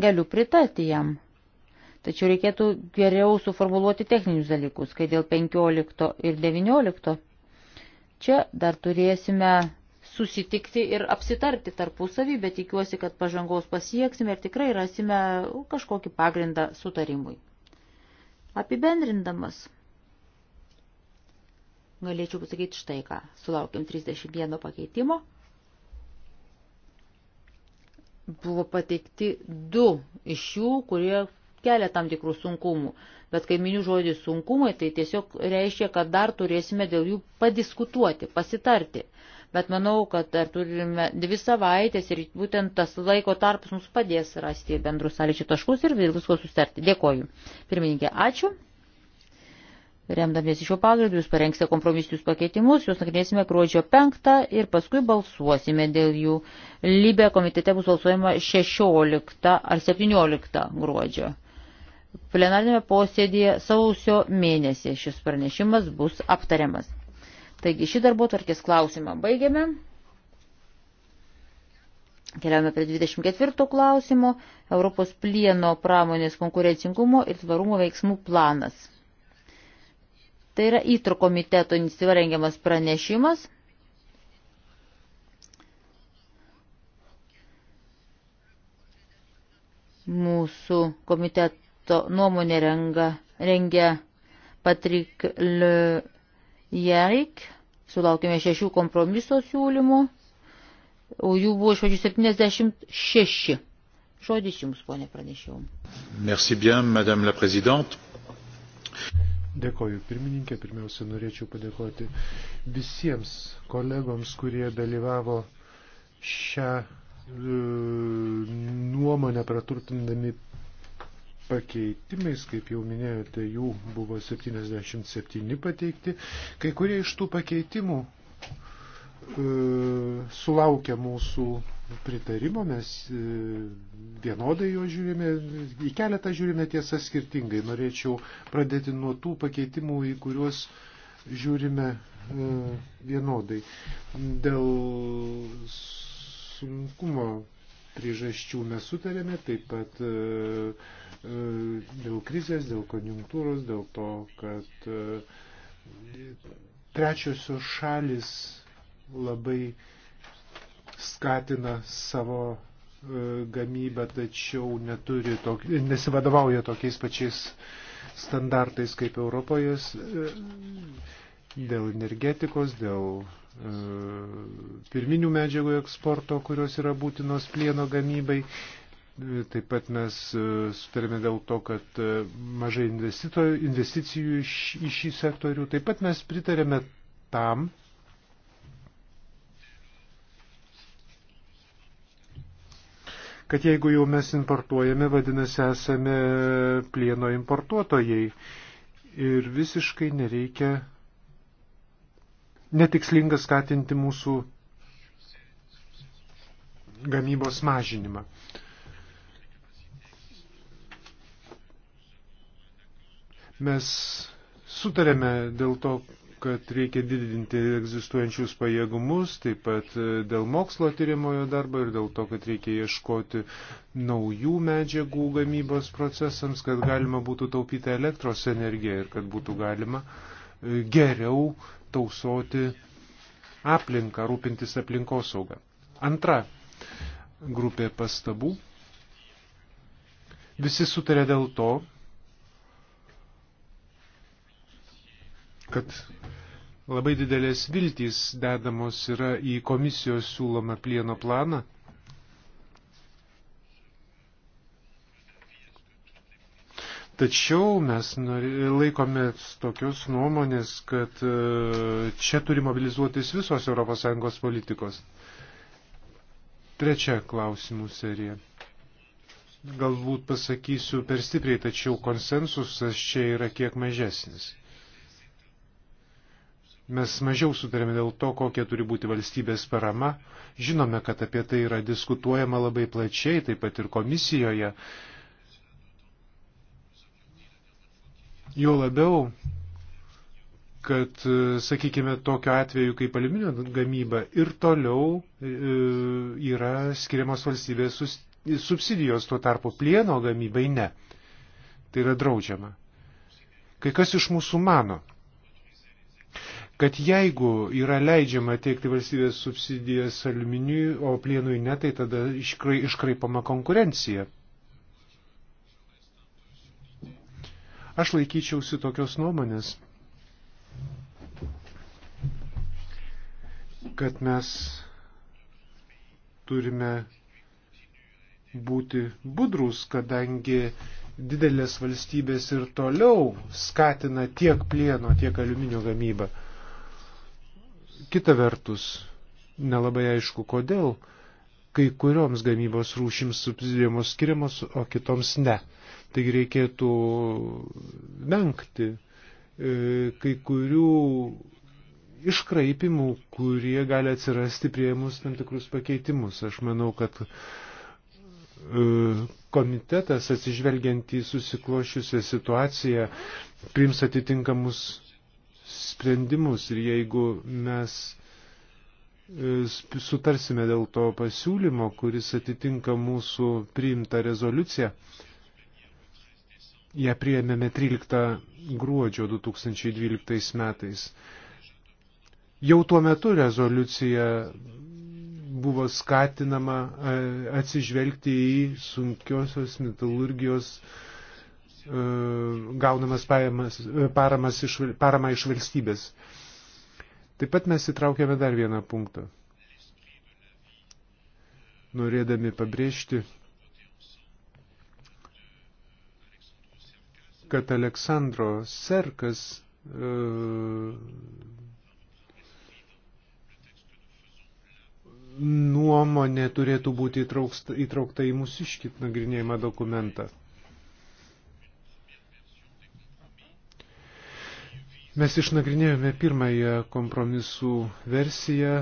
Galiu pritarti jam Tačiau reikėtų geriau suformuluoti techninius dalykus, kai dėl 15 ir 19 čia dar turėsime susitikti ir apsitarti tarpusavį, bet tikiuosi, kad pažangos pasieksime ir tikrai rasime kažkokį pagrindą sutarimui. Apibendrindamas, galėčiau pasakyti štai ką. Sulaukiam 31 pakeitimo. Buvo pateikti du iš jų, kurie kelia tam tikrų sunkumų. Bet kai miniu žodį sunkumai, tai tiesiog reiškia, kad dar turėsime dėl jų padiskutuoti, pasitarti. Bet manau, kad dar turime dvi savaitės ir būtent tas laiko tarpas mums padės rasti bendrus sąlyčio taškus ir visko sustarti. Dėkoju. Pirmininkė, ačiū. Remdamiesi šio pagrindu, jūs parengsite kompromisinius pakeitimus, juos nagrinėsime gruodžio 5 ir paskui balsuosime dėl jų. Libė komitete bus balsuojama 16 ar 17 gruodžio plenarinėme posėdėje sausio mėnesį šis pranešimas bus aptariamas. Taigi šį darbo tvarkės klausimą baigiame. Keliame prie 24 klausimo Europos plieno pramonės konkurencingumo ir tvarumo veiksmų planas. Tai yra įtro komiteto iniciatyva rengiamas pranešimas. Mūsų komiteto projekto nuomonė renga, rengia Patrik Ljerik. Sulaukime šešių kompromiso siūlymų. Jų buvo iš pradžių 76. Žodis jums, ponė, pranešiau. Merci bien, madame la présidente. Dėkoju pirmininkė, pirmiausia norėčiau padėkoti visiems kolegoms, kurie dalyvavo šią e, nuomonę praturtindami pakeitimais, kaip jau minėjote, jų buvo 77 pateikti. Kai kurie iš tų pakeitimų e, sulaukia mūsų pritarimo, mes e, vienodai jo žiūrime, į keletą žiūrime tiesą skirtingai. Norėčiau pradėti nuo tų pakeitimų, į kuriuos žiūrime e, vienodai. Dėl sunkumo priežasčių mes sutarėme, taip pat e, e, dėl krizės, dėl konjunktūros, dėl to, kad e, trečiosios šalis labai skatina savo gamybą, tačiau neturi tok, nesivadovauja tokiais pačiais standartais kaip Europoje dėl energetikos, dėl E, pirminių medžiagų eksporto, kurios yra būtinos plieno gamybai. E, taip pat mes e, sutarėme dėl to, kad mažai investicijų į šį sektorių. Taip pat mes pritarėme tam, kad jeigu jau mes importuojame, vadinasi, esame plieno importuotojai ir visiškai nereikia netikslinga skatinti mūsų gamybos mažinimą. Mes sutarėme dėl to, kad reikia didinti egzistuojančius pajėgumus, taip pat e, dėl mokslo tyrimojo darbo ir dėl to, kad reikia ieškoti naujų medžiagų gamybos procesams, kad galima būtų taupyti elektros energiją ir kad būtų galima e, geriau tausoti aplinką, rūpintis aplinkosaugą. Antra grupė pastabų. Visi sutarė dėl to, kad labai didelės viltys dedamos yra į komisijos siūlomą plieno planą Tačiau mes laikomės tokios nuomonės, kad e, čia turi mobilizuotis visos ES politikos. Trečia klausimų serija. Galbūt pasakysiu per stipriai, tačiau konsensusas čia yra kiek mažesnis. Mes mažiau sutarėme dėl to, kokia turi būti valstybės parama. Žinome, kad apie tai yra diskutuojama labai plačiai, taip pat ir komisijoje Jo labiau, kad, e, sakykime, tokio atveju kaip aliuminio gamyba ir toliau e, yra skiriamos valstybės subsidijos, tuo tarpu plieno gamybai ne. Tai yra draudžiama. Kai kas iš mūsų mano, kad jeigu yra leidžiama teikti valstybės subsidijas aliuminiui, o plienui ne, tai tada iškraipama konkurencija. Aš laikyčiausi tokios nuomonės, kad mes turime būti budrus, kadangi didelės valstybės ir toliau skatina tiek plieno, tiek aliuminio gamybą. Kita vertus, nelabai aišku kodėl, kai kurioms gamybos rūšims subsidijamos skiriamos, o kitoms ne. Taigi reikėtų vengti e, kai kurių iškraipimų, kurie gali atsirasti prieimus tam tikrus pakeitimus. Aš manau, kad e, komitetas atsižvelgiant į susiklošiusią situaciją priims atitinkamus sprendimus ir jeigu mes e, sutarsime dėl to pasiūlymo, kuris atitinka mūsų priimtą rezoliuciją, ją priėmėme 13 gruodžio 2012 metais. Jau tuo metu rezoliucija buvo skatinama e, atsižvelgti į sunkiosios metalurgijos e, gaunamas pajamas, e, paramas iš, paramą iš valstybės. Taip pat mes įtraukėme dar vieną punktą, norėdami pabrėžti, kad Aleksandro Serkas e, nuomonė turėtų būti įtraukta, įtraukta į mūsiškį nagrinėjimą dokumentą. Mes išnagrinėjome pirmąją kompromisų versiją,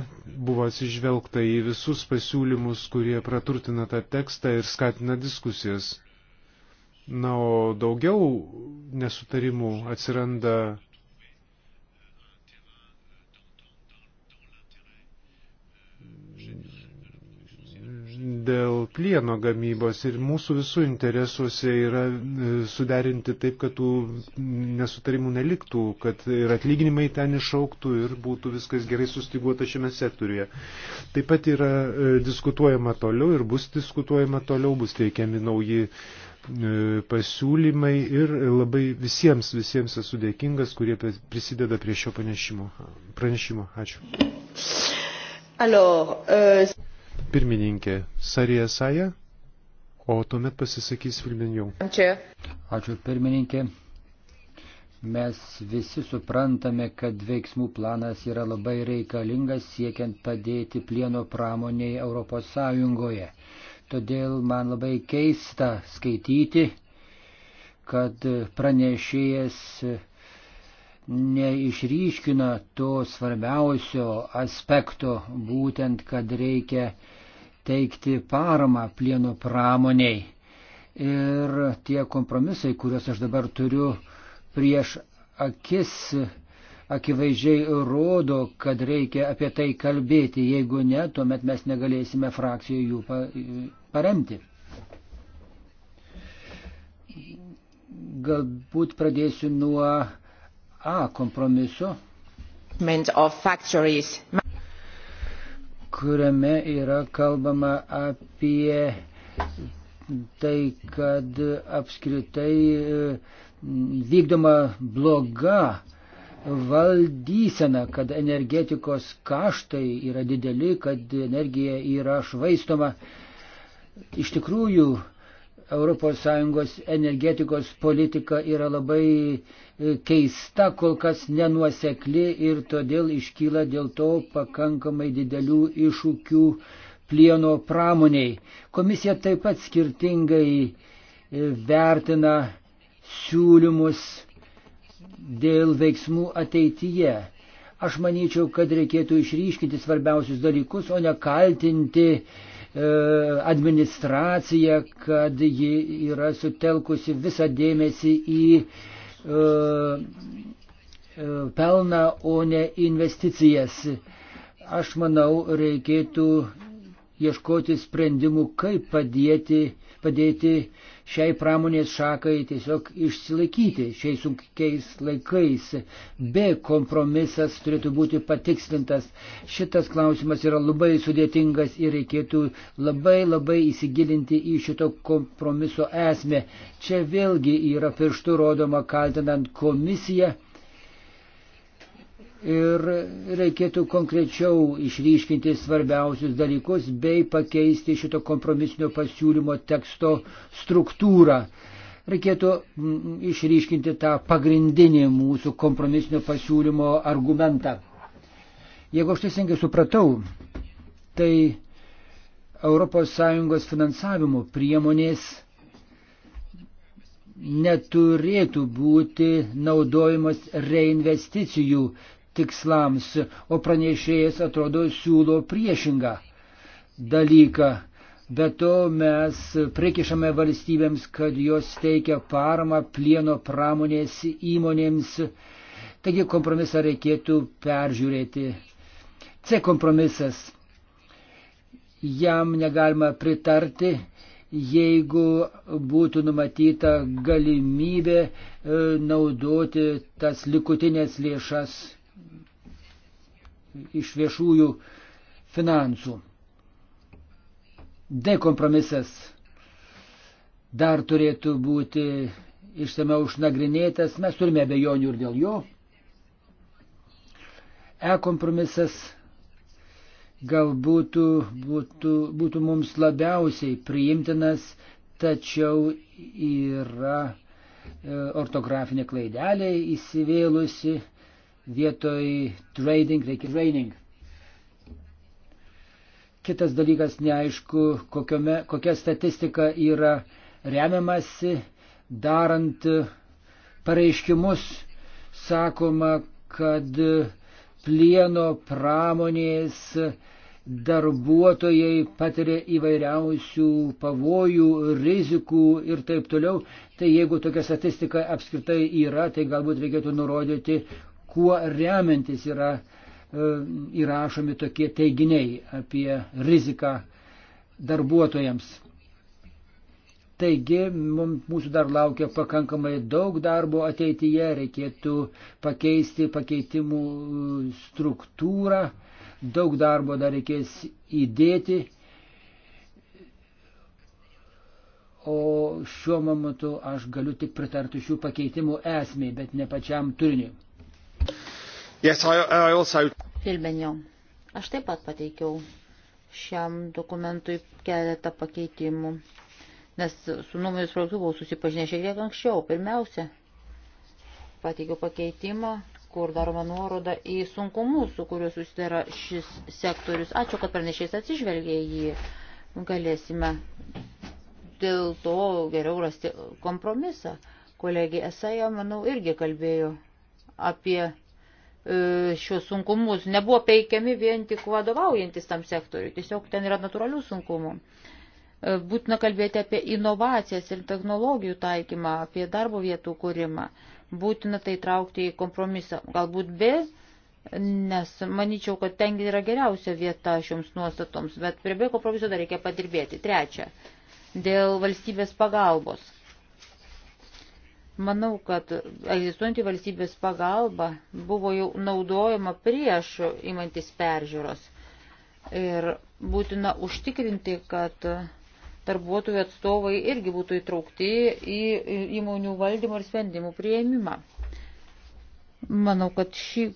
buvo atsižvelgta į visus pasiūlymus, kurie praturtina tą tekstą ir skatina diskusijas. Na, o daugiau nesutarimų atsiranda dėl plieno gamybos ir mūsų visų interesuose yra e, suderinti taip, kad tų nesutarimų neliktų, kad ir atlyginimai ten išauktų ir būtų viskas gerai sustiguota šiame sektoriuje. Taip pat yra e, diskutuojama toliau ir bus diskutuojama toliau, bus teikiami nauji E, pasiūlymai ir labai visiems, visiems esu dėkingas, kurie prisideda prie šio pranešimo. pranešimo. Ačiū. Alors, euh... Pirmininkė Sarija Saja, o tuomet pasisakys Vilminjau. Ačiū. Ačiū pirmininkė. Mes visi suprantame, kad veiksmų planas yra labai reikalingas siekiant padėti plieno pramoniai Europos Sąjungoje Todėl man labai keista skaityti, kad pranešėjas neišryškina to svarbiausio aspekto, būtent, kad reikia teikti paramą plieno pramoniai. Ir tie kompromisai, kuriuos aš dabar turiu prieš akis, akivaizdžiai rodo, kad reikia apie tai kalbėti. Jeigu ne, tuomet mes negalėsime frakcijų jų paremti. Galbūt pradėsiu nuo A kompromiso, kuriame yra kalbama apie tai, kad apskritai e, vykdoma bloga valdysena, kad energetikos kaštai yra dideli, kad energija yra švaistoma. Iš tikrųjų, ES energetikos politika yra labai e, keista, kol kas nenuosekli ir todėl iškyla dėl to pakankamai didelių iššūkių plieno pramoniai. Komisija taip pat skirtingai e, vertina siūlymus dėl veiksmų ateityje. Aš manyčiau, kad reikėtų išryškinti svarbiausius dalykus, o ne kaltinti uh, E, administracija, kad ji yra sutelkusi visą dėmesį į e, e, pelną, o ne investicijas. Aš manau, reikėtų ieškoti sprendimų, kaip padėti, padėti šiai pramonės šakai tiesiog išsilaikyti šiais sunkiais laikais. B kompromisas turėtų būti patikslintas. Šitas klausimas yra labai sudėtingas ir reikėtų labai labai įsigilinti į šito kompromiso esmę. Čia vėlgi yra pirštų rodoma kaltinant komisiją ir reikėtų konkrečiau išryškinti svarbiausius dalykus bei pakeisti šito kompromisinio pasiūlymo teksto struktūrą. Reikėtų išryškinti tą pagrindinį mūsų kompromisinio pasiūlymo argumentą. Jeigu aš teisingai supratau, tai ES finansavimo priemonės neturėtų būti naudojamas reinvesticijų tikslams, o pranešėjas atrodo siūlo priešingą dalyką. Be to mes prikišame valstybėms, kad jos teikia paramą plieno pramonės įmonėms. Taigi kompromisą reikėtų peržiūrėti. C kompromisas. Jam negalima pritarti, jeigu būtų numatyta galimybė e, naudoti tas likutinės lėšas iš viešųjų finansų. D kompromisas dar turėtų būti išsameu išnagrinėtas, mes turime abejonių ir dėl jo. E kompromisas galbūt būtų, būtų mums labiausiai priimtinas, tačiau yra e, ortografinė klaidelė įsivėlusi vietoj trading reikia training. Kitas dalykas neaišku, kokiome, kokia statistika yra remiamasi, darant pareiškimus, sakoma, kad plieno pramonės darbuotojai patiria įvairiausių pavojų, rizikų ir taip toliau. Tai jeigu tokia statistika apskritai yra, tai galbūt reikėtų nurodyti, kuo remiantis yra e, įrašomi tokie teiginiai apie riziką darbuotojams. Taigi mūsų dar laukia pakankamai daug darbo ateityje, reikėtų pakeisti pakeitimų e, struktūrą, daug darbo dar reikės įdėti. O šiuo momentu aš galiu tik pritarti šių pakeitimų esmei, bet ne pačiam turiniui. Yes, I, I also... Filmenio. Aš taip pat pateikiau šiam dokumentui keletą pakeitimų, nes su nuomonės projektu buvau susipažinę šiek tiek anksčiau. Pirmiausia, pateikiau pakeitimą, kur daroma nuoroda į sunkumus, su kuriuo susidara šis sektorius. Ačiū, kad pranešės atsižvelgė į jį. Galėsime dėl to geriau rasti kompromisą. Kolegė Esaja, manau, irgi kalbėjo apie E, šios sunkumus. Nebuvo peikiami vien tik vadovaujantis tam sektoriui, tiesiog ten yra natūralių sunkumų. E, būtina kalbėti apie inovacijas ir technologijų taikymą, apie darbo vietų kūrimą. Būtina tai traukti į kompromisą. Galbūt B, nes manyčiau, kad ten yra geriausia vieta šioms nuostatoms, bet prie B kompromiso dar reikia padirbėti. Trečia, dėl valstybės pagalbos Manau, kad egzistuojanti valstybės pagalba buvo jau naudojama prieš imantis peržiūros. Ir būtina užtikrinti, kad darbuotojų atstovai irgi būtų įtraukti į įmonių valdymą ir sprendimų prieimimą. Manau, kad šį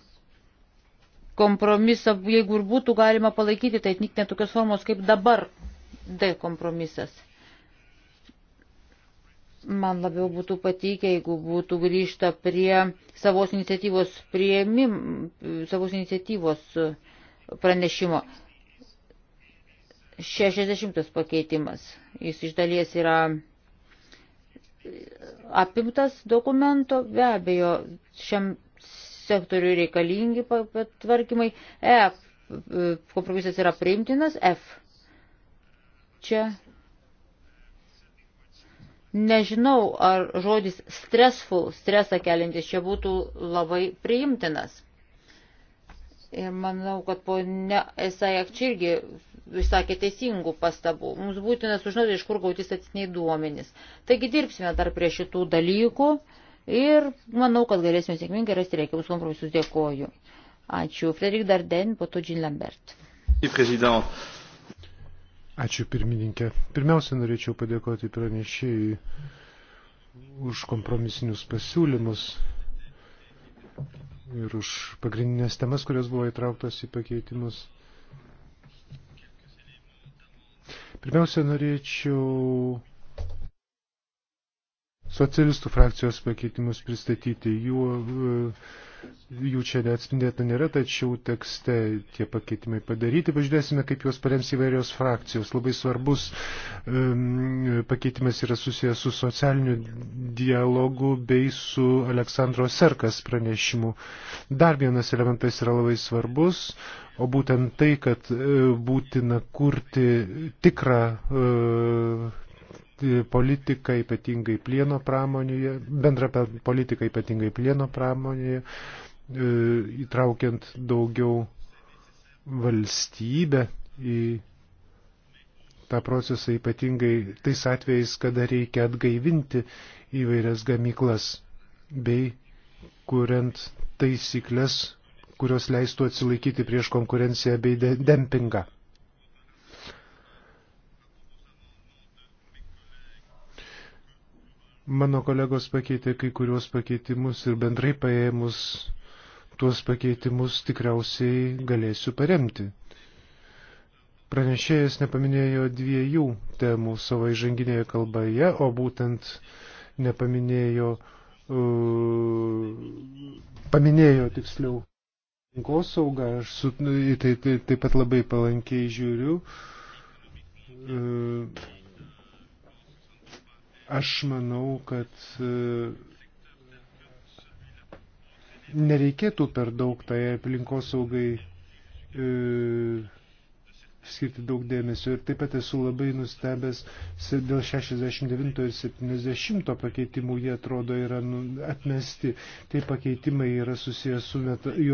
kompromisą, jeigu ir būtų galima palaikyti, tai atnikti netokios formos kaip dabar D kompromisas. Man labiau būtų patikę, jeigu būtų grįžta prie savos iniciatyvos, prieimim, savos iniciatyvos pranešimo. 60 pakeitimas. Jis iš dalies yra apimtas dokumento, be abejo, šiam sektoriui reikalingi patvarkymai. E kompromisas yra priimtinas, F. Čia Nežinau, ar žodis stressful, stresą keliantis čia būtų labai priimtinas. Ir manau, kad ponia Esajak čia irgi išsakė teisingų pastabų. Mums būtina sužinoti, iš kur gauti statistiniai duomenys. Taigi dirbsime dar prie šitų dalykų ir manau, kad galėsime sėkmingai rasti reikiamus kompromisus. Dėkoju. Ačiū. Frederik Darden, po to Jean Lambert. President. Ačiū pirmininkė. Pirmiausia, norėčiau padėkoti pranešėjui už kompromisinius pasiūlymus ir už pagrindinės temas, kurios buvo įtrauktos į pakeitimus. Pirmiausia, norėčiau socialistų frakcijos pakeitimus pristatyti. Jų jų čia neatspindėta nėra, tačiau tekste tie pakeitimai padaryti. Pažiūrėsime, kaip juos parems įvairios frakcijos. Labai svarbus um, pakeitimas yra susijęs su socialiniu dialogu bei su Aleksandro Serkas pranešimu. Dar vienas elementas yra labai svarbus, o būtent tai, kad e, būtina kurti tikrą uh, politika ypatingai plieno pramonėje, bendra politika ypatingai plieno pramonėje, e, įtraukiant daugiau valstybę į tą procesą ypatingai tais atvejais, kada reikia atgaivinti įvairias gamyklas bei kuriant taisyklės, kurios leistų atsilaikyti prieš konkurenciją bei dempingą. Mano kolegos pakeitė kai kuriuos pakeitimus ir bendrai paėmus tuos pakeitimus tikriausiai galėsiu paremti. Pranešėjas nepaminėjo dviejų temų savo įžanginėje kalboje, o būtent nepaminėjo, uh, paminėjo tiksliau aplinkosaugą, aš su, tai, tai, taip pat labai palankiai žiūriu. Uh, Aš manau, kad e, nereikėtų per daug tai aplinkosaugai e, skirti daug dėmesio. Ir taip pat esu labai nustebęs dėl 69 ir 70 pakeitimų, jie atrodo yra nu, atmesti. Tai pakeitimai yra susijęs su meta, e,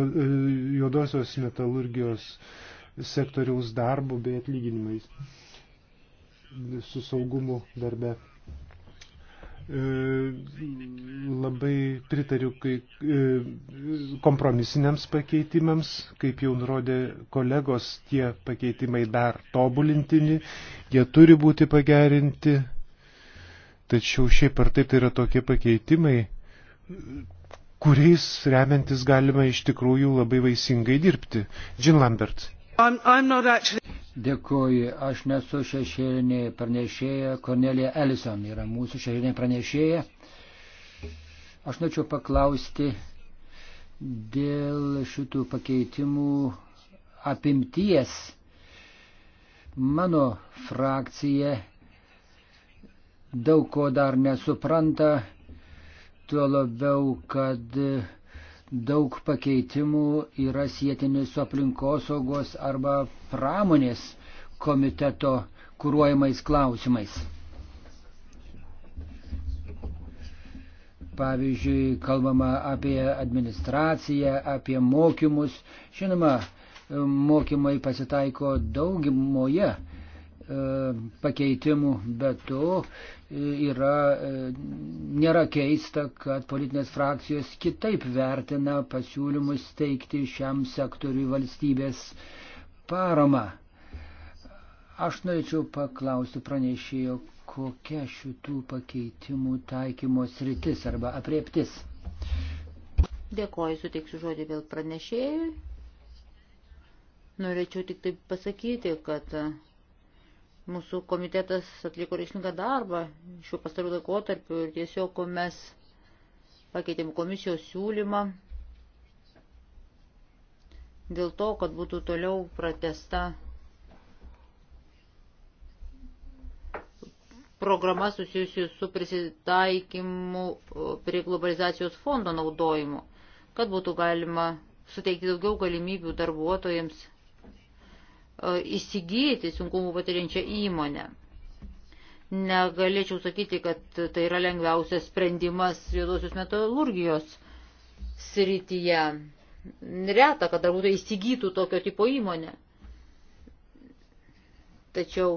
juodosios metalurgijos sektoriaus darbu bei atlyginimais su saugumu darbe. E, labai pritariu kai, e, kompromisiniams pakeitimams, kaip jau nurodė kolegos, tie pakeitimai dar tobulintini, jie turi būti pagerinti, tačiau šiaip ar taip tai yra tokie pakeitimai, kuriais remiantis galima iš tikrųjų labai vaisingai dirbti. Jean Lambert. I'm, I'm actually... Dėkuoju, aš nesu šešėlinė pranešėja, Kornelija Ellison yra mūsų šešėlinė pranešėja. Aš norėčiau paklausti dėl šitų pakeitimų apimties. Mano frakcija daug ko dar nesupranta, tuo labiau, kad daug pakeitimų yra sėtini su aplinkosaugos arba pramonės komiteto kūruojamais klausimais. Pavyzdžiui, kalbama apie administraciją, apie mokymus. Žinoma, mokymai pasitaiko daugumoje e, pakeitimų, bet to yra, e, nėra keista, kad politinės frakcijos kitaip vertina pasiūlymus teikti šiam sektoriui valstybės paramą. Aš norėčiau paklausti pranešėjo, kokia šitų pakeitimų taikymo sritis arba apriektis. Dėkoju, suteiksiu žodį vėl pranešėjui. Norėčiau tik taip pasakyti, kad Mūsų komitetas atliko reikšmingą darbą šiuo pastarų laikotarpiu ir tiesiog mes pakeitėm komisijos siūlymą dėl to, kad būtų toliau pratesta programa susijusi su prisitaikymu prie globalizacijos fondo naudojimu, kad būtų galima suteikti daugiau galimybių darbuotojams E, įsigyti sunkumų patiriančią įmonę. Negalėčiau sakyti, kad tai yra lengviausias sprendimas juodosios metalurgijos srityje. Reta, kad darbuotojai įsigytų tokio tipo įmonę. Tačiau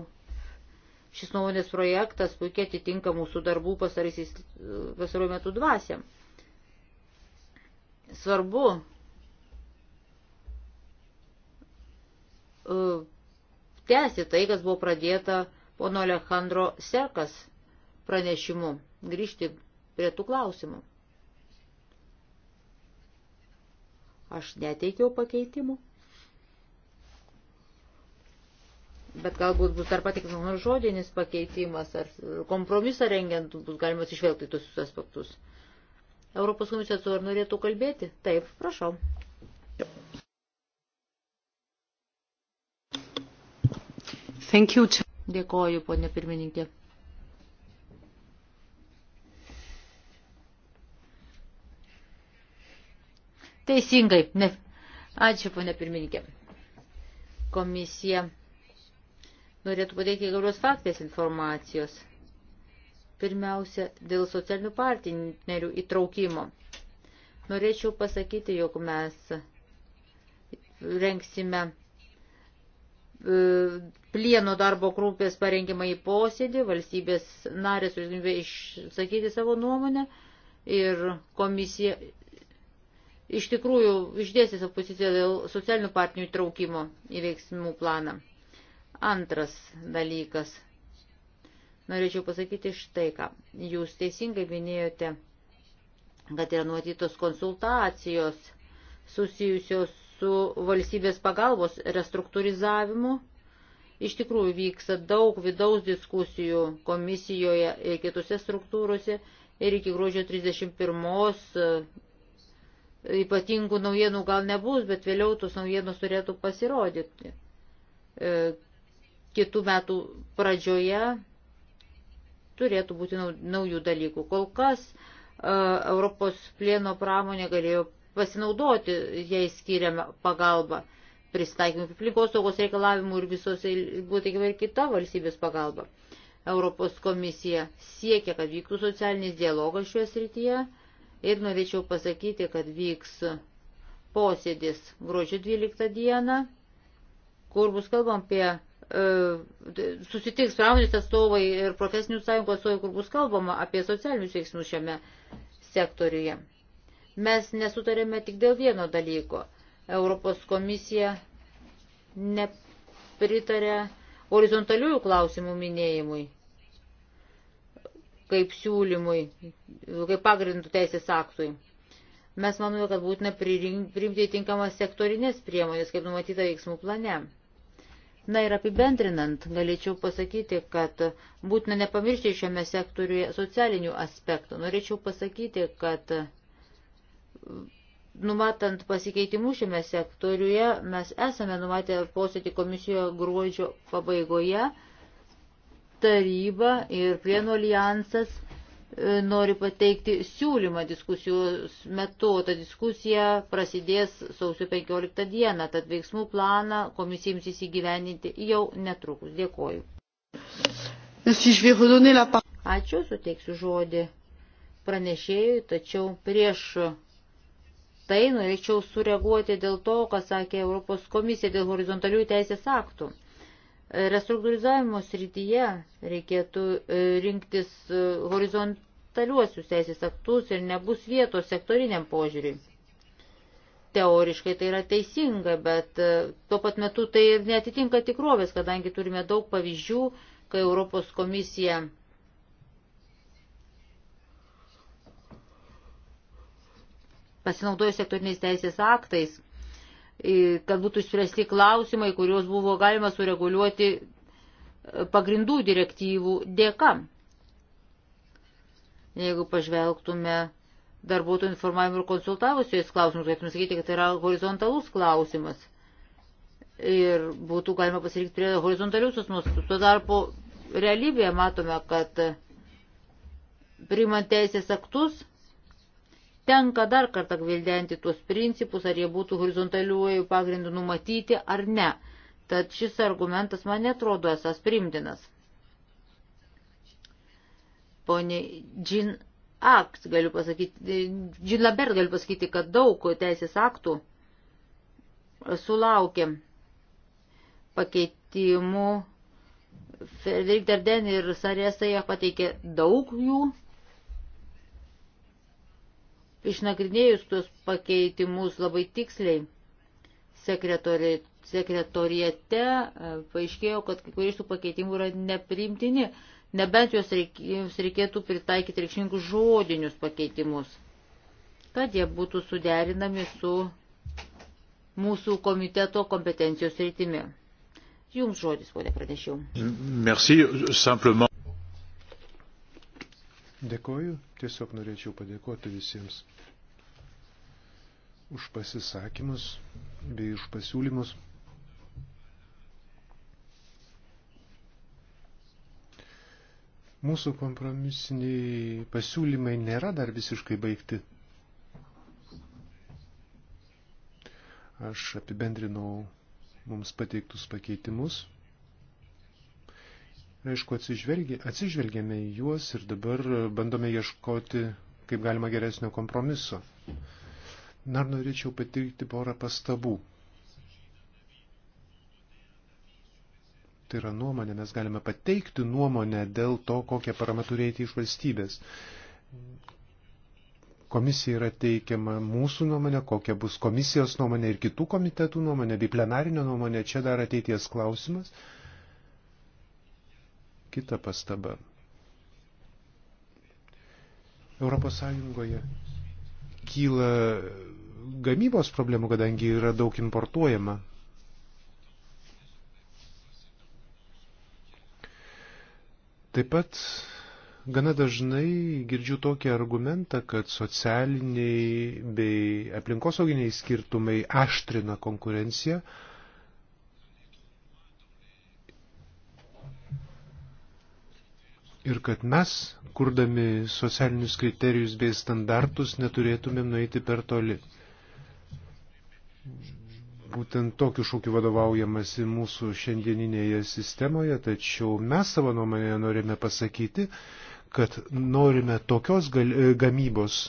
šis nuomonės projektas puikiai atitinka mūsų darbų pasaruoju e, metu dvasiam. Svarbu E, tęsti tai, kas buvo pradėta pono Alejandro Serkas pranešimu. Grįžti prie tų klausimų. Aš neteikiau pakeitimų. Bet galbūt bus dar patikrinamas žodinis pakeitimas ar kompromisą rengiant bus galima atsižvelgti tuos aspektus. Europos komisijos ar norėtų kalbėti? Taip, prašau. Dėkoju, ponė pirmininkė. Teisingai. Ne. Ačiū, ponė pirmininkė. Komisija norėtų pateikti įvairios faktės informacijos. Pirmiausia, dėl socialinių partnerių įtraukimo. Norėčiau pasakyti, jog mes rengsime E, plieno darbo grupės parengimą į posėdį, valstybės narės turi galimybę išsakyti savo nuomonę ir komisija iš tikrųjų išdėstė savo poziciją dėl socialinių partnerių įtraukimo į veiksmų planą. Antras dalykas. Norėčiau pasakyti štai ką. Jūs teisingai minėjote, kad yra nuotytos konsultacijos susijusios su valstybės pagalbos restruktūrizavimu. Iš tikrųjų vyksta daug vidaus diskusijų komisijoje ir kitose struktūrose ir iki gruodžio 31 e, ypatingų naujienų gal nebus, bet vėliau tos naujienos turėtų pasirodyti. E, kitų metų pradžioje turėtų būti naujų dalykų. Kol kas e, Europos plieno pramonė galėjo pasinaudoti jai skiriamą pagalbą, pristaikymą aplinkos saugos reikalavimų ir visos, buvo teikiama ir kita valstybės pagalba. Europos komisija siekia, kad vyktų socialinis dialogas šioje srityje ir norėčiau pasakyti, kad vyks posėdis gruodžio 12 dieną, kur bus kalbam apie e, susitiks pramonės atstovai ir profesinių sąjungų atstovai, kur bus kalbama apie socialinius veiksmus šiame sektoriuje. Mes nesutarėme tik dėl vieno dalyko. Europos komisija nepritarė horizontaliųjų klausimų minėjimui, kaip siūlymui, kaip pagrindų teisės aktui. Mes manome, kad būtina priimti tinkamas sektorinės priemonės, kaip numatyta veiksmų plane. Na ir apibendrinant, galėčiau pasakyti, kad būtina nepamiršti šiame sektoriuje socialinių aspektų. Norėčiau pasakyti, kad Numatant pasikeitimus šiame sektoriuje, mes esame numatę posėdį komisijoje gruodžio pabaigoje. Taryba ir Prienų alijansas e, nori pateikti siūlymą diskusijos metu, o ta diskusija prasidės sausio 15 dieną, tad veiksmų planą komisijams įsigyveninti jau netrukus. Dėkoju. Ačiū, suteiksiu žodį pranešėjui, tačiau prieš tai norėčiau sureaguoti dėl to, ką sakė Europos komisija dėl horizontalių teisės aktų. Restruktūrizavimo srityje reikėtų e, rinktis e, horizontaliuosius teisės aktus ir nebus vietos sektoriniam požiūriui. Teoriškai tai yra teisinga, bet e, tuo pat metu tai ir netitinka tikrovės, kadangi turime daug pavyzdžių, kai Europos komisija pasinaudojus sektoriniais teisės aktais, kad būtų išspręsti klausimai, kuriuos buvo galima sureguliuoti e, pagrindų direktyvų dėka. Jeigu pažvelgtume darbuotojų informavimo ir konsultavusiais klausimus, galėtume sakyti, kad tai yra horizontalus klausimas. Ir būtų galima pasirinkti prie horizontaliusios nuostatų. Tuo tarpu realybėje matome, kad e, priimant teisės aktus, tenka dar kartą gvildenti tuos principus, ar jie būtų horizontaliuoju pagrindu numatyti ar ne. Tad šis argumentas man netrodo esas primtinas. Pone Džin Akt, galiu pasakyti, Džin Labert galiu pasakyti, kad daug teisės aktų sulaukė pakeitimų. Frederik Darden ir Sarėsa jie pateikė daug jų išnagrinėjus tuos pakeitimus labai tiksliai sekretori, sekretorijate e, paaiškėjo, kad kai kurie iš tų pakeitimų yra neprimtini, nebent juos reikėtų pritaikyti reikšmingus žodinius pakeitimus, kad jie būtų suderinami su mūsų komiteto kompetencijos rytimi. Jums žodis, ponė, pranešiau. Merci, simplement. Dėkoju. Tiesiog norėčiau padėkoti visiems už pasisakymus bei už pasiūlymus. Mūsų kompromisiniai pasiūlymai nėra dar visiškai baigti. Aš apibendrinau mums pateiktus pakeitimus. Aišku, nu, atsižvelgėme į juos ir dabar bandome ieškoti kaip galima geresnio kompromiso. Dar norėčiau patirti porą pastabų. Tai yra nuomonė, mes galime pateikti nuomonę dėl to, kokią paramą turėti iš valstybės. Komisija yra teikiama mūsų nuomonė, kokia bus komisijos nuomonė ir kitų komitetų nuomonė, bei plenarinio nuomonė, čia dar ateities klausimas. Kita pastaba. Europos Sąjungoje kyla gamybos problemų, kadangi yra daug importuojama. Taip pat gana dažnai girdžiu tokį argumentą, kad socialiniai bei aplinkosauginiai skirtumai aštrina konkurenciją, ir kad mes, kurdami socialinius kriterijus bei standartus, neturėtumėm nueiti per toli. Būtent tokiu šūkiu vadovaujamasi mūsų šiandieninėje sistemoje, tačiau mes savo nuomonėje norime pasakyti, kad norime tokios gal, e, gamybos,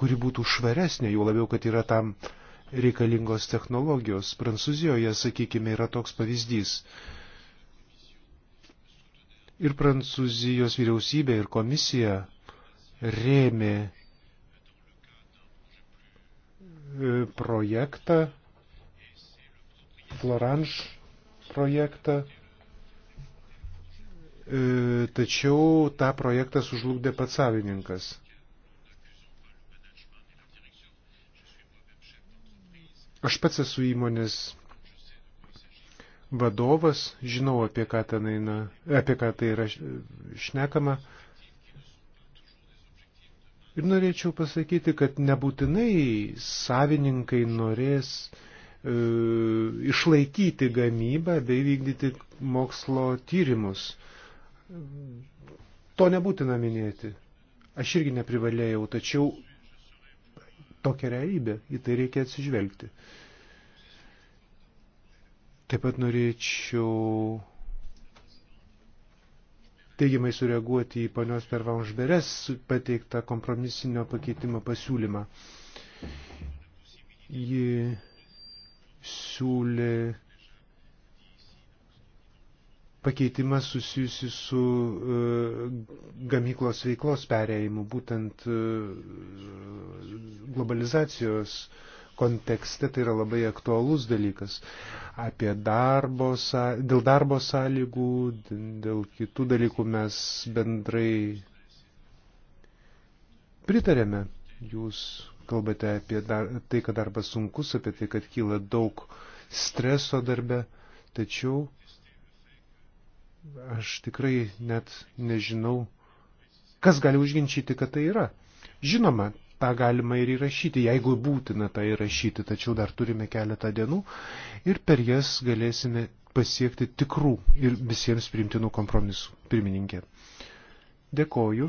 kuri būtų švaresnė, jau labiau, kad yra tam reikalingos technologijos. Prancūzijoje, sakykime, yra toks pavyzdys ir Prancūzijos vyriausybė ir komisija rėmė e, projektą, Florange projektą, e, tačiau tą projektą sužlugdė pats savininkas. Aš pats esu įmonės vadovas, žinau apie ką, ten eina, apie ką tai yra šnekama. Ir norėčiau pasakyti, kad nebūtinai savininkai norės e, išlaikyti gamybą bei vykdyti mokslo tyrimus. To nebūtina minėti. Aš irgi neprivalėjau, tačiau tokia realybė, į tai reikia atsižvelgti. E, Taip pat norėčiau teigiamai sureaguoti į panios Pervanžberes pateiktą kompromisinio pakeitimo pasiūlymą. Ji siūlė pakeitimą susijusi su uh, gamyklos veiklos perėjimu, būtent uh, globalizacijos uh, kontekste tai yra labai aktualus dalykas. Apie darbo, dėl darbo sąlygų, dėl kitų dalykų mes bendrai pritarėme. Jūs kalbate apie dar, tai, kad darbas sunkus, apie tai, kad kyla daug streso darbe, tačiau aš tikrai net nežinau, kas gali užginčyti, kad tai yra. Žinoma, tą galima ir įrašyti, jeigu būtina tą įrašyti, tačiau dar turime keletą dienų ir per jas galėsime pasiekti tikrų ir visiems priimtinų kompromisų. Pirmininkė. Dėkoju.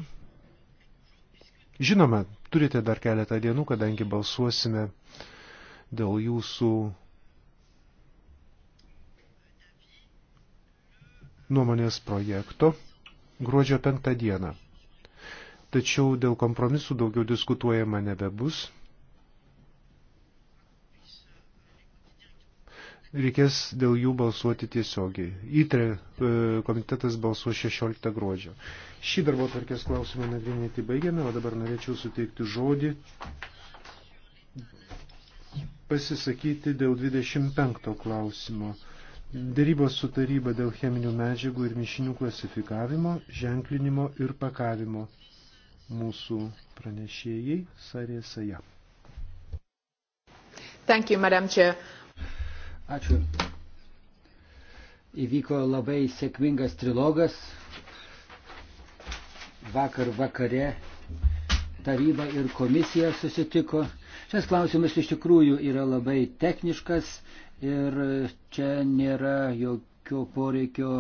Žinoma, turite dar keletą dienų, kadangi balsuosime dėl jūsų nuomonės projekto gruodžio penktą dieną tačiau dėl kompromisų daugiau diskutuojama nebebus. reikės dėl jų balsuoti tiesiogiai. Įtre e, komitetas balsuo 16 gruodžio. Šį darbo tvarkės klausimą nagrinėti baigiame, o dabar norėčiau suteikti žodį pasisakyti dėl 25 klausimo. Dėrybos su taryba dėl cheminių medžiagų ir mišinių klasifikavimo, ženklinimo ir pakavimo mūsų pranešėjai Sarė Saja. Thank you, Madam Chair. Ačiū. Įvyko labai sėkmingas trilogas. Vakar vakare taryba ir komisija susitiko. Šis klausimas iš tikrųjų yra labai techniškas ir čia nėra jokio poreikio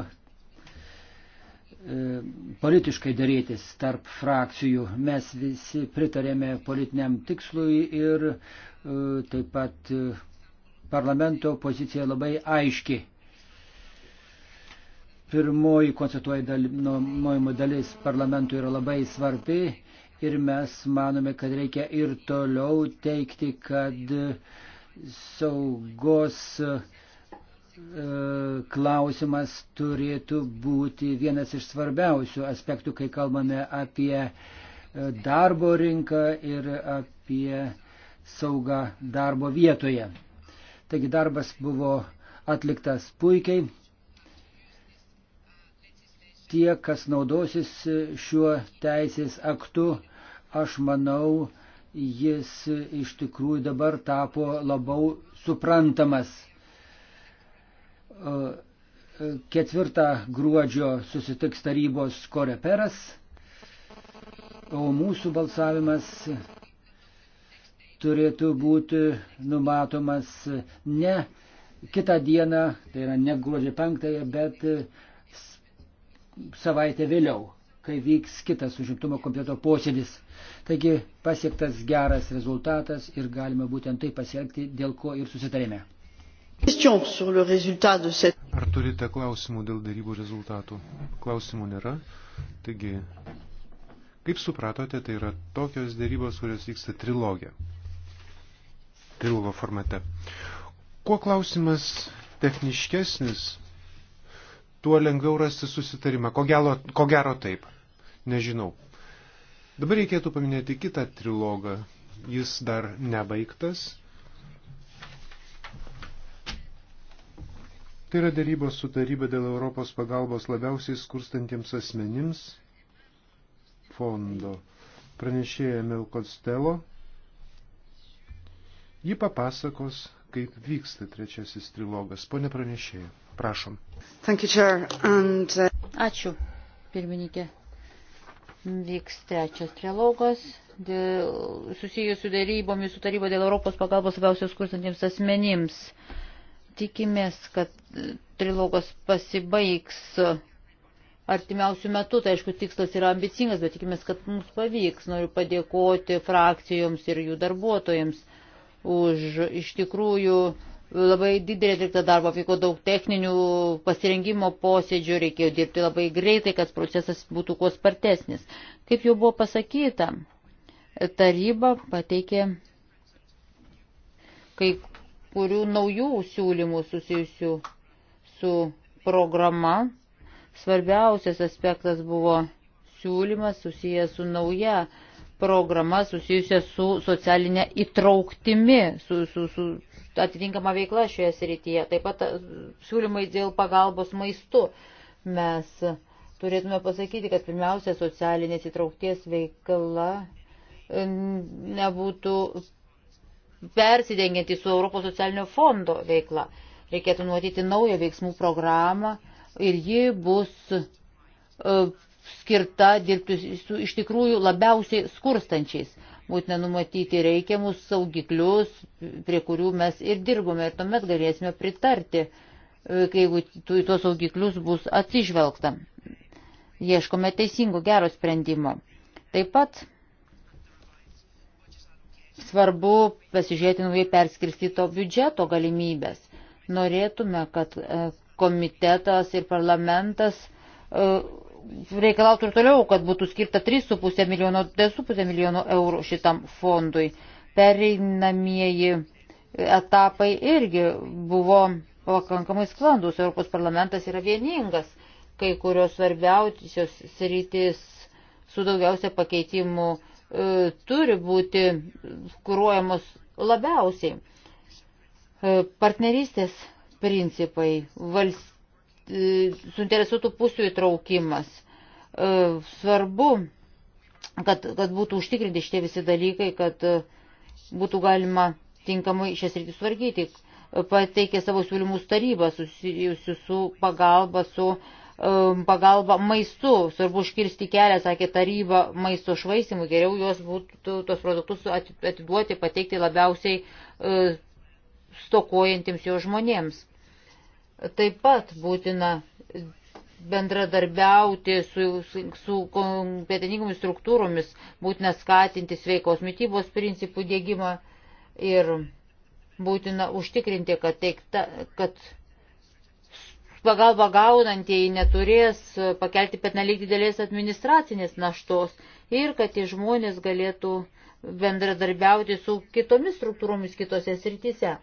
E, politiškai darytis tarp frakcijų. Mes visi pritarėme politiniam tikslui ir e, taip pat e, parlamento pozicija labai aiški. Pirmoji konstatuojimo dalis parlamentų yra labai svarbi ir mes manome, kad reikia ir toliau teikti, kad saugos uh, E, klausimas turėtų būti vienas iš svarbiausių aspektų, kai kalbame apie e, darbo rinką ir apie saugą darbo vietoje. Taigi darbas buvo atliktas puikiai. Tie, kas naudosis šiuo teisės aktu, aš manau, jis iš tikrųjų dabar tapo labiau suprantamas Ketvirtą gruodžio susitiks tarybos koreperas, o mūsų balsavimas turėtų būti numatomas ne kitą dieną, tai yra ne gruodžio penktąją, bet savaitę vėliau, kai vyks kitas užimtumo komiteto posėdis. Taigi pasiektas geras rezultatas ir galime būtent tai pasiekti, dėl ko ir susitarėme. Ar turite klausimų dėl darybų rezultatų? Klausimų nėra. Taigi, kaip supratote, tai yra tokios darybos, kurios vyksta trilogė. Trilogo formate. Kuo klausimas techniškesnis, tuo lengviau rasti susitarimą. Ko gero, ko gero taip. Nežinau. Dabar reikėtų paminėti kitą trilogą. Jis dar nebaigtas, Tai yra darybos su taryba dėl Europos pagalbos labiausiai skurstantiems asmenims fondo. Pranešėja Melkostelo. Ji papasakos, kaip vyksta trečiasis trilogas. Pone pranešėja, prašom. Thank you, Chair, and, uh... Ačiū, pirmininkė. Vyks trečias trilogas dėl, susijęs su dėrybomis su taryba dėl Europos pagalbos labiausiai skurstantiems asmenims. Uh, Tikimės, kad trilogas pasibaigs artimiausių metų. Tai aišku, tikslas yra ambicingas, bet tikimės, kad mums pavyks. Noriu padėkoti frakcijoms ir jų darbuotojams už iš tikrųjų labai didelį atliktą darbą, vyko daug techninių pasirengimo posėdžių, reikėjo dirbti labai greitai, kad procesas būtų kuo spartesnis. Kaip jau buvo pasakyta, taryba pateikė kai kurių naujų siūlymų susijusių su programa. Svarbiausias aspektas buvo siūlymas susijęs su nauja programa susijusia su socialinė įtrauktimi, su, su, su atitinkama veikla šioje srityje. Taip pat e, siūlymai dėl pagalbos maistu. Mes turėtume pasakyti, kad pirmiausia socialinės įtraukties veikla nebūtų persidengiantį su Europos socialinio fondo veikla. Reikėtų nuotyti naują veiksmų programą ir ji bus e, skirta dirbti su iš tikrųjų labiausiai skurstančiais. Būtina numatyti reikiamus saugiklius, prie kurių mes ir dirbome ir tuomet galėsime pritarti, e, jeigu į tuos saugiklius bus atsižvelgta. Ieškome teisingo, gero sprendimo. Taip pat Svarbu pasižiūrėti naujai perskirstyto biudžeto galimybės. Norėtume, kad e, komitetas ir parlamentas e, reikalautų ir toliau, kad būtų skirta 3,5 milijono, 2,5 milijono eurų šitam fondui. Pereinamieji e, etapai irgi buvo pakankamai sklandus. Europos parlamentas yra vieningas, kai kurios svarbiausios sritis su daugiausia pakeitimų E, turi būti kūruojamos labiausiai. E, partnerystės principai, valst... E, suinteresuotų pusių įtraukimas. Svarbu, kad, kad būtų užtikrinti šitie visi dalykai, kad būtų galima tinkamai šias rytis vargyti. Pateikė savo siūlymus tarybą susijusiu su pagalba, su uh, Um, pagalba maistu. Svarbu užkirsti kelią, sakė taryba, maisto švaisimui. Geriau juos būtų tos produktus atiduoti, pateikti labiausiai uh, stokojantiems jo žmonėms. Taip pat būtina bendradarbiauti su, su kompetentingomis struktūromis, būtina skatinti sveikos mytybos principų dėgymą ir būtina užtikrinti, kad, teikta, kad pagalbą gaunantieji neturės e, pakelti pernelyg didelės administracinės naštos ir kad tie žmonės galėtų bendradarbiauti su kitomis struktūromis kitose srityse.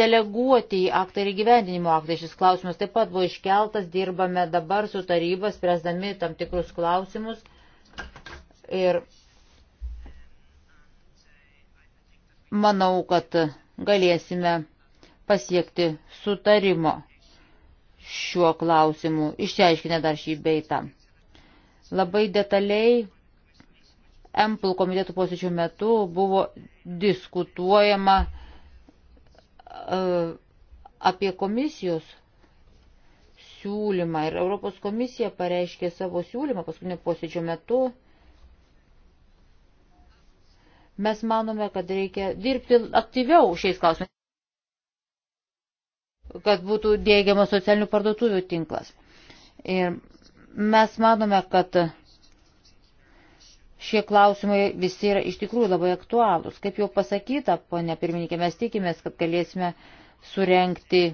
Deleguoti į aktą ir gyvendinimo aktą šis klausimas taip pat buvo iškeltas, dirbame dabar su taryba, spręsdami tam tikrus klausimus. Ir manau, kad galėsime pasiekti sutarimo šiuo klausimu, išsiaiškinę dar šį beitą. Labai detaliai MPL komitetų posėdžių metu buvo diskutuojama uh, apie komisijos siūlymą ir Europos komisija pareiškė savo siūlymą paskutinio posėdžio metu. Mes manome, kad reikia dirbti aktyviau šiais klausimais kad būtų dėgiamas socialinių parduotuvių tinklas. Ir mes manome, kad šie klausimai visi yra iš tikrųjų labai aktualūs. Kaip jau pasakyta, ponia pirmininkė, mes tikimės, kad galėsime surenkti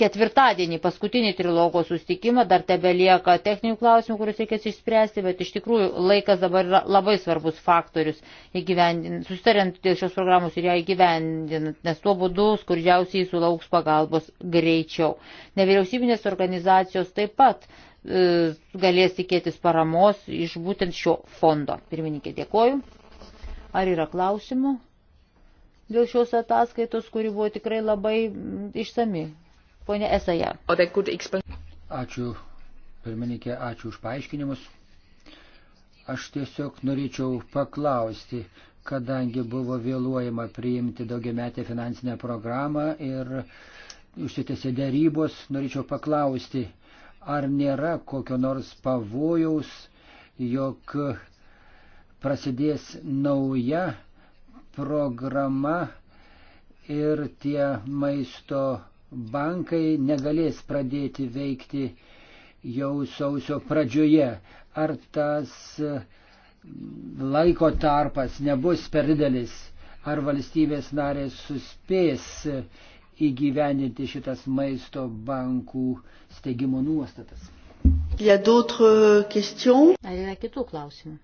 ketvirtadienį paskutinį trilogo sustikimą, dar tebe lieka techninių klausimų, kuriuos reikės išspręsti, bet iš tikrųjų laikas dabar yra labai svarbus faktorius susitariant dėl šios programos ir ją įgyvendinant, nes tuo būdu skurdžiausiai sulauks pagalbos greičiau. Nevyriausybinės organizacijos taip pat e, galės tikėtis paramos iš būtent šio fondo. Pirmininkė, dėkoju. Ar yra klausimų dėl šios ataskaitos, kuri buvo tikrai labai išsami? Pone Esaja. Ačiū, pirmininkė, ačiū už paaiškinimus. Aš tiesiog norėčiau paklausti, kadangi buvo vėluojama priimti daugiametę finansinę programą ir užsitėsi dėrybos, norėčiau paklausti, ar nėra kokio nors pavojaus, jog prasidės nauja programa ir tie maisto bankai negalės pradėti veikti jau sausio pradžioje. Ar tas e, laiko tarpas nebus per didelis, ar valstybės narės suspės įgyveninti šitas maisto bankų steigimo nuostatas. Ar yra kitų klausimų?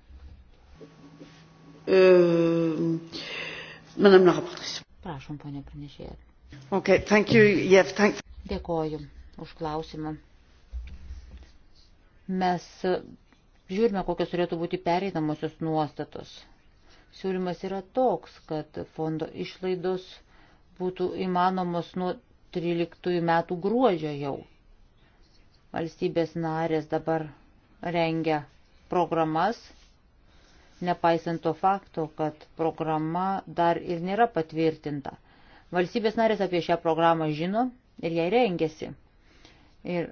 Uh, Prašom, ponė pranešėja. Okay, thank you. Yes, thank... Dėkoju už klausimą. Mes žiūrime, kokios turėtų būti pereinamosios nuostatos. Siūlymas yra toks, kad fondo išlaidos būtų įmanomos nuo 13 metų gruodžio jau. Valstybės narės dabar rengia programas, nepaisant to fakto, kad programa dar ir nėra patvirtinta. Valstybės narės apie šią programą žino ir jai rengiasi. Ir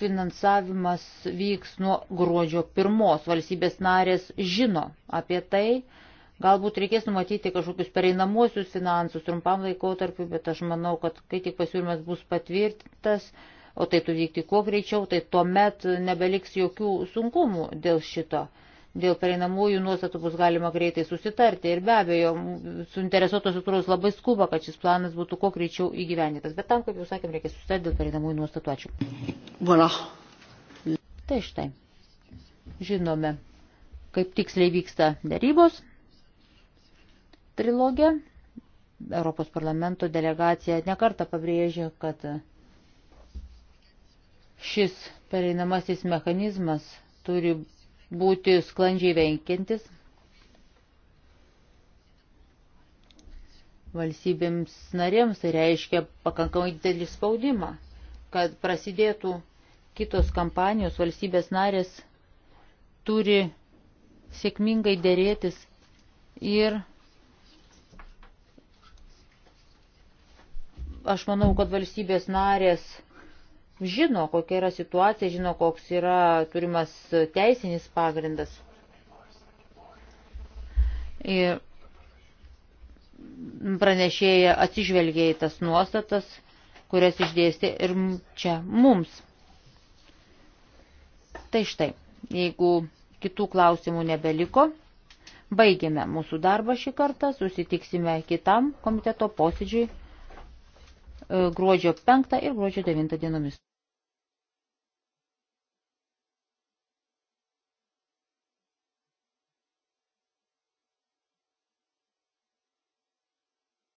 finansavimas vyks nuo gruodžio pirmos. Valstybės narės žino apie tai. Galbūt reikės numatyti kažkokius pereinamuosius finansus trumpam laikotarpiu, bet aš manau, kad kai tik pasiūlymas bus patvirtintas, o tai turi vykti kuo greičiau, tai tuomet nebeliks jokių sunkumų dėl šito. Dėl pereinamųjų nuostatų bus galima greitai susitarti ir be abejo, suinteresuotos struktūros labai skuba, kad šis planas būtų kuo greičiau įgyvendintas. Bet tam, kaip jau sakėm, reikia susitarti dėl pereinamųjų nuostatų. Ačiū. Voilà. Tai štai. Žinome, kaip tiksliai vyksta darybos trilogė. Europos parlamento delegacija nekarta pabrėžė, kad šis pereinamasis mechanizmas turi būti sklandžiai veikiantis. Valstybėms narėms tai reiškia pakankamai didelį spaudimą, kad prasidėtų kitos kampanijos valstybės narės turi sėkmingai dėrėtis ir aš manau, kad valstybės narės žino, kokia yra situacija, žino, koks yra turimas teisinis pagrindas. Ir pranešėja atsižvelgia į tas nuostatas, kurias išdėstė ir čia mums. Tai štai, jeigu kitų klausimų nebeliko, baigėme mūsų darbą šį kartą, susitiksime kitam komiteto posėdžiui e, gruodžio 5 ir gruodžio 9 dienomis.